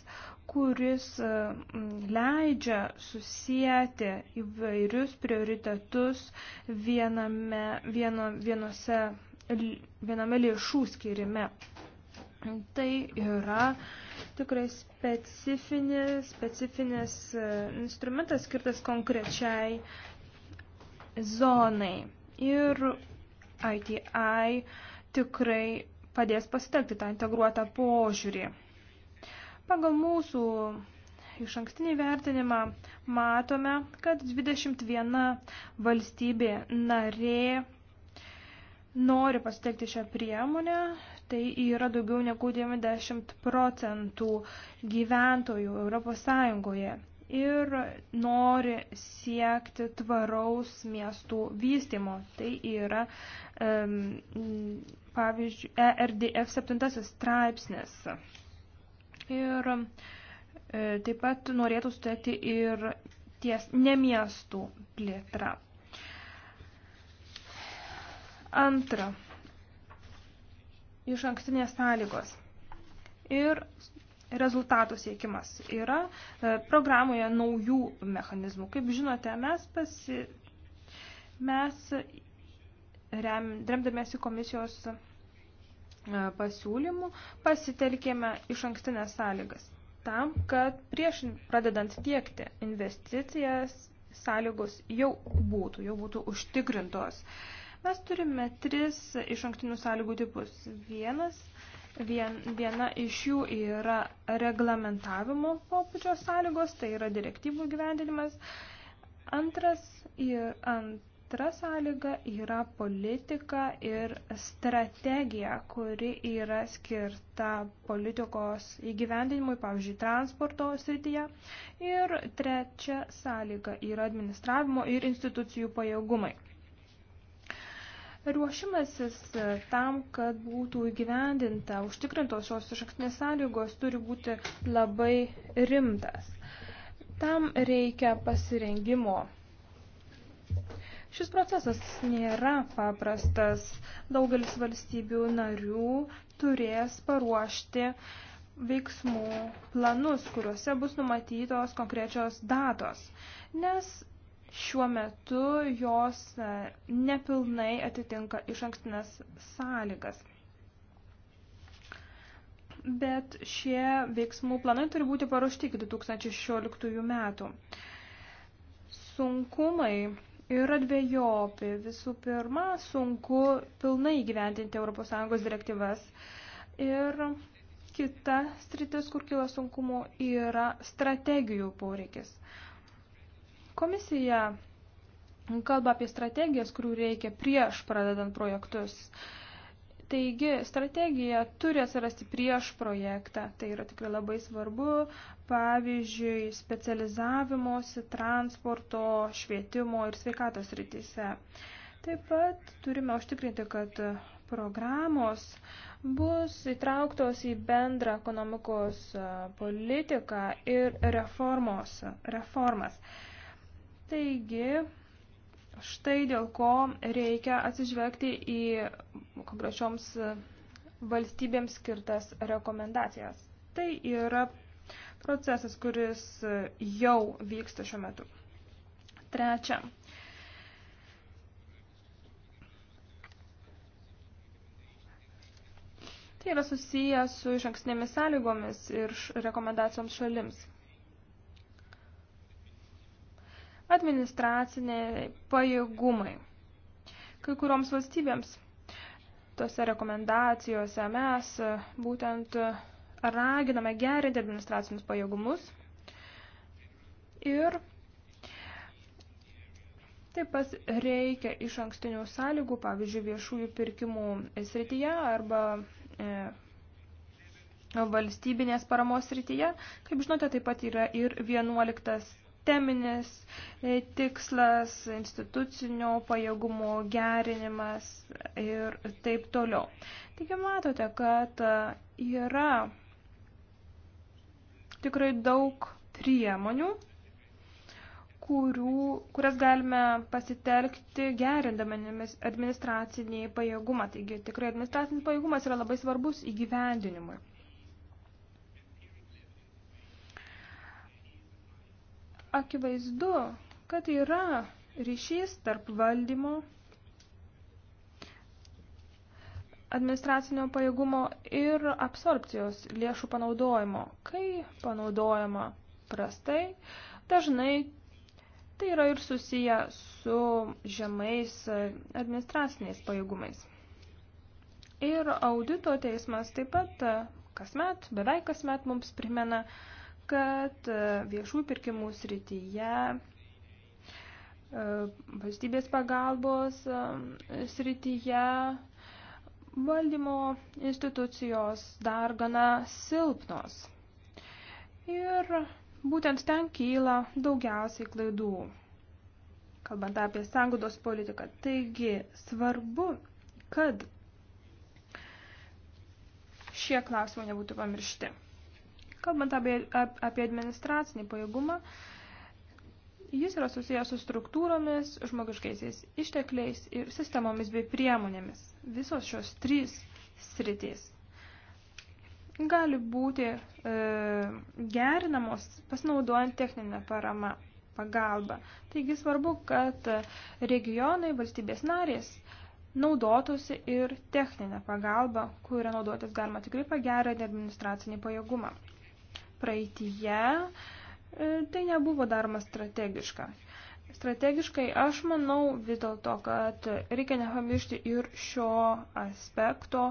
S1: kuris mm, leidžia susijęti įvairius prioritetus viename, vieno, vienose, viename lėšų skirime. Tai yra tikrai specifinis, specifinis instrumentas skirtas konkrečiai zonai. Ir ITI tikrai padės pasitelkti tą integruotą požiūrį. Pagal mūsų iš ankstinį vertinimą matome, kad 21 valstybė narė nori pasitelkti šią priemonę, tai yra daugiau negu 90 procentų gyventojų ES ir nori siekti tvaraus miestų vystimo. Tai yra, um, pavyzdžiui, ERDF 7 straipsnis. Ir e, taip pat norėtų sutekti ir ties ne miestų plėtra. Antra, iš ankstinės sąlygos. Ir rezultatų siekimas yra e, programoje naujų mechanizmų. Kaip žinote, mes, pasi, mes rem, remdamėsi komisijos e, pasiūlymų pasitelkėme iš ankstinės sąlygas tam, kad prieš pradedant tiekti investicijas sąlygos jau būtų, jau būtų užtikrintos. Uh, Mes turime tris iš anktinių sąlygų tipus. Vienas, vien, viena iš jų yra reglamentavimo popučio sąlygos, tai yra direktyvų gyvendinimas. Antras ir antra sąlyga yra politika ir strategija, kuri yra skirta politikos įgyvendinimui, pavyzdžiui, transporto srityje. Ir trečia sąlyga yra administravimo ir institucijų pajėgumai. Ruošimasis e, tam, kad būtų įgyvendinta, užtikrintos šios išankstinės sąlygos turi būti labai rimtas. Tam reikia pasirengimo. Šis procesas nėra paprastas. Daugelis valstybių narių turės paruošti veiksmų planus, kuriuose bus numatytos konkrečios datos, nes šiuo metu jos e, nepilnai atitinka iš ankstinės sąlygas. Bet šie veiksmų planai turi būti paruošti iki 2016 metų. Sunkumai yra dviejopi. Visų pirma, sunku pilnai gyventinti ES direktyvas. Ir kita sritis, kur kilo sunkumų, yra strategijų poreikis. Uh, Komisija kalba apie strategijas, kurių reikia prieš pradedant projektus. Taigi, strategija turi atsirasti prieš projektą. Tai yra tikrai labai svarbu. Pavyzdžiui, specializavimosi, transporto, švietimo ir sveikatos rytise. Taip pat turime užtikrinti, kad programos bus įtrauktos į bendrą ekonomikos politiką ir reformos, reformas. reformas Taigi, štai dėl ko reikia atsižvelgti į konkrečioms valstybėms skirtas rekomendacijas. Tai yra procesas, kuris jau vyksta šiuo metu. Trečia. Tai yra susiję su išankstinėmis sąlygomis ir rekomendacijoms šalims. administraciniai pajėgumai. Kai kurioms valstybėms tose rekomendacijose mes e, būtent e, raginame gerinti administracinius pajėgumus ir taip pat reikia iš ankstinių sąlygų, pavyzdžiui, viešųjų pirkimų srityje arba e, valstybinės paramos srityje. Kaip žinote, taip pat yra ir 11 sisteminis e, tikslas, institucinio pajėgumo gerinimas ir taip toliau. Taigi matote, kad e, yra tikrai daug priemonių, kurių, kurias galime pasitelkti gerindami administracinį pajėgumą. Taigi tikrai administracinis pajėgumas yra labai svarbus įgyvendinimui. akivaizdu, kad yra ryšys tarp valdymo, administracinio pajėgumo ir absorpcijos lėšų panaudojimo. Kai panaudojama prastai, dažnai tai yra ir susiję su žemais administraciniais pajėgumais. Ir audito teismas taip pat e, kasmet, beveik kasmet mums primena, uh, kad e, viešų pirkimų srityje, e, valstybės pagalbos e, srityje valdymo institucijos dar gana silpnos. Ir būtent ten kyla daugiausiai klaidų, kalbant apie sangudos politiką. Taigi svarbu, kad šie klausimai nebūtų pamiršti. Kalbant apie, apie administracinį pajėgumą, jis yra susijęs su struktūromis, žmogiškaisiais ištekliais ir sistemomis bei priemonėmis. Visos šios trys sritys gali būti e, gerinamos pasinaudojant techninę paramą pagalbą. Taigi svarbu, kad regionai, valstybės narės naudotųsi ir techninę pagalbą, kurią naudotis galima tikrai pagerinti administracinį pajėgumą praeitie e, tai nebuvo daroma strategiška. Strategiškai aš manau vis dėlto, kad reikia nepamiršti ir šio aspekto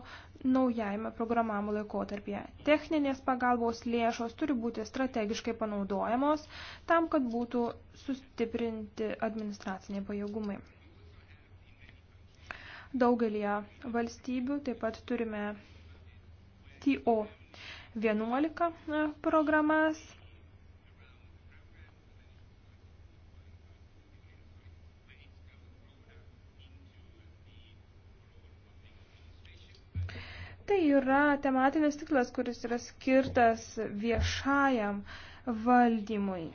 S1: naujajame programavimo laikotarpyje. Techninės pagalbos lėšos turi būti strategiškai panaudojamos tam, kad būtų sustiprinti administraciniai pajėgumai. Daugelie valstybių taip pat turime TO 11 e, programas. Tai yra tematinis tiklas, kuris yra skirtas viešajam valdymui.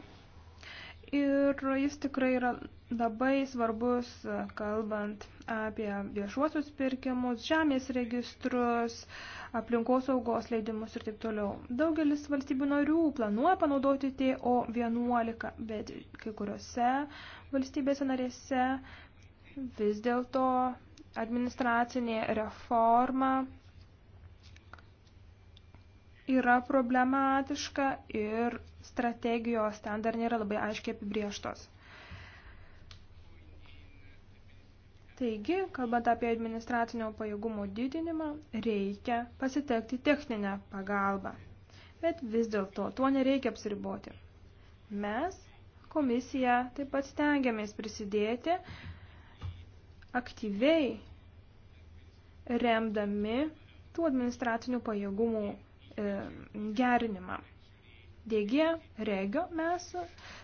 S1: Ir jis tikrai yra labai svarbus, e, kalbant apie viešuosius pirkimus, žemės registrus, aplinkosaugos leidimus ir taip toliau. Daugelis valstybių narių planuoja panaudoti TO11, bet kai kuriuose valstybėse narėse vis dėlto administracinė reforma yra problematiška ir strategijos ten dar nėra labai aiškiai apibrieštos. Taigi, kalbant apie administracinio pajėgumo didinimą, reikia pasitekti techninę pagalbą. Bet vis dėlto tuo nereikia apsiriboti. Mes, komisija, taip pat stengiamės prisidėti aktyviai remdami tų administracinių pajėgumų e, gerinimą. DG Regio mes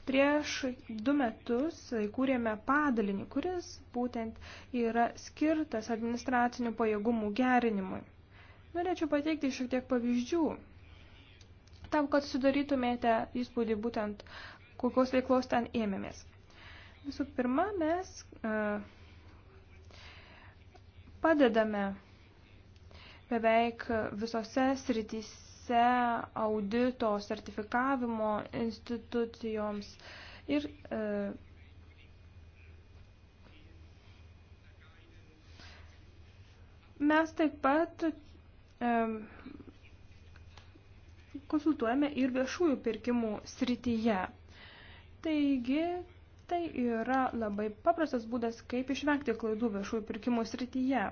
S1: prieš du metus įkūrėme padalinį, kuris būtent yra skirtas administracinių pajėgumų gerinimui. Norėčiau pateikti šiek tiek pavyzdžių, tam, kad sudarytumėte įspūdį būtent, kokios veiklos ten ėmėmės. Visų pirma, mes e, padedame beveik visose sritys, narėse audito sertifikavimo institucijoms ir e, mes taip pat e, konsultuojame ir viešųjų pirkimų srityje. Taigi, tai yra labai paprastas būdas, kaip išvengti klaidų viešųjų pirkimų srityje.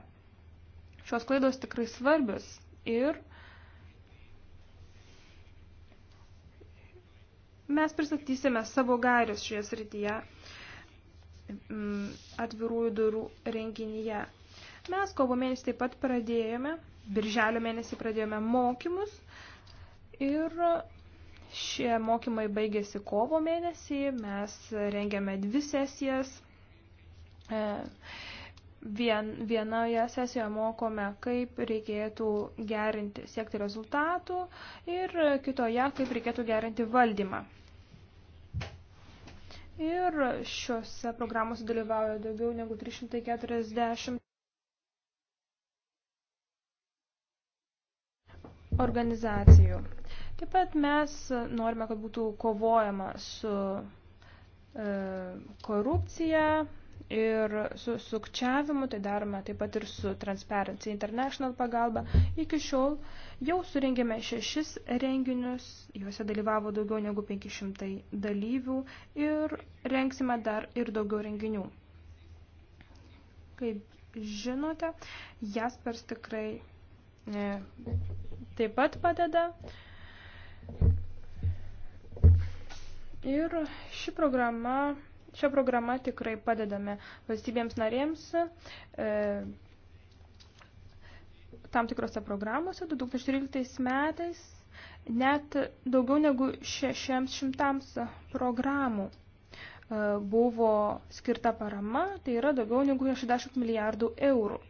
S1: Šios klaidos tikrai svarbios ir Mes pristatysime savo gairius šioje srityje mm, atvirųjų durų renginyje. Mes kovo mėnesį taip pat pradėjome, birželio mėnesį pradėjome mokymus ir šie mokymai baigėsi kovo mėnesį, mes rengiame dvi sesijas. E, vien, vienoje sesijoje mokome, kaip reikėtų gerinti, siekti rezultatų ir kitoje, kaip reikėtų gerinti valdymą. Ir šiuose programuose dalyvauja daugiau negu 340 organizacijų. Taip pat mes norime, kad būtų kovojama su e, korupcija, ir su sukčiavimu, tai darome taip pat ir su Transparency International pagalba. Iki šiol jau suringėme šešis renginius, juose dalyvavo daugiau negu 500 dalyvių ir rengsime dar ir daugiau renginių. Kaip žinote, Jaspers tikrai e, taip pat padeda. Ir ši programa Šią programą tikrai padedame valstybėms narėms e, tam tikrose programuose 2013 metais net daugiau negu 600 programų e, buvo skirta parama, tai yra daugiau negu 60 milijardų eurų.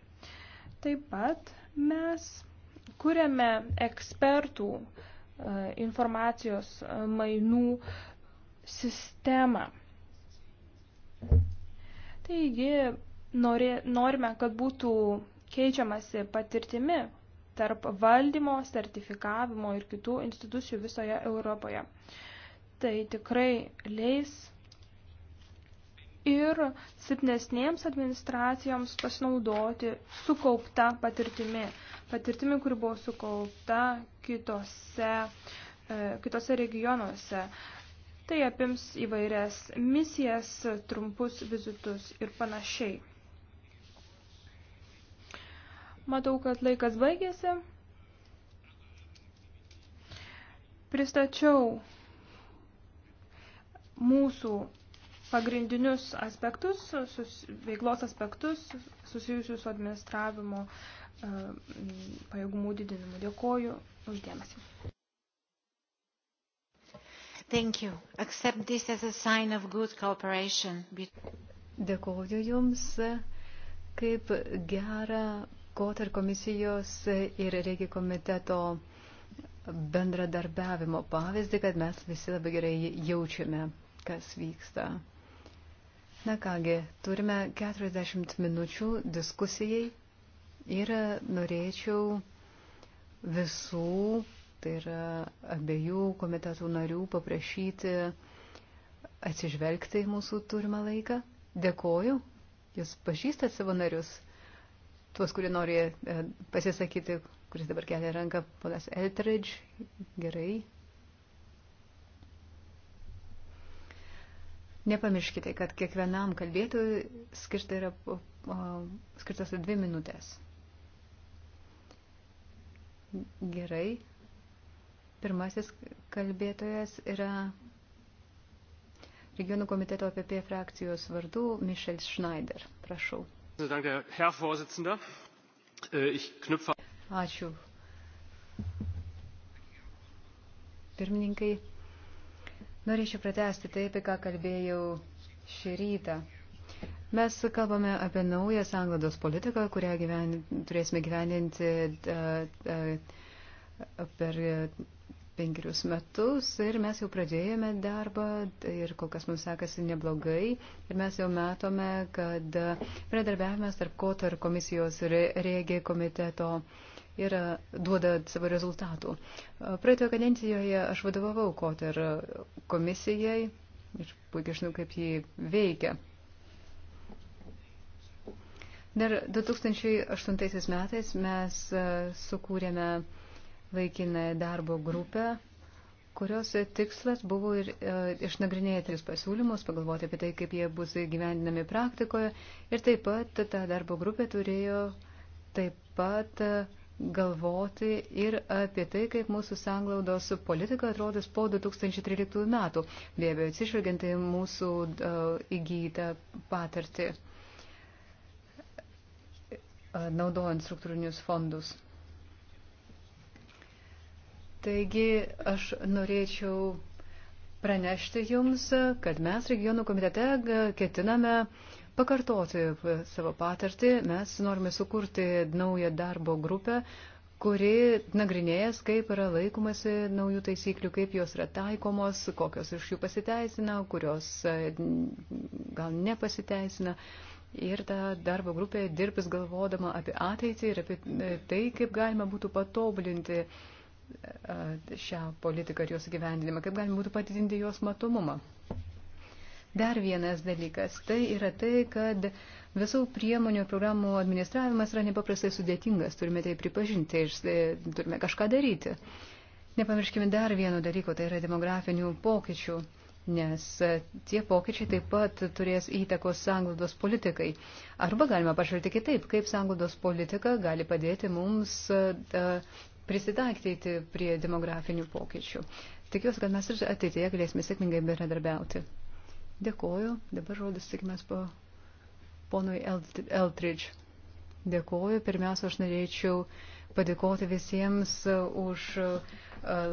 S1: Taip pat mes kuriame ekspertų e, informacijos mainų sistemą. Taigi, nori, norime, kad būtų keičiamasi patirtimi tarp valdymo, sertifikavimo ir kitų institucijų visoje Europoje. Tai tikrai leis ir silpnesnėms administracijoms pasinaudoti sukaupta patirtimi. Patirtimi, kur buvo sukaupta kitose, e, kitose regionuose. Tai apims įvairias misijas, trumpus vizitus ir panašiai. Matau, kad laikas baigėsi. Pristačiau mūsų pagrindinius aspektus, sus, veiklos aspektus susijusius su administravimo e, pajėgumų didinimu. Dėkoju uždėmesi.
S2: Thank you. Accept this as a sign of good cooperation. Dėkoju Jums kaip gerą Kotar komisijos ir Regi komiteto bendradarbiavimo pavyzdį, kad mes visi labai gerai jaučiame, kas vyksta. Na kągi, turime 40 minučių diskusijai ir norėčiau visų tai yra abiejų komitetų narių paprašyti atsižvelgti į mūsų turimą laiką. Dėkoju, jūs pažįstat savo narius, tuos, kurie nori e, pasisakyti, kuris dabar kelia ranką, ponas Eltridge, gerai. Nepamirškite, kad kiekvienam kalbėtojui skirta yra, skirtas dvi minutės. Gerai. Pirmasis kalbėtojas yra regionų komiteto APP frakcijos vardu Michel Schneider. Prašau. Äh, Ačiū. Pirmininkai, norėčiau pratesti tai, apie ką kalbėjau šį rytą. Mes kalbame apie naują sanglados politiką, kurią gyven, turėsime gyveninti uh, uh, per penkerius metus ir mes jau pradėjome darbą ir kol kas mums sekasi neblogai ir mes jau matome, kad bendradarbiavimas tarp KOTAR komisijos ir rėgė komiteto ir duoda savo rezultatų. Praeitoje kadencijoje aš vadovavau KOTAR komisijai ir puikiai žinau, kaip jį veikia. Dar 2008 metais mes e, sukūrėme laikinąją darbo grupę, kurios tikslas buvo ir e, išnagrinėti tris pasiūlymus, pagalvoti apie tai, kaip jie bus gyvendinami praktikoje. Ir taip pat ta darbo grupė turėjo taip pat galvoti ir apie tai, kaip mūsų sanglaudos politika atrodys po 2013 metų, be abejo atsižvelgiant į mūsų e, įgytą patirtį, e, naudojant struktūrinius fondus. Taigi aš norėčiau pranešti Jums, kad mes regionų komitete ketiname pakartoti savo patirtį. Mes norime sukurti naują darbo grupę, kuri nagrinėjęs, kaip yra laikomasi naujų taisyklių, kaip jos yra taikomos, kokios iš jų pasiteisina, kurios gal nepasiteisina. Ir ta darbo grupė dirbs galvodama apie ateitį ir apie e, tai, kaip galima būtų patobulinti uh, šią politiką ir jos gyvendinimą, kaip galima būtų patidinti jos matomumą. Dar vienas dalykas, tai yra tai, kad visų priemonių ir programų administravimas yra nepaprastai sudėtingas, turime tai pripažinti ir e, turime kažką daryti. Nepamirškime dar vieno dalyko, tai yra demografinių pokyčių, nes e, tie pokyčiai taip pat turės įtakos sanglaudos politikai. Arba galima pažvelgti kitaip, kaip sanglaudos politika gali padėti mums e, prisidaktyti prie demografinių pokyčių. Tikiuosi, kad mes ir ateityje galėsime sėkmingai bendradarbiauti. Dėkoju. Dabar žodis sėkmės po ponui Eltridge. Dėkoju. Pirmiausia, aš norėčiau uh, padėkoti visiems už e,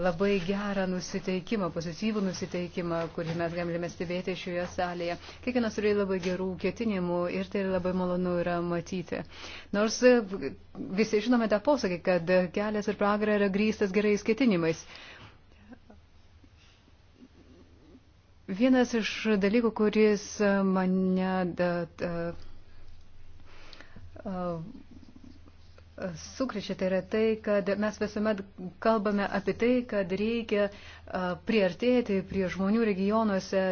S2: labai gerą nusiteikimą, pozityvų nusiteikimą, kurį mes galime stebėti šioje salėje. Kiekvienas turi labai gerų ketinimų ir tai labai malonu yra matyti. Nors e, visi žinome tą posakį, kad kelias ir pragarą yra grįstas gerais ketinimais. Vienas iš dalykų, kuris mane da, da, sukrečia, tai yra tai, kad mes visuomet kalbame apie tai, kad reikia priartėti prie žmonių regionuose,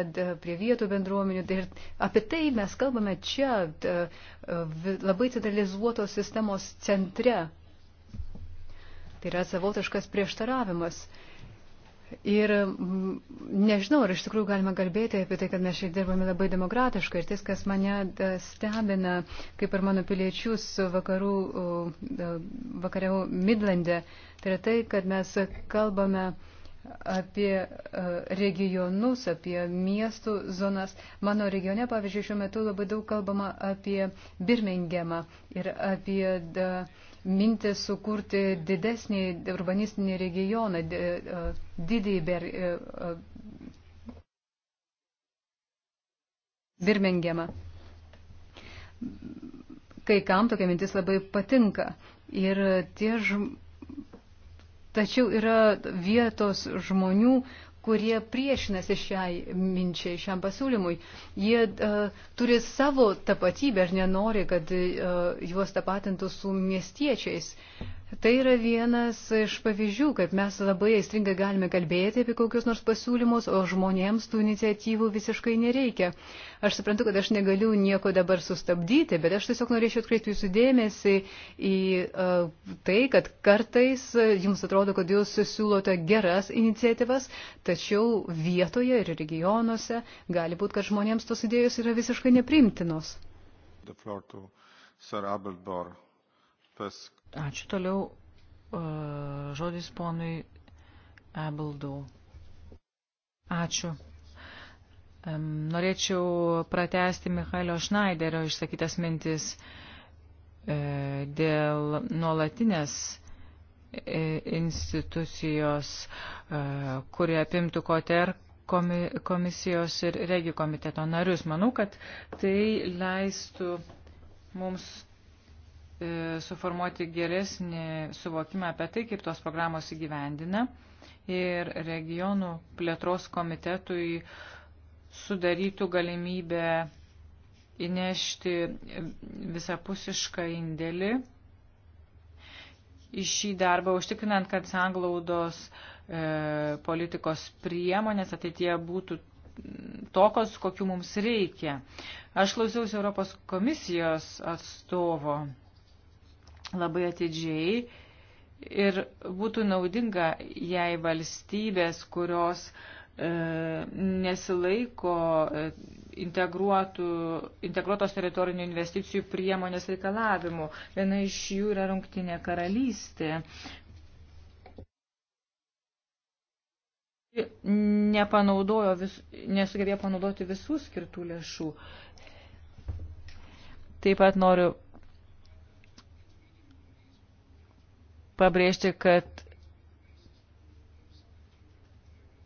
S2: prie vietų bendruomenių. Ir apie tai mes kalbame čia, labai centralizuotos sistemos centre. Tai yra savotiškas prieštaravimas. Ir mm, nežinau, ar iš tikrųjų galima kalbėti apie tai, kad mes šiaip dirbame labai demokratiškai. Ir tas, kas mane e, stebina, kaip ir mano piliečius vakarų, e, vakariau Midlande, tai yra tai, kad mes kalbame apie e, regionus, apie miestų zonas. Mano regione, pavyzdžiui, šiuo metu labai daug kalbama apie Birmingemą ir apie... Da, de mintį sukurti didesnį urbanistinį regioną, e, didį ber, e, e, Birmingemą. Kai kam tokia mintis labai patinka. Ir tie žmonės. Tačiau yra vietos žmonių, kurie priešinasi šiai minčiai, šiam pasiūlymui. Jie uh, turi savo tapatybę ir nenori, kad uh, juos tapatintų su miestiečiais. Uh, Tai yra vienas iš pavyzdžių, kad mes labai aistringai galime kalbėti apie kokius nors pasiūlymus, o žmonėms tų iniciatyvų visiškai nereikia. Aš suprantu, kad aš negaliu nieko dabar sustabdyti, bet aš tiesiog norėčiau atkreipti jūsų dėmesį į uh, tai, kad kartais jums atrodo, kad jūs siūlote geras iniciatyvas, tačiau vietoje ir regionuose gali būti, kad žmonėms tos idėjos yra visiškai neprimtinos.
S4: Sir Abelbor, Pesk
S2: Ačiū toliau. E, žodis ponui
S3: Abeldau. Ačiū. Norėčiau pratesti Michaelio Schneiderio išsakytas mintis e, dėl nuolatinės e, institucijos, kurie apimtų koter komisijos ir regi komiteto narius. Manau, kad tai leistų mums E, suformuoti geresnį suvokimą apie tai, kaip tos programos įgyvendina ir regionų plėtros komitetui sudarytų galimybę įnešti visapusišką indėlį į šį darbą, užtikrinant, kad sanglaudos e, politikos priemonės ateitie būtų tokios, kokiu mums reikia. Aš klausiausi Europos komisijos atstovo labai atidžiai ir būtų naudinga, jei valstybės, kurios e, nesilaiko e, integruotos teritorinių investicijų priemonės reikalavimų. Viena iš jų yra rungtinė karalystė. Nepanaudojo, vis, nesugebėjo panaudoti visų skirtų lėšų. Taip pat noriu pabrėžti, kad,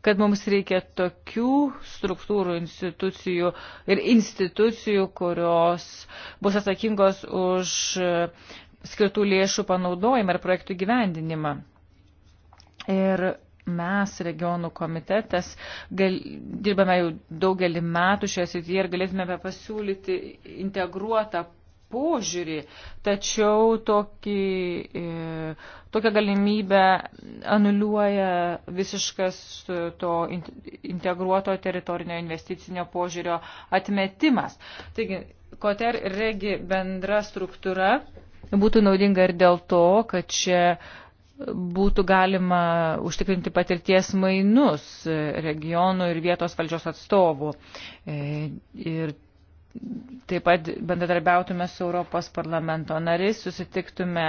S3: kad mums reikia tokių struktūrų, institucijų ir institucijų, kurios bus atsakingos už skirtų lėšų panaudojimą ir projektų gyvendinimą. Ir mes, regionų komitetas, gal, dirbame jau daugelį metų šioje srityje ir galėtume pasiūlyti integruotą požiūrį, tačiau tokį, e, tokią galimybę anuliuoja visiškas to integruoto teritorinio investicinio požiūrio atmetimas. Taigi, koter regi bendra struktūra būtų naudinga ir dėl to, kad čia būtų galima užtikrinti patirties mainus regionų ir vietos valdžios atstovų. E, ir taip pat bendradarbiautume su Europos parlamento nariais, susitiktume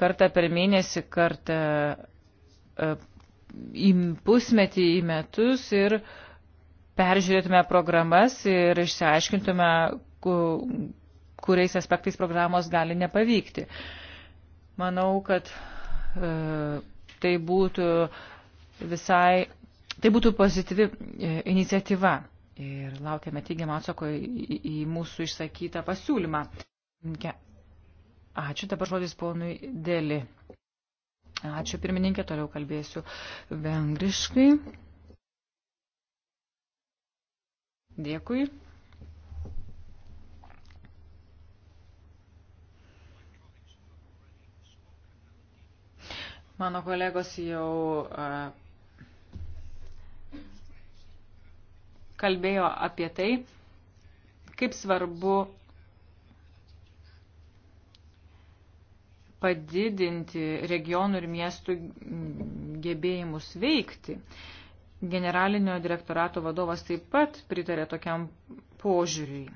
S3: kartą per mėnesį, kartą e, į pusmetį, į metus ir peržiūrėtume programas ir išsiaiškintume, kuriais aspektais programos gali nepavykti. Manau, kad e, tai būtų visai, tai būtų pozityvi e, iniciatyva ir laukiame teigiamą atsako į, į mūsų išsakytą pasiūlymą. Ačiū, dabar žodis ponui Deli. Ačiū, pirmininkė, toliau kalbėsiu vengriškai. Dėkui. Mano kolegos jau uh, kalbėjo apie tai, kaip svarbu padidinti regionų ir miestų gebėjimus veikti. Generalinio direktorato vadovas taip pat pritarė tokiam požiūriui.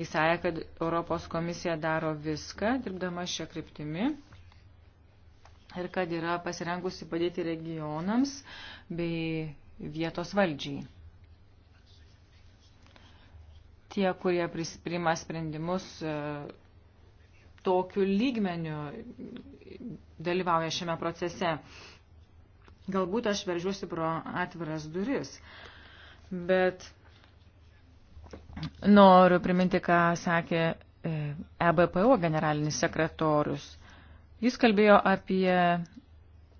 S3: Jis sąja, kad Europos komisija daro viską, dirbdama šią kryptimį, ir kad yra pasirengusi padėti regionams bei vietos valdžiai tie, kurie priima sprendimus e, tokiu lygmeniu dalyvauja šiame procese. Galbūt aš veržiuosi pro atviras duris, bet noriu priminti, ką sakė EBPO e generalinis sekretorius. Jis kalbėjo apie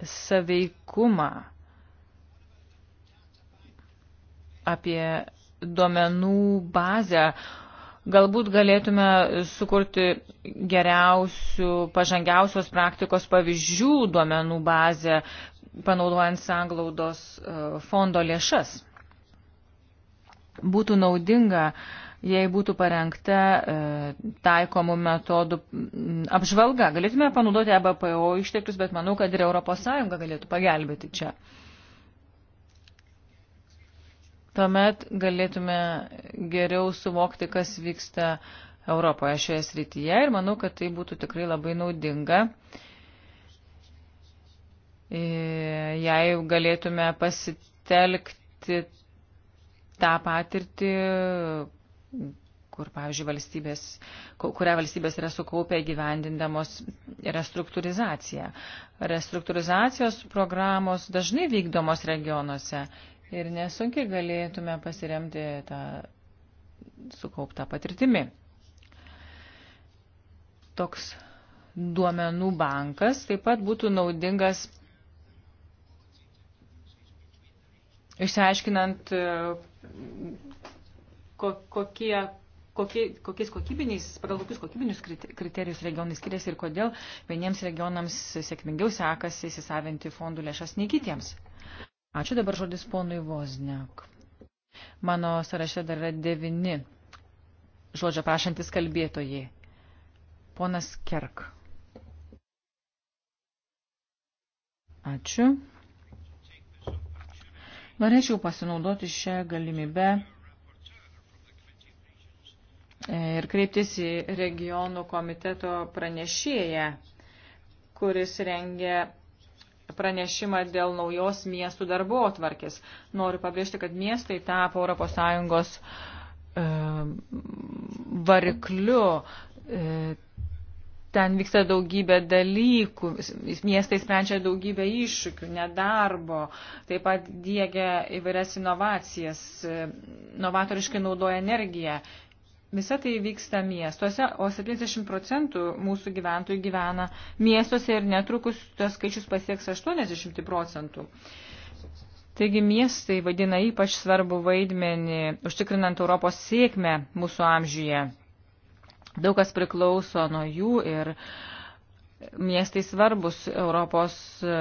S3: saveikumą, apie duomenų bazę. Galbūt galėtume sukurti geriausių, pažangiausios praktikos pavyzdžių duomenų bazę, panaudojant sanglaudos e, fondo lėšas. Būtų naudinga, jei būtų parengta e, taikomų metodų apžvalga. Galėtume panaudoti ABPO e išteklius, bet manau, kad ir ES galėtų pagelbėti čia. Tuomet galėtume geriau suvokti, kas vyksta Europoje šioje srityje ir manau, kad tai būtų tikrai labai naudinga, e, jei galėtume pasitelkti tą patirtį, kur, pavyzdžiui, valstybės, kurią valstybės yra sukaupę gyvendindamos restruktūrizaciją. Restruktūrizacijos programos dažnai vykdomos regionuose ir nesunkiai galėtume pasiremti tą sukauptą patirtimi. Toks duomenų bankas taip pat būtų naudingas išsiaiškinant, e, kokie, kokie, kokiais kokybiniais, pagal kokius kokybinius kriterijus regionai skiriasi ir kodėl vieniems regionams sėkmingiau sekasi įsisavinti fondų lėšas nei kitiems. Ačiū dabar žodis ponui Vozniak. Mano sąraše dar yra devini žodžio prašantis kalbėtojai. Ponas Kerk. Ačiū. Norėčiau pasinaudoti šią galimybę ir kreiptis į regionų komiteto pranešėją, kuris rengia pranešimą dėl naujos miestų darbo atvarkės. Noriu pabrėžti, kad miestai tapo ES e, varikliu. E, ten vyksta daugybė dalykų, miestai sprendžia daugybę iššūkių, nedarbo, taip pat diegia įvairias inovacijas, e, novatoriškai naudoja energiją. Visa tai vyksta miestuose, o 70 procentų mūsų gyventojų gyvena miestuose ir netrukus tas skaičius pasieks 80 procentų. Taigi miestai vadina ypač svarbu vaidmenį, užtikrinant Europos sėkmę mūsų amžiuje. Daug kas priklauso nuo jų ir miestai svarbus Europos e,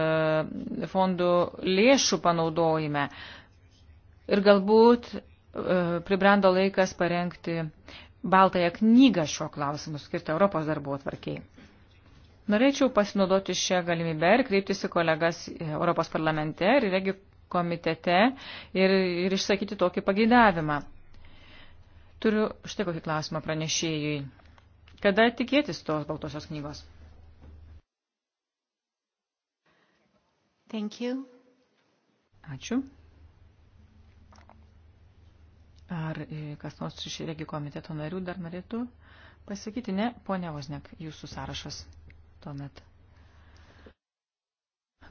S3: fondų lėšų panaudojime. Ir galbūt E, pribrendo laikas parengti baltąją knygą šiuo klausimu skirtą Europos darbo atvarkiai. Norėčiau pasinaudoti šią galimybę ir kreiptis į kolegas Europos parlamente ir regi komitete ir, ir išsakyti tokį pageidavimą. Turiu štai kokį klausimą pranešėjui. Kada tikėtis tos baltosios knygos? Thank you. Ačiū. Ar e, kas nors iš regi komiteto narių dar norėtų pasakyti? Ne, ponia Voznek, jūsų sąrašas tuomet.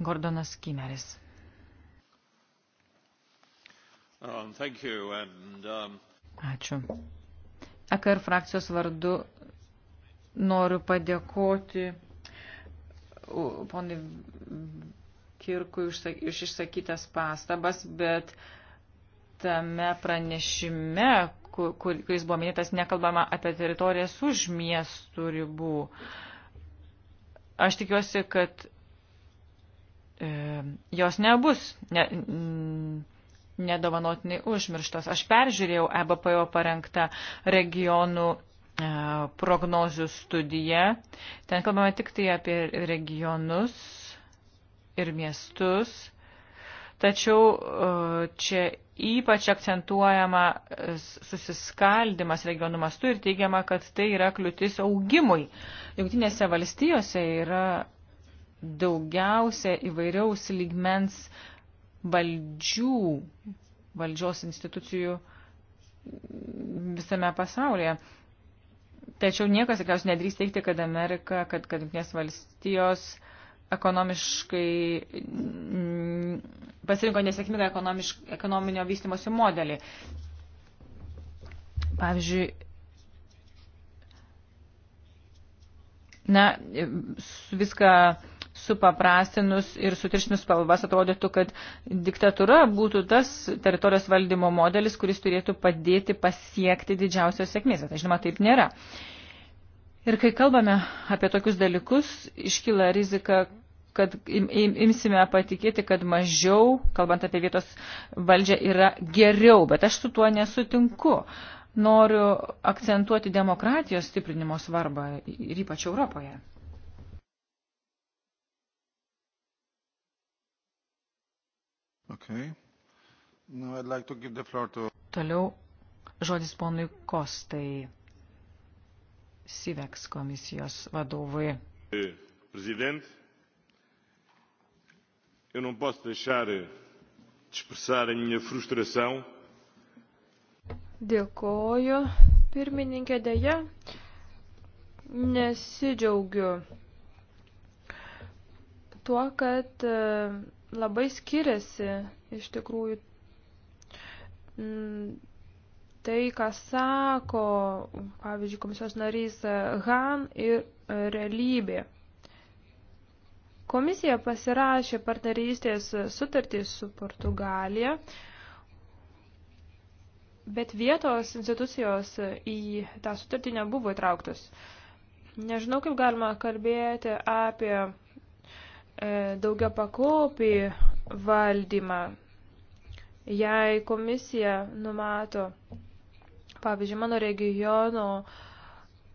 S3: Gordonas Kimeris.
S4: Um, thank you and, um...
S3: Ačiū. AKR frakcijos vardu noriu padėkoti ponui Kirkui už išsakytas pastabas, bet uh, tame pranešime, kur, kur, kuris buvo minėtas, nekalbama apie teritorijas už miestų ribų. Aš tikiuosi, kad e, jos nebus ne, nedovanotinai užmirštos. Aš peržiūrėjau EBPO parengtą regionų e, prognozių studija. Ten kalbame tik tai apie regionus ir miestus. Tačiau e, čia ypač akcentuojama e, susiskaldimas regionų mastu ir teigiama, kad tai yra kliūtis augimui. Jungtinėse valstijose yra daugiausia įvairiaus lygmens valdžių, valdžios institucijų visame pasaulyje. Tačiau niekas, tikriausiai, nedrįs teikti, kad Amerika, kad, kad Junktinės valstijos ekonomiškai pasirinko nesėkmingą ekonominio vystimosi modelį. Pavyzdžiui, na, viską supaprastinus ir sutiršinus spalvas atrodytų, kad diktatūra būtų tas teritorijos valdymo modelis, kuris turėtų padėti pasiekti didžiausios sėkmės. Tai žinoma, taip nėra. Ir kai kalbame apie tokius dalykus, iškyla rizika, kad imsime patikėti, kad mažiau, kalbant apie vietos valdžią, yra geriau, bet aš su tuo nesutinku. Noriu akcentuoti demokratijos stiprinimo svarbą ir ypač Europoje.
S4: Okay. Now I'd like to give the floor to...
S3: Toliau žodis ponui Kostai, SIVEX komisijos vadovui.
S4: Prezident, eu não posso deixar eh, de expressar a minha frustração.
S1: Dėkoju, pirmininkė dėja, nesidžiaugiu tuo, kad e, labai skiriasi iš tikrųjų mm, tai, ką sako, pavyzdžiui, komisijos narys Han ir realybė. Komisija pasirašė partnerystės sutartį su Portugalija, bet vietos institucijos į tą sutartį nebuvo įtrauktos. Nežinau, kaip galima kalbėti apie e, daugia pakopį valdymą, jei komisija numato, pavyzdžiui, mano regiono e,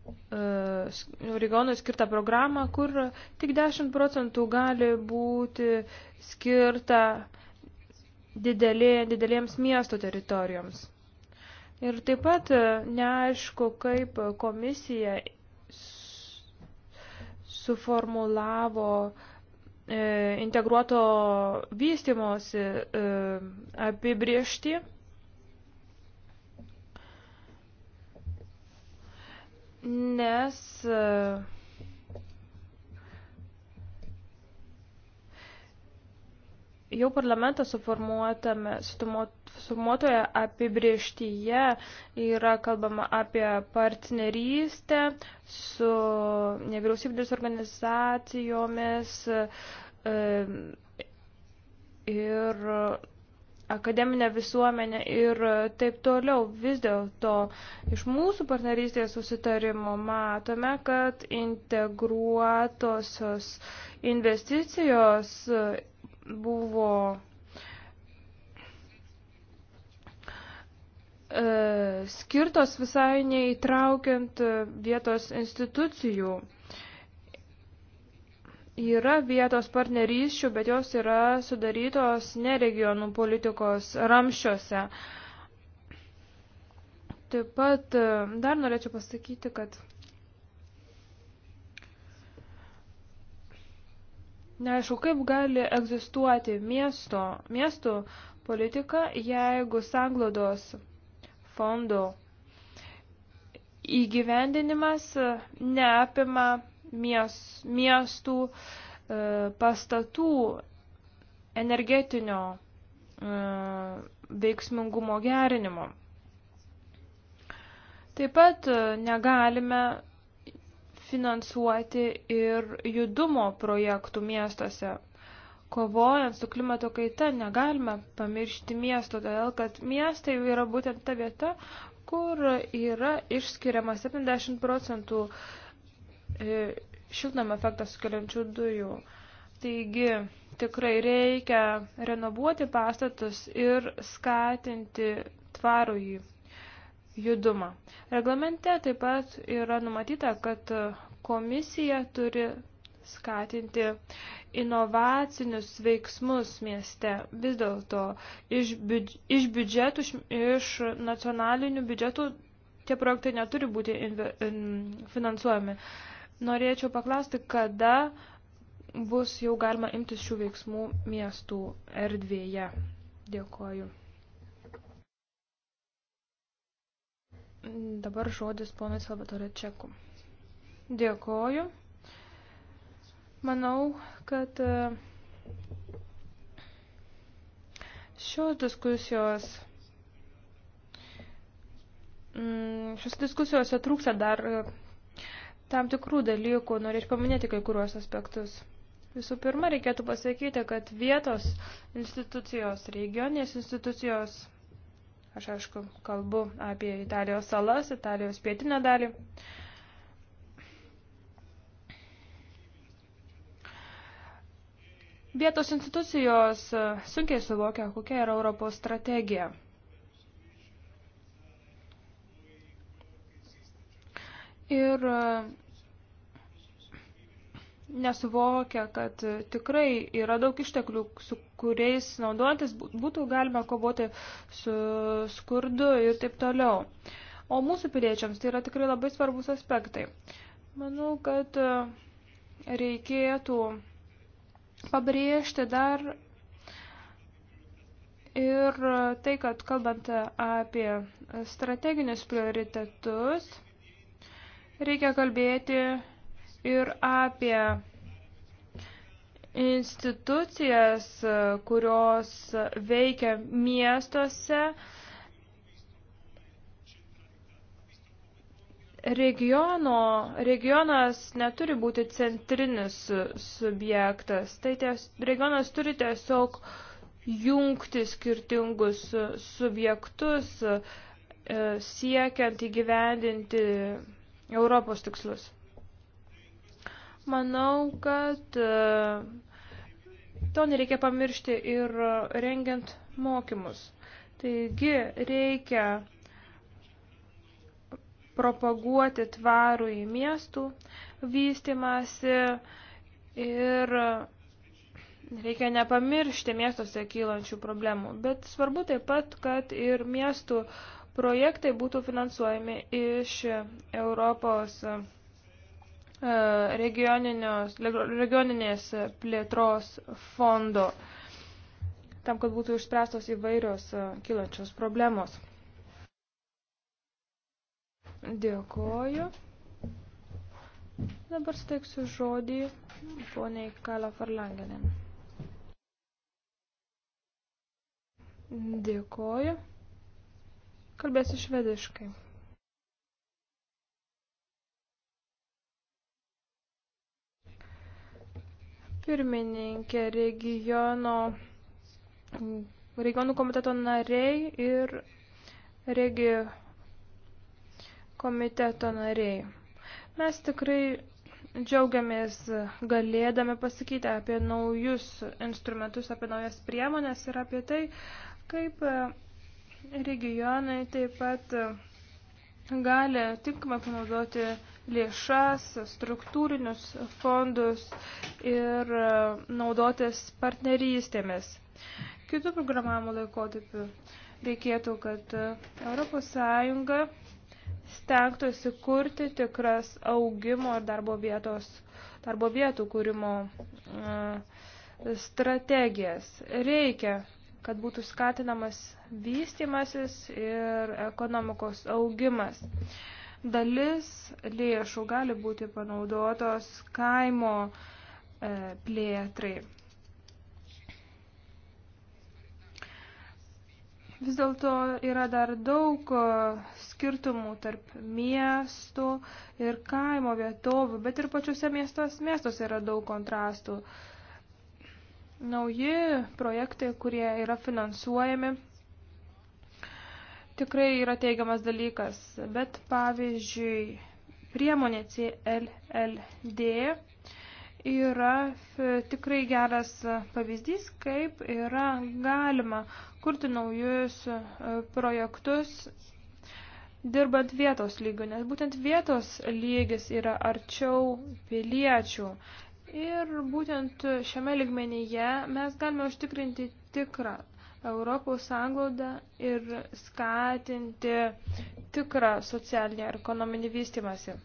S1: E, regionui skirtą programą, kur tik 10 procentų gali būti skirta didelė, didelėms miesto teritorijoms. Ir taip pat e, neaišku, kaip komisija suformulavo e, integruoto vystimosi apibriešti nes e, jau parlamento suformuotame, suformuotoje apibrieštyje yra kalbama apie partnerystę su nevyriausybinės organizacijomis e, ir akademinę visuomenę ir taip toliau. Vis dėlto iš mūsų partnerystės susitarimo matome, kad integruotosios investicijos buvo e, skirtos visai neįtraukiant vietos institucijų. Yra vietos partnerysčių, bet jos yra sudarytos ne regionų politikos ramščiuose. Taip pat e, dar norėčiau pasakyti, kad neaišku, kaip gali egzistuoti miesto, miestų politika, jeigu sanglodos fondo įgyvendinimas neapima miestų, e, pastatų energetinio e, veiksmingumo gerinimo. Taip pat e, negalime finansuoti ir judumo projektų miestuose. Kovojant su klimato kaita negalime pamiršti miesto, todėl kad miestai yra būtent ta vieta, kur yra išskiriama 70 procentų uh, E, šiltnamio efektą sukeliančių dujų. Taigi tikrai reikia renovuoti pastatus ir skatinti tvarų jį judumą. Reglamente taip pat yra numatyta, kad komisija turi skatinti inovacinius veiksmus mieste. Vis dėlto iš, biudž iš biudžetų, iš, iš nacionalinių biudžetų tie projektai neturi būti finansuojami. Norėčiau paklausti, kada bus jau galima imtis šių veiksmų miestų erdvėje. Dėkoju. Dabar žodis ponai Salvatore Čeku. Dėkoju. Manau, kad e, šios diskusijos mm, šios diskusijose trūksta dar e, tam tikrų dalykų, norėčiau paminėti kai kuriuos aspektus. Visų pirma, reikėtų pasakyti, kad vietos institucijos, regioninės institucijos, aš aišku, kalbu apie Italijos salas, Italijos pietinę dalį, Vietos institucijos sunkiai suvokia, kokia yra Europos strategija. ir e, nesuvokia, kad tikrai yra daug išteklių, su kuriais naudotis būtų galima kovoti su skurdu ir taip toliau. O mūsų piliečiams tai yra tikrai labai svarbus aspektai. Manau, kad e, reikėtų pabrėžti dar ir tai, kad kalbant apie strateginius prioritetus, Reikia kalbėti ir apie institucijas, kurios veikia miestuose, regiono, regionas neturi būti centrinis subjektas. Tai ties, regionas turi tiesiog jungti skirtingus subjektus, e, siekiant įgyvendinti Europos tikslus. Manau, kad e, to nereikia pamiršti ir rengiant mokymus. Taigi reikia propaguoti tvarų į miestų vystimąsi ir reikia nepamiršti miestuose kylančių problemų. Bet svarbu taip pat, kad ir miestų uh, projektai būtų finansuojami iš Europos e, regioninės plėtros fondo, tam, kad būtų išspręstos įvairios e, kilančios problemos. Dėkoju. Dabar steiksiu žodį poniai Kala Farlangenin. Dėkoju. Kalbėsiu švediškai. Pirmininkė regiono, regionų komiteto nariai ir regi komiteto nariai. Mes tikrai džiaugiamės galėdami pasakyti apie naujus instrumentus, apie naujas priemonės ir apie tai, kaip regionai taip pat e, gali tinkamai panaudoti lėšas, struktūrinius fondus ir e, naudotis partnerystėmis. Kitų programavimo laikotarpių reikėtų, kad ES stengtųsi kurti tikras augimo ir darbo, vietos, darbo vietų kūrimo e, strategijas. Reikia kad būtų skatinamas vystimasis ir ekonomikos augimas. Dalis lėšų gali būti panaudotos kaimo e, plėtrai. Vis dėlto yra dar daug e, skirtumų tarp miestų ir kaimo vietovių, bet ir pačiuose miestos, miestuose yra daug kontrastų. Uh, Nauji projektai, kurie yra finansuojami, tikrai yra teigiamas dalykas, bet pavyzdžiui, priemonė CLLD yra tikrai geras pavyzdys, kaip yra galima kurti naujus e, projektus dirbant vietos lygių, nes būtent vietos lygis yra arčiau piliečių. Ir būtent šiame ligmenyje mes galime užtikrinti tikrą Europos sąnglaudą ir skatinti tikrą socialinį ir ekonominį vystimąsi.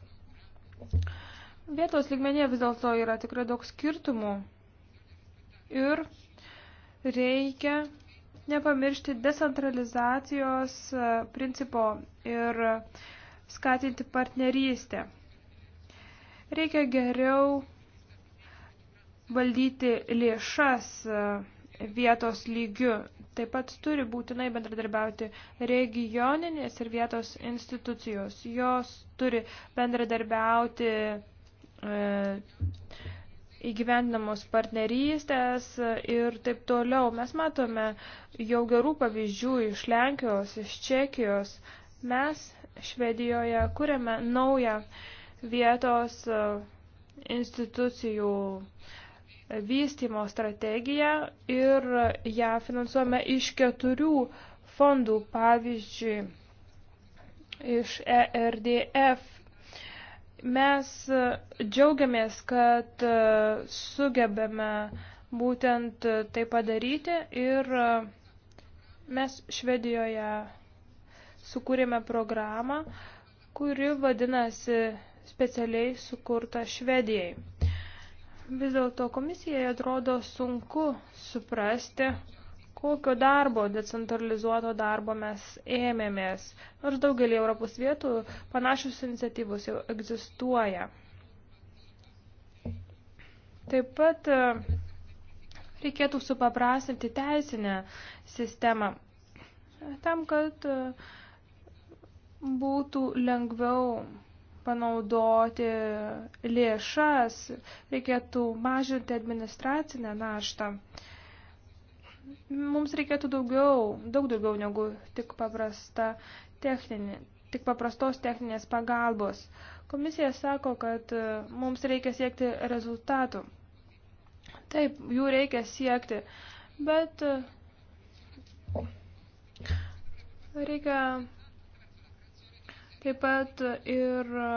S1: Vietos ligmenyje vis dėlto yra tikrai daug skirtumų ir reikia nepamiršti decentralizacijos e, principo ir skatinti partnerystę. Reikia geriau valdyti lėšas e, vietos lygiu. Taip pat turi būtinai bendradarbiauti regioninės ir vietos institucijos. Jos turi bendradarbiauti e, įgyvendinamos partnerystės ir taip toliau. Mes matome jau gerų pavyzdžių iš Lenkijos, iš Čekijos. Mes Švedijoje kuriame naują vietos e, institucijų uh, vystimo strategiją ir ją finansuojame iš keturių fondų, pavyzdžiui, iš ERDF. Mes džiaugiamės, kad sugebėme būtent tai padaryti ir mes Švedijoje sukūrėme programą, kuri vadinasi specialiai sukurta Švedijai. Vis dėlto komisijai atrodo sunku suprasti, kokio darbo, decentralizuoto darbo mes ėmėmės. Nors daugelį Europos vietų panašios iniciatyvos jau egzistuoja. Taip pat e, reikėtų supaprastinti teisinę sistemą tam, kad e, būtų lengviau panaudoti lėšas, reikėtų mažinti administracinę naštą. Mums reikėtų daugiau, daug daugiau negu tik paprasta techninė, tik paprastos techninės pagalbos. Komisija sako, kad e, mums reikia siekti rezultatų. Taip, jų reikia siekti, bet e, reikia taip pat ir e,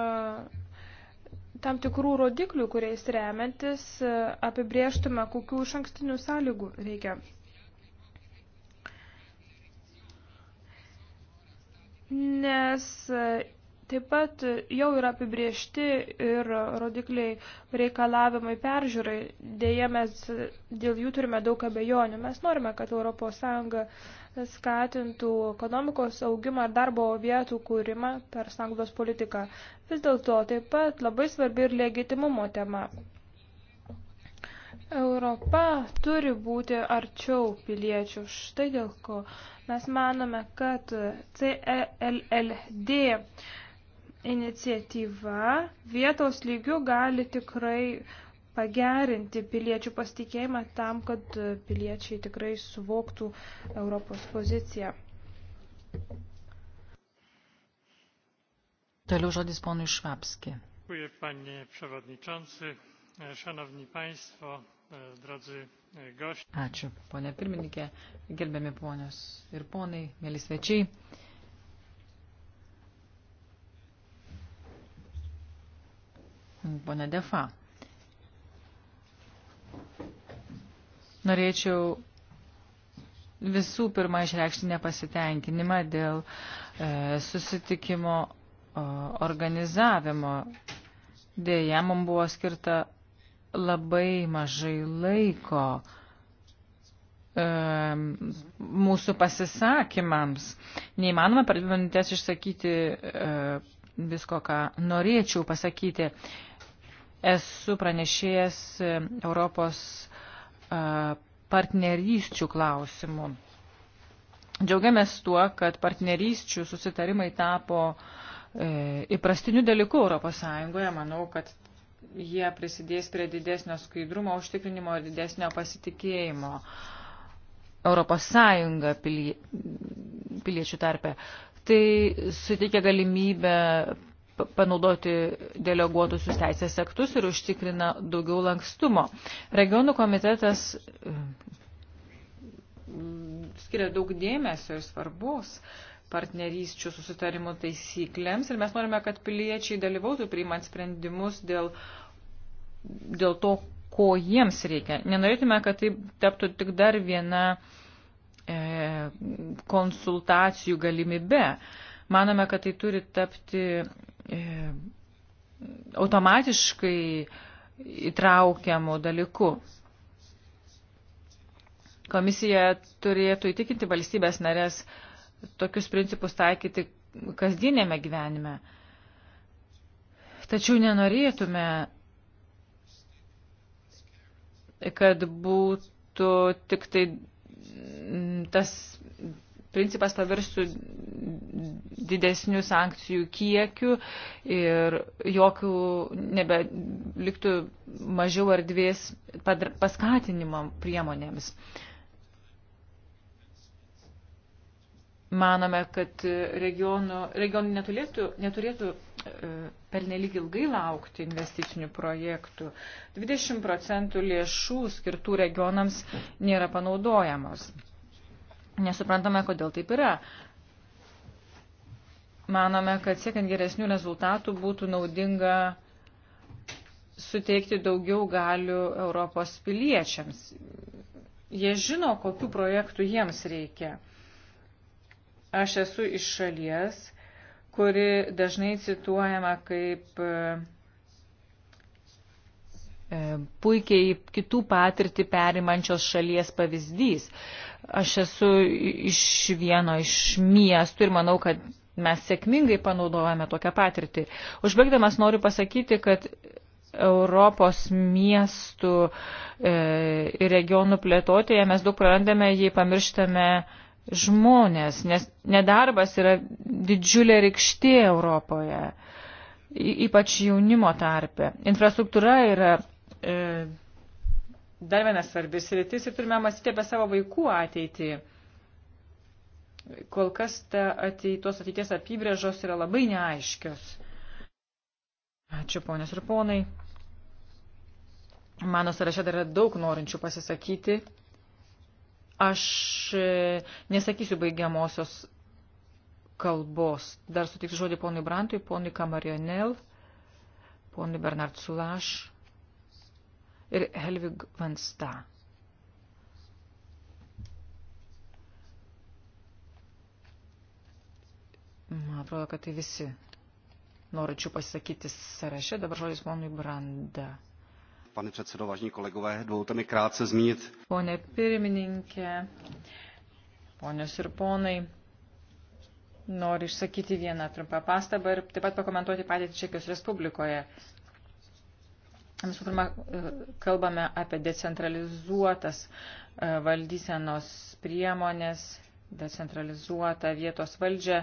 S1: tam tikrų rodiklių, kuriais remiantis e, apibrieštume, kokių iš ankstinių sąlygų reikia. Nes e, Taip pat jau yra apibriežti ir rodikliai reikalavimai peržiūrai, dėja mes dėl jų turime daug abejonių. Mes norime, kad ES skatintų ekonomikos augimą ir darbo vietų kūrimą per sanglos politiką. Vis dėlto taip pat labai svarbi ir legitimumo tema. Europa turi būti arčiau piliečių. Štai dėl ko mes manome, kad CELLD iniciatyva vietos lygių gali tikrai pagerinti piliečių pasitikėjimą tam, kad piliečiai tikrai suvoktų Europos poziciją.
S4: Toliau
S3: žodis ponui Švapski.
S4: Dziękuję panie przewodniczący, szanowni państwo, drodzy goście.
S3: Ačiū, ponė pirmininkė, gerbiami ponios ir ponai, mėly svečiai. Pone Defa. Norėčiau visų pirma išreikšti nepasitenkinimą dėl e, susitikimo e, organizavimo. Dėja, mums buvo skirta labai mažai laiko e, mūsų pasisakymams. Neįmanoma per dvi minutės išsakyti e, visko, ką norėčiau pasakyti. E, esu pranešėjęs Europos partnerysčių klausimų. Džiaugiamės tuo, kad partnerysčių susitarimai tapo e, įprastiniu dalyku Europos Sąjungoje. Manau, kad jie prisidės prie didesnio skaidrumo, užtikrinimo ir didesnio pasitikėjimo Europos Sąjunga pilie, piliečių tarpe. Tai suteikia galimybę panaudoti deleguotusius teisės aktus ir užtikrina daugiau lankstumo. Regionų komitetas mm, skiria daug dėmesio ir svarbos partnerysčių susitarimų taisyklėms ir mes norime, kad piliečiai dalyvautų priimant sprendimus dėl, dėl to, ko jiems reikia. Nenorėtume, kad tai taptų tik dar viena e, konsultacijų galimybe. Manome, kad tai turi tapti E, automatiškai įtraukiamų dalykų. Komisija turėtų įtikinti valstybės narės tokius principus taikyti kasdienėme gyvenime. Tačiau nenorėtume, kad būtų tik tai tas principas pavirstų didesnių sankcijų kiekiu ir jokių nebe liktų mažiau erdvės paskatinimo priemonėms. Manome, kad regionų, regionų netulėtų, neturėtų e, pernelyg ilgai laukti investicinių projektų. 20 procentų lėšų skirtų regionams nėra panaudojamos. Nesuprantame, kodėl taip yra. Manome, kad siekiant geresnių rezultatų būtų naudinga suteikti daugiau galių Europos piliečiams. Jie žino, kokiu projektu jiems reikia. Aš esu iš šalies, kuri dažnai cituojama kaip E, puikiai kitų patirtį perimančios šalies pavyzdys. Aš esu iš vieno iš miestų ir manau, kad mes sėkmingai panaudojame tokią patirtį. Užbaigdamas noriu pasakyti, kad Europos miestų e, ir regionų plėtotėje mes daug prarandame, jei pamirštame žmonės, nes nedarbas yra didžiulė rikštė Europoje ypač jaunimo tarpe. Infrastruktūra yra E, dar vienas svarbis rytis ir turime mąstyti apie savo vaikų ateitį. Kol kas ta ateit, tos ateities apibrėžos yra labai neaiškios. Ačiū ponės ir ponai. Mano sąraše dar yra daug norinčių pasisakyti. Aš e, nesakysiu baigiamosios kalbos. Dar sutiksiu žodį ponui Brantui, ponui Kamarionel, ponui Bernard Sulaš ir Helvig Vansta. Man atrodo, kad tai visi norinčių pasisakyti sąraše. Dabar žodis ponui Branda.
S4: Pane předsedo, vážní kolegové, dovolte mi krátce zmínit.
S3: Pone pirmininkė, ponios ir ponai, noriu išsakyti vieną trumpą pastabą ir taip pat pakomentuoti padėtį Čekijos Respublikoje. Visų pirma, kalbame apie decentralizuotas e, valdysenos priemonės, decentralizuotą vietos valdžią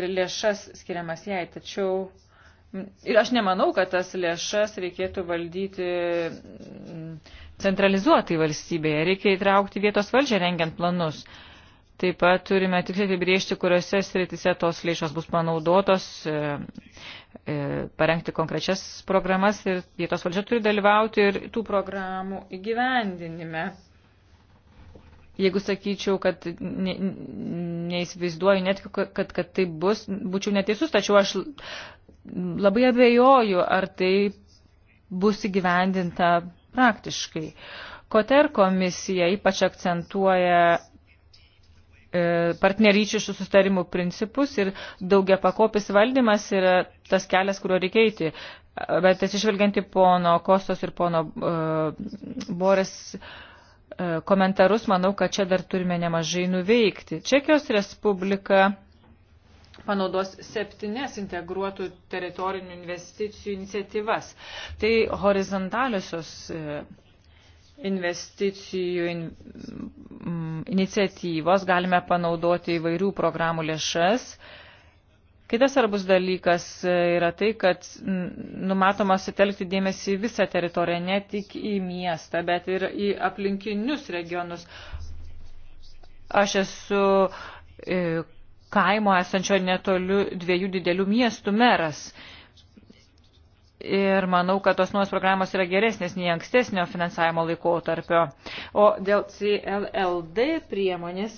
S3: ir lėšas skiriamas jai. Tačiau ir aš nemanau, kad tas lėšas reikėtų valdyti centralizuotai valstybėje. Reikia įtraukti vietos valdžią rengiant planus. Taip pat turime tiksliai apibriežti, kuriuose sritise tos lėšos bus panaudotos, e, e, parengti konkrečias programas ir vietos valdžia turi dalyvauti ir tų programų įgyvendinime. Jeigu sakyčiau, kad ne, neįsivaizduoju net, kad, kad tai bus, būčiau neteisus, tačiau aš labai abejoju, ar tai bus įgyvendinta praktiškai. Koter komisija ypač akcentuoja E, partneryčių su sustarimu principus ir daugia pakopis valdymas yra tas kelias, kuriuo reikia eiti. Bet atsižvelgianti pono Kostos ir pono uh, Boris uh, komentarus, manau, kad čia dar turime nemažai nuveikti. Čekijos Respublika panaudos septynes integruotų teritorinių investicijų iniciatyvas. Tai horizontaliosios uh, investicijų in, m, iniciatyvos, galime panaudoti įvairių programų lėšas. Kitas svarbus dalykas e, yra tai, kad numatoma sutelkti dėmesį į visą teritoriją, ne tik į miestą, bet ir į aplinkinius regionus. Aš esu e, kaimo esančio netoliu dviejų didelių miestų meras. Ir manau, kad tos nuos programos yra geresnės nei ankstesnio finansavimo laikotarpio. O dėl CLLD priemonės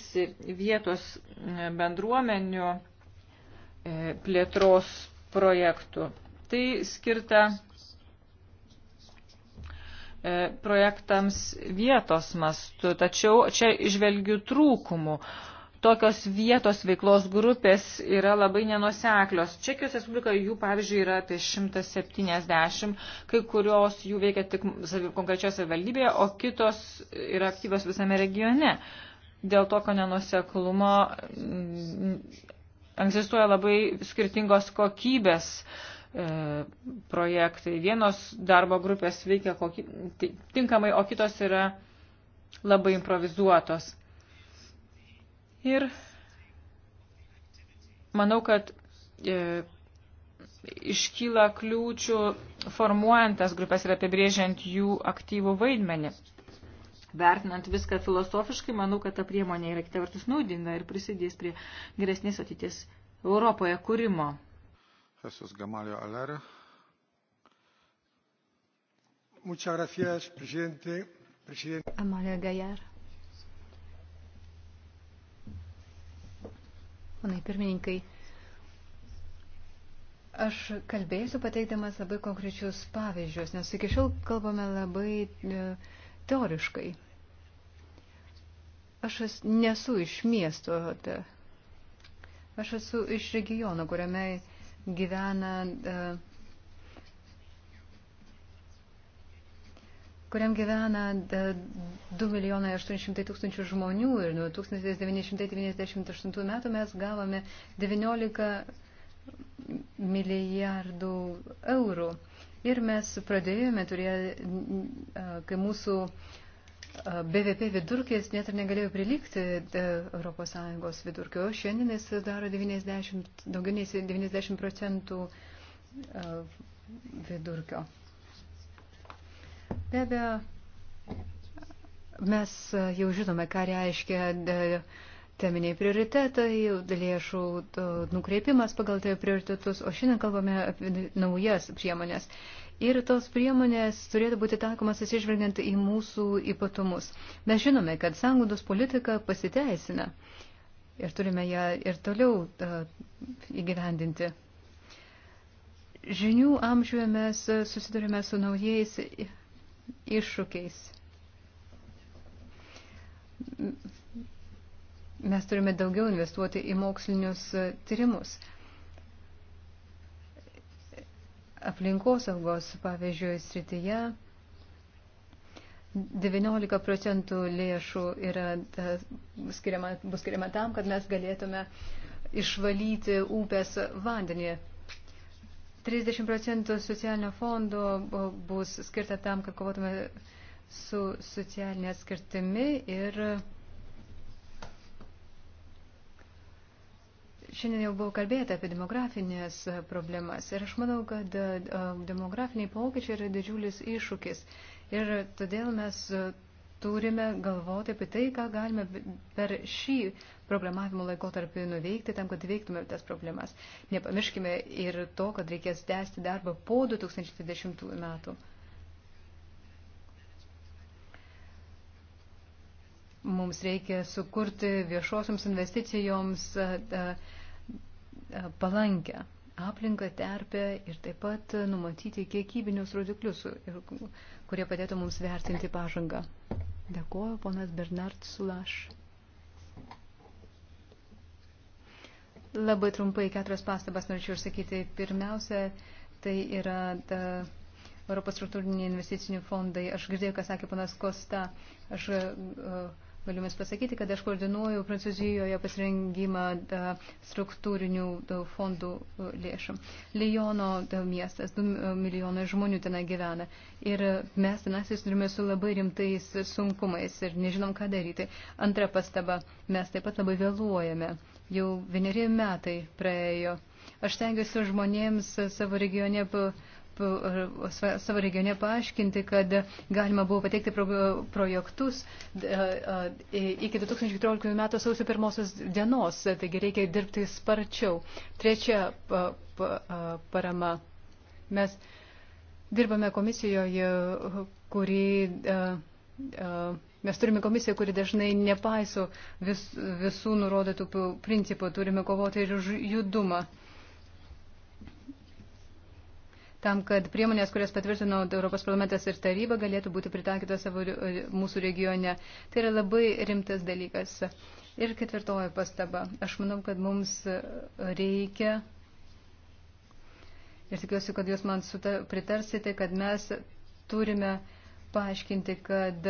S3: vietos e, bendruomenių e, plėtros projektų. Tai skirta e, projektams vietos mastu, tačiau čia išvelgiu trūkumų tokios vietos veiklos grupės yra labai nenuseklios. Čekijos Respublikoje jų, pavyzdžiui, yra apie 170, kai kurios jų veikia tik konkrečiose valdybėje, o kitos yra aktyvios visame regione. Dėl tokio nenuseklumo mm, egzistuoja labai skirtingos kokybės e, projektai. Vienos darbo grupės veikia tinkamai, o kitos yra labai improvizuotos Ir manau, kad e, iškyla kliūčių formuojant tas grupės ir apibrėžiant jų aktyvų vaidmenį. Vertinant viską filosofiškai, manau, kad ta priemonė yra kita vertus naudinga ir prisidės prie geresnės ateities Europoje kūrimo.
S4: Jesus Gamalio Alera. Muchas gracias, presidente. presidente. Amalia Gallar.
S2: Manai, pirmininkai, aš kalbėsiu pateikdamas labai konkrečius pavyzdžius, nes iki šiol kalbame labai e, teoriškai. Aš nesu iš miesto, aš esu iš regiono, kuriame gyvena. Uh, kuriam gyvena 2 e, milijonai 800 tūkstančių žmonių ir nuo 1998 metų mes gavome 19 milijardų eurų. Ir mes pradėjome, turėjo, e, kai mūsų e, BVP vidurkis net ir negalėjo prilygti ES vidurkio, šiandien jis daro 90, daugiau nei 90 procentų vidurkio. Be abejo, mes jau žinome, ką reiškia e, teminiai prioritetai, lėšų e, nukreipimas pagal tai prioritetus, o šiandien kalbame apie naujas priemonės. Ir tos priemonės turėtų būti taikomas atsižvelgiant į mūsų ypatumus. Mes žinome, kad sanglaudos politika pasiteisina ir turime ją ir toliau uh, įgyvendinti. Žinių amžiuje mes susidurime su naujais iššūkiais. Mes turime daugiau investuoti į mokslinius tyrimus. Aplinkosaugos, pavyzdžiui, srityje 19 procentų lėšų yra skiriama, bus skiriama tam, kad mes galėtume išvalyti upės vandenį. 30 procentų socialinio fondo bus skirta tam, kad kovotume su socialinė skirtimi ir šiandien jau buvo kalbėta apie demografinės problemas ir aš manau, kad demografiniai pokyčiai yra didžiulis iššūkis ir todėl mes turime galvoti apie tai, ką galime per šį programavimo laikotarpį nuveikti, tam, kad veiktume tas problemas. Nepamirškime ir to, kad reikės tęsti darbą po 2020 metų. Mums reikia sukurti viešosioms investicijoms palankę aplinką, terpę ir taip pat numatyti kiekybinius rodiklius, kurie padėtų mums vertinti pažangą. Dėkuoju, ponas Bernard Sulaš. Labai trumpai keturias pastabas norėčiau išsakyti. Pirmiausia, tai yra da, Europos struktūriniai investicinių fondai. Aš girdėjau, ką sakė ponas Kosta. Aš uh, Galiu Jums pasakyti, kad aš koordinuoju Prancūzijoje pasirengimą struktūrinių fondų lėšų. Lijono miestas, 2 e, milijonai žmonių tenai gyvena. Ir mes tenai susidurime su labai rimtais sunkumais ir nežinom, ką daryti. Antra pastaba, mes taip pat labai vėluojame. Jau vieneri metai praėjo. Aš stengiuosi žmonėms savo regione. Pa, savo regione paaiškinti, kad galima buvo pateikti projektus iki 2014 metų sausio pirmosios dienos, taigi reikia dirbti sparčiau. Trečia parama. Mes dirbame komisijoje, kuri. Mes turime komisiją, kuri dažnai nepaiso vis, visų nurodytų principų, turime kovoti ir už judumą. Uh, tam, kad priemonės, kurias patvirtino Europos parlamentas ir taryba, galėtų būti pritaikytos savo e, mūsų regione. Tai yra labai rimtas dalykas. Ir ketvirtoji pastaba. Aš manau, kad mums reikia. Ir tikiuosi, kad jūs man pritarsite, kad mes turime paaiškinti, kad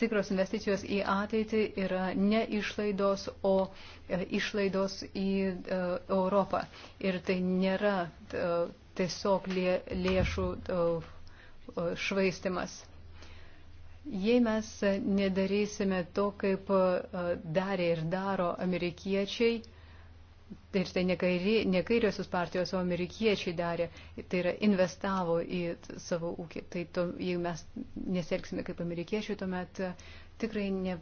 S2: tikros investicijos į ateitį yra ne išlaidos, o e, išlaidos į e, Europą. Ir tai nėra tiesiog lė, lėšų švaistimas. Jei mes nedarysime to, kaip darė ir daro amerikiečiai, ir tai ne, kairi, ne kairiosios partijos, o amerikiečiai darė, tai yra investavo į savo ūkį, tai to, jei mes nesielgsime kaip amerikiečiai, tuomet e, tikrai ne,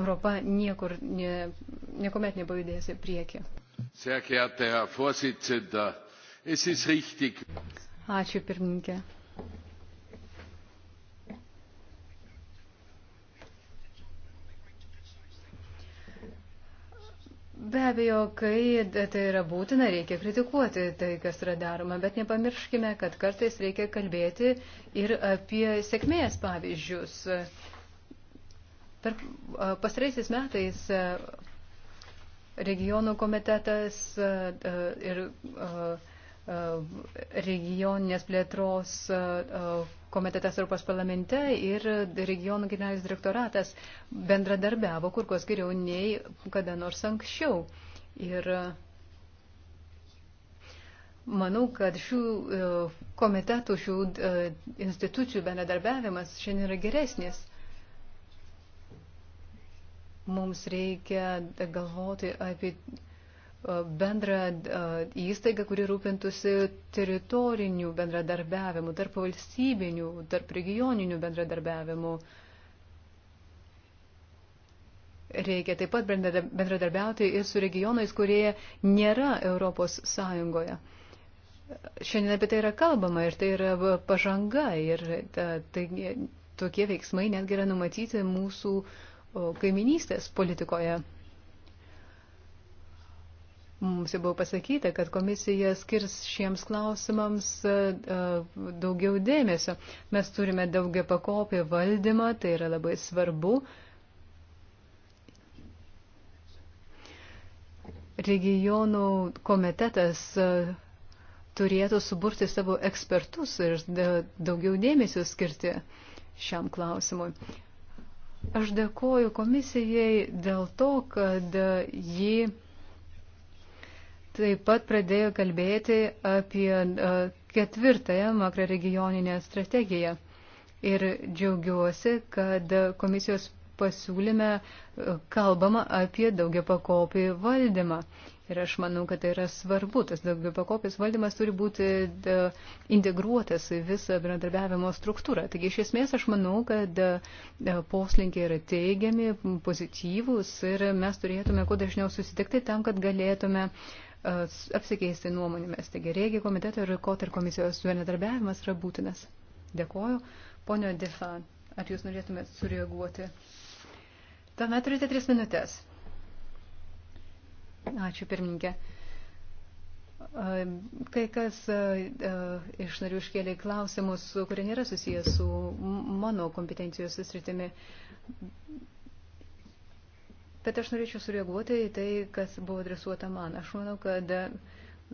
S2: Europa niekur, ne, niekuomet nepajudės į priekį.
S4: Sehr geehrter Herr Vorsitzender, Es ist richtig.
S2: Ačiū pirmininkė. Be abejo, kai tai yra būtina, reikia kritikuoti tai, kas yra daroma, bet nepamirškime, kad kartais reikia kalbėti ir apie sėkmės pavyzdžius. Per pastaraisiais metais regionų komitetas ir. Uh, regioninės plėtros komitetas Europos parlamente ir regionų generalinis direktoratas bendradarbiavo kur kas geriau nei kada nors anksčiau. Ir manau, kad šių komitetų, šių institucijų bendradarbiavimas šiandien yra geresnis. Mums reikia galvoti apie bendrą įstaigą, kuri rūpintųsi teritorinių bendradarbiavimų, tarp valstybinių, tarp regioninių bendradarbiavimų. Reikia taip pat bendradarbiauti ir su regionais, kurie nėra Europos Sąjungoje. Šiandien apie tai yra kalbama ir tai yra pažanga ir ta, tai, tokie veiksmai netgi yra numatyti mūsų kaiminystės politikoje. Mums jau buvo pasakyta, kad komisija skirs šiems klausimams e, e, daugiau dėmesio. Mes turime daugia pakopį valdymą, tai yra labai svarbu. Regionų komitetas e, turėtų suburti savo ekspertus ir daugiau dėmesio skirti šiam klausimui. Aš dėkoju komisijai dėl to, kad ji taip pat pradėjo kalbėti apie e, ketvirtąją makroregioninę strategiją. Ir džiaugiuosi, kad komisijos pasiūlyme e, kalbama apie daugia pakopį valdymą. Ir aš manau, kad tai yra svarbu. Tas daugia pakopis valdymas turi būti e, integruotas į visą bendradarbiavimo struktūrą. Taigi, iš esmės, aš manau, kad poslinkiai yra teigiami, pozityvūs ir mes turėtume kuo dažniau susitikti tam, kad galėtume uh, apsikeisti nuomonėmis. Taigi, regi komiteto ir kot ir komisijos bendradarbiavimas yra būtinas. Dėkoju. Pone Defa, ar jūs norėtumėt sureaguoti? Tuomet turite tris minutės. Ačiū, pirmininkė. Kai kas iš narių iškėlė klausimus, kurie nėra susijęs su mano kompetencijos sritimi, Bet aš norėčiau sureaguoti į tai, kas buvo adresuota man. Aš manau, kad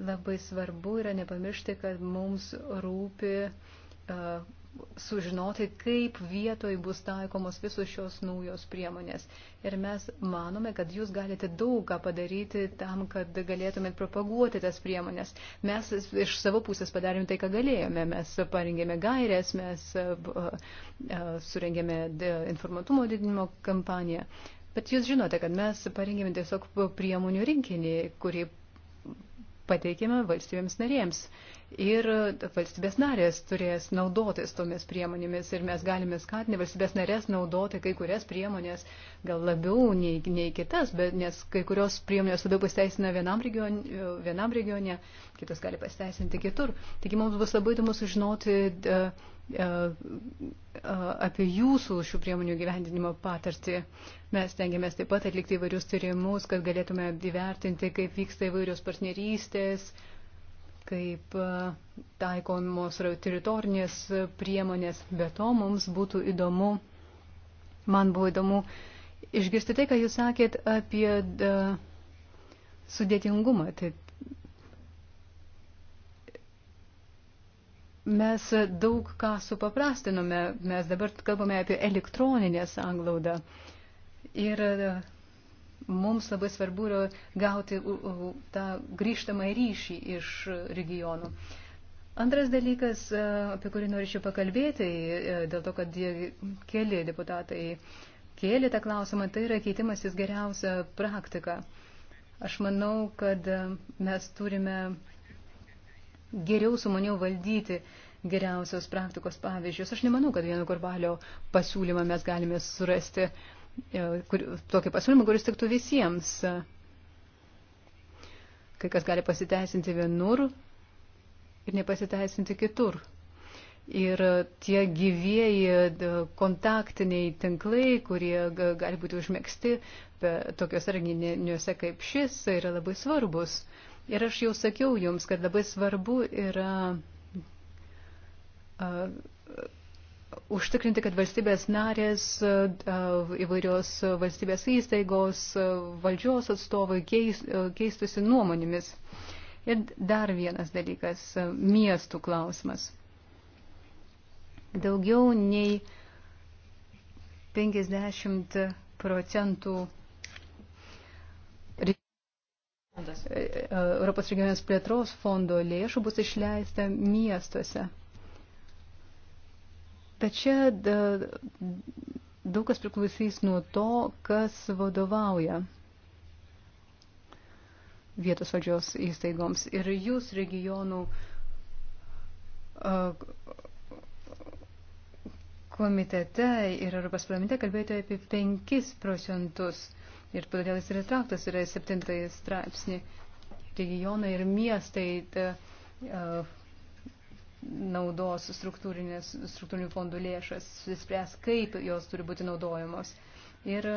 S2: labai svarbu yra nepamiršti, kad mums rūpi uh, sužinoti, kaip vietoj bus taikomos visos šios naujos priemonės. Ir mes manome, kad jūs galite daug ką padaryti tam, kad galėtumėt propaguoti tas priemonės. Mes iš savo pusės padarėm tai, ką galėjome. Mes parengėme gairės, mes surengėme informatumo didinimo kampaniją. Bet jūs žinote, kad mes parengėme tiesiog priemonių rinkinį, kurį pateikėme valstybėms narėms ir valstybės narės turės naudotis tomis priemonėmis ir mes galime skatinti valstybės narės naudoti kai kurias priemonės gal labiau nei, nei kitas, bet nes kai kurios priemonės labiau pasiteisina vienam regione, vienam regione kitos gali pasiteisinti kitur. Taigi mums bus labai įdomu sužinoti e, e, apie jūsų šių priemonių gyvendinimo patirtį. Mes tengiamės taip pat atlikti įvairius tyrimus, kad galėtume įvertinti, kaip vyksta įvairios partnerystės, uh, kaip e, taikomos teritorinės priemonės. Be to, mums būtų įdomu, man buvo įdomu išgirsti tai, ką jūs sakėt apie e, sudėtingumą. Tai mes daug ką supaprastinome, mes dabar kalbame apie elektroninę sanglaudą. Ir e, mums labai svarbu yra gauti tą grįžtamą ryšį iš regionų. Antras dalykas, e, apie kurį norėčiau pakalbėti, e, dėl to, kad keli deputatai kėlė tą klausimą, tai yra keitimasis geriausia praktika. Aš manau, kad e, mes turime geriau sumaniau valdyti geriausios praktikos pavyzdžius. Aš nemanau, kad vieno korbalio pasiūlymą mes galime surasti uh, E, kur, tokį pasiūlymą, kuris tiktų visiems. Kai kas gali pasiteisinti vienur ir nepasiteisinti kitur. Ir tie gyvieji e, kontaktiniai tinklai, kurie gali būti užmėgsti tokiuose renginiuose kaip šis, yra labai svarbus. Ir aš jau sakiau jums, kad labai svarbu yra e, užtikrinti, kad valstybės narės, įvairios valstybės įstaigos, valdžios atstovai keis, keistusi nuomonėmis. Ir dar vienas dalykas - miestų klausimas. Daugiau nei 50 procentų Europos regionės plėtros fondo lėšų bus išleista miestuose. Tačiau daug kas priklausys nuo to, kas vadovauja vietos valdžios įstaigoms. Ir jūs regionų komitete ir Europos parlamente kalbėjote apie 5 procentus. Ir todėl jis yra traktas, yra 7 straipsnį. Regionai ir miestai. Ta, uh, naudos struktūrinių fondų lėšas, spręs, kaip jos turi būti naudojamos. Ir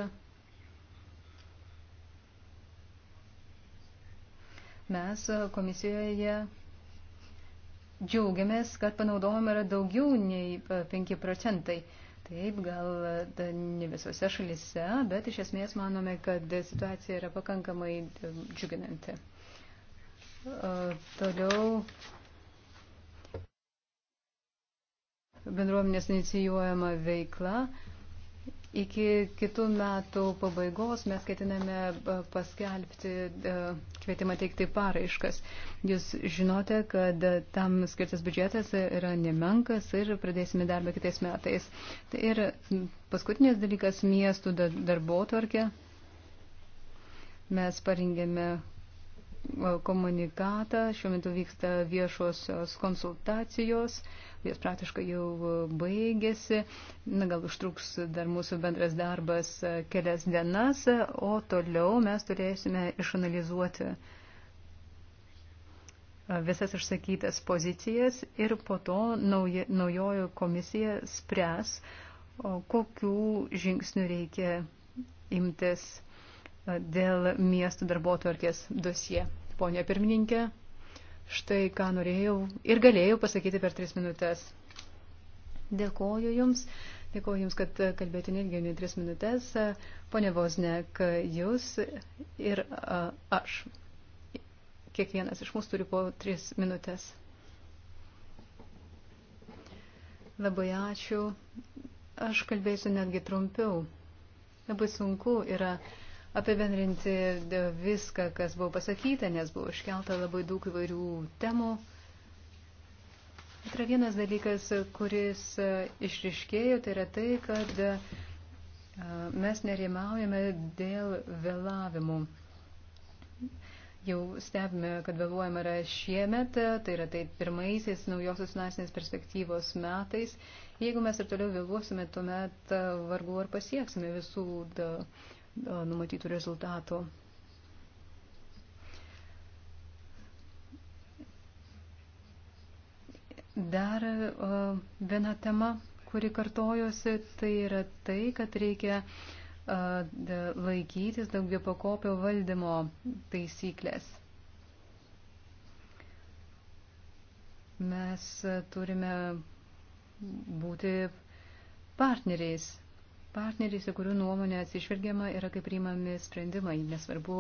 S2: mes komisijoje džiaugiamės, kad panaudojama yra daugiau nei 5 procentai. Taip, gal ne visose šalise, bet iš esmės manome, kad situacija yra pakankamai džiuginanti. Toliau bendruomenės inicijuojama veikla. Iki kitų metų pabaigos mes ketiname e, paskelbti e, kvietimą teikti paraiškas. Jūs žinote, kad tam skirtas biudžetas yra nemenkas ir pradėsime darbą kitais metais. Tai ir paskutinis dalykas - miestų darbo tvarkė. Mes parengėme e, komunikatą, šiuo metu vyksta viešosios konsultacijos. Uh, jos praktiškai jau baigėsi, na gal užtruks dar mūsų bendras darbas e, kelias dienas, o toliau mes turėsime išanalizuoti e, visas išsakytas pozicijas ir po to nauj, naujojo komisija spręs, kokių žingsnių reikia imtis e, dėl miestų darbo tvarkės dosie. Pone pirmininkė, štai ką norėjau ir galėjau pasakyti per tris minutės. Dėkoju Jums, dėkoju Jums, kad kalbėjote netgi ne tris minutės, ponė Voznek, Jūs ir a, aš. Kiekvienas iš mūsų turi po tris minutės. Labai ačiū. Aš kalbėsiu netgi trumpiau. Labai sunku yra uh, apibendrinti viską, kas buvo pasakyta, nes buvo iškelta labai daug įvairių temų. Bet yra vienas dalykas, kuris e, išriškėjo, tai yra tai, kad e, mes nerimaujame dėl vėlavimų. Jau stebime, kad vėluojama yra šiemet, tai yra tai pirmaisiais naujosios finansinės perspektyvos metais. Jeigu mes ir toliau vėluosime, tuomet e, vargu ar pasieksime visų da, uh, numatytų rezultatų. Dar viena tema, kuri kartojosi, tai yra tai, kad reikia laikytis daugia pakopio valdymo taisyklės. Mes turime būti partneriais partneriais, į kurių nuomonę atsižvelgiama yra kaip priimami sprendimai, nesvarbu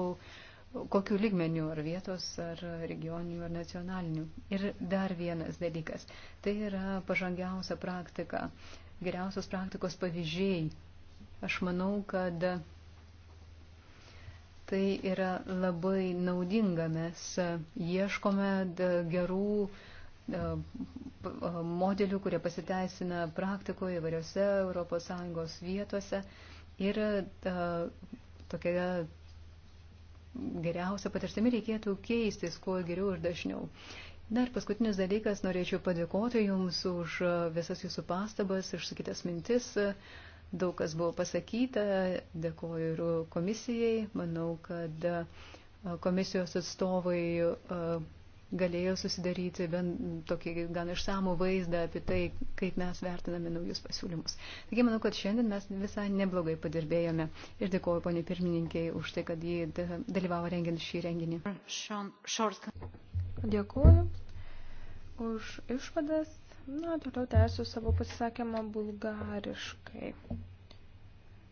S2: kokiu lygmeniu, ar vietos, ar regioniniu, ar nacionaliniu. Ir dar vienas dalykas, tai yra pažangiausia praktika, geriausios praktikos pavyzdžiai. Aš manau, kad tai yra labai naudinga, mes ieškome gerų E, e, modelių, kurie pasiteisina praktikoje įvairiose ES vietose. Ir e, tokia geriausia patirtimi reikėtų keistis kuo geriau ir dažniau. Dar paskutinis dalykas, norėčiau padėkoti Jums už visas Jūsų pastabas, išsakytas mintis. Daug kas buvo pasakyta, dėkoju ir komisijai. Manau, kad komisijos atstovai galėjo susidaryti bent tokį gan išsamų vaizdą apie tai, kaip mes vertiname naujus pasiūlymus. Taigi manau, kad šiandien mes visai neblogai padirbėjome ir dėkoju ponė pirmininkiai už tai, kad jį dalyvavo rengiant šį renginį. Dėkuoju už išvadas. Na, toliau tęsiu savo pasisakymą
S1: bulgariškai.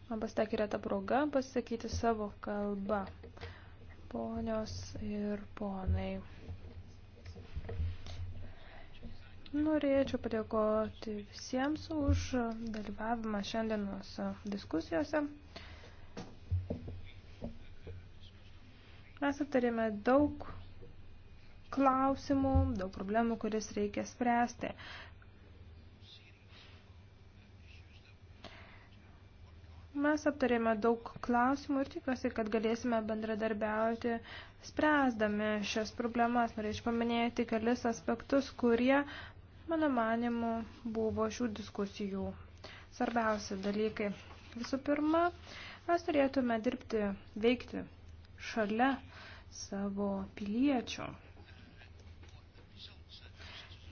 S1: Man pasitekė ta proga pasakyti savo kalbą. Ponios ir ponai. Norėčiau padėkoti visiems už dalyvavimą šiandienos diskusijose. Mes aptarėme daug klausimų, daug problemų, kuris reikia spręsti. Mes aptarėme daug klausimų ir tikiuosi, kad galėsime bendradarbiauti spręsdami šias problemas. Norėčiau paminėti kelis aspektus, kurie mano manimu, buvo šių diskusijų svarbiausi dalykai. Visų pirma, mes turėtume dirbti, veikti šalia savo piliečių.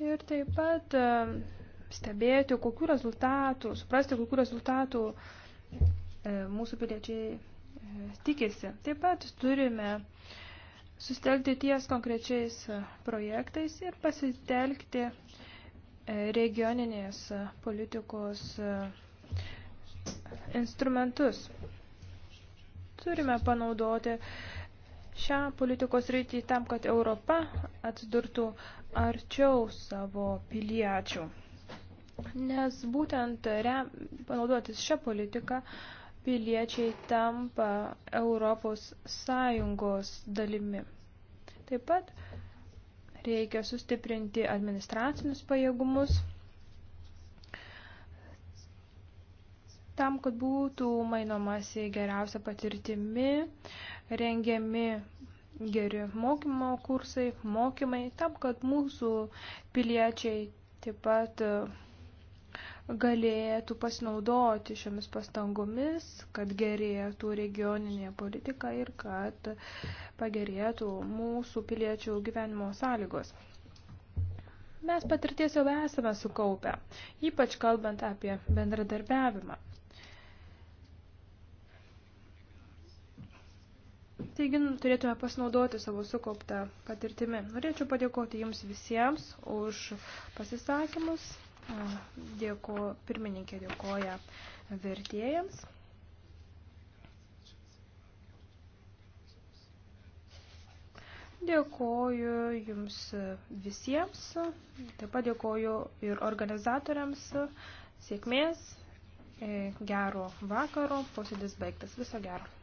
S1: Ir taip pat e, stebėti, kokiu rezultatu, suprasti, kokiu rezultatu e, mūsų piliečiai e, tikisi. Taip pat turime sustelkti ties konkrečiais projektais ir pasitelkti uh, regioninės politikos e, instrumentus. Turime panaudoti šią politikos rytį tam, kad Europa atsidurtų arčiau savo piliečių. Nes būtent rem, panaudotis šią politiką piliečiai tampa Europos Sąjungos dalimi. Taip pat Reikia sustiprinti administracinius pajėgumus tam, kad būtų mainomasi geriausia patirtimi, rengiami geri mokymo kursai, mokymai, tam, kad mūsų piliečiai taip pat galėtų pasinaudoti šiomis pastangomis, kad gerėtų regioninė politika ir kad pagerėtų mūsų piliečių gyvenimo sąlygos. Mes patirties jau esame sukaupę, ypač kalbant apie bendradarbiavimą. Taigi turėtume pasinaudoti savo sukauptą patirtimi. Norėčiau padėkoti Jums visiems už pasisakymus. Dėko, pirmininkė dėkoja vertėjams. Dėkoju jums visiems, taip pat dėkoju ir organizatoriams. Sėkmės, e, gero vakaro, posėdis baigtas. Viso gero.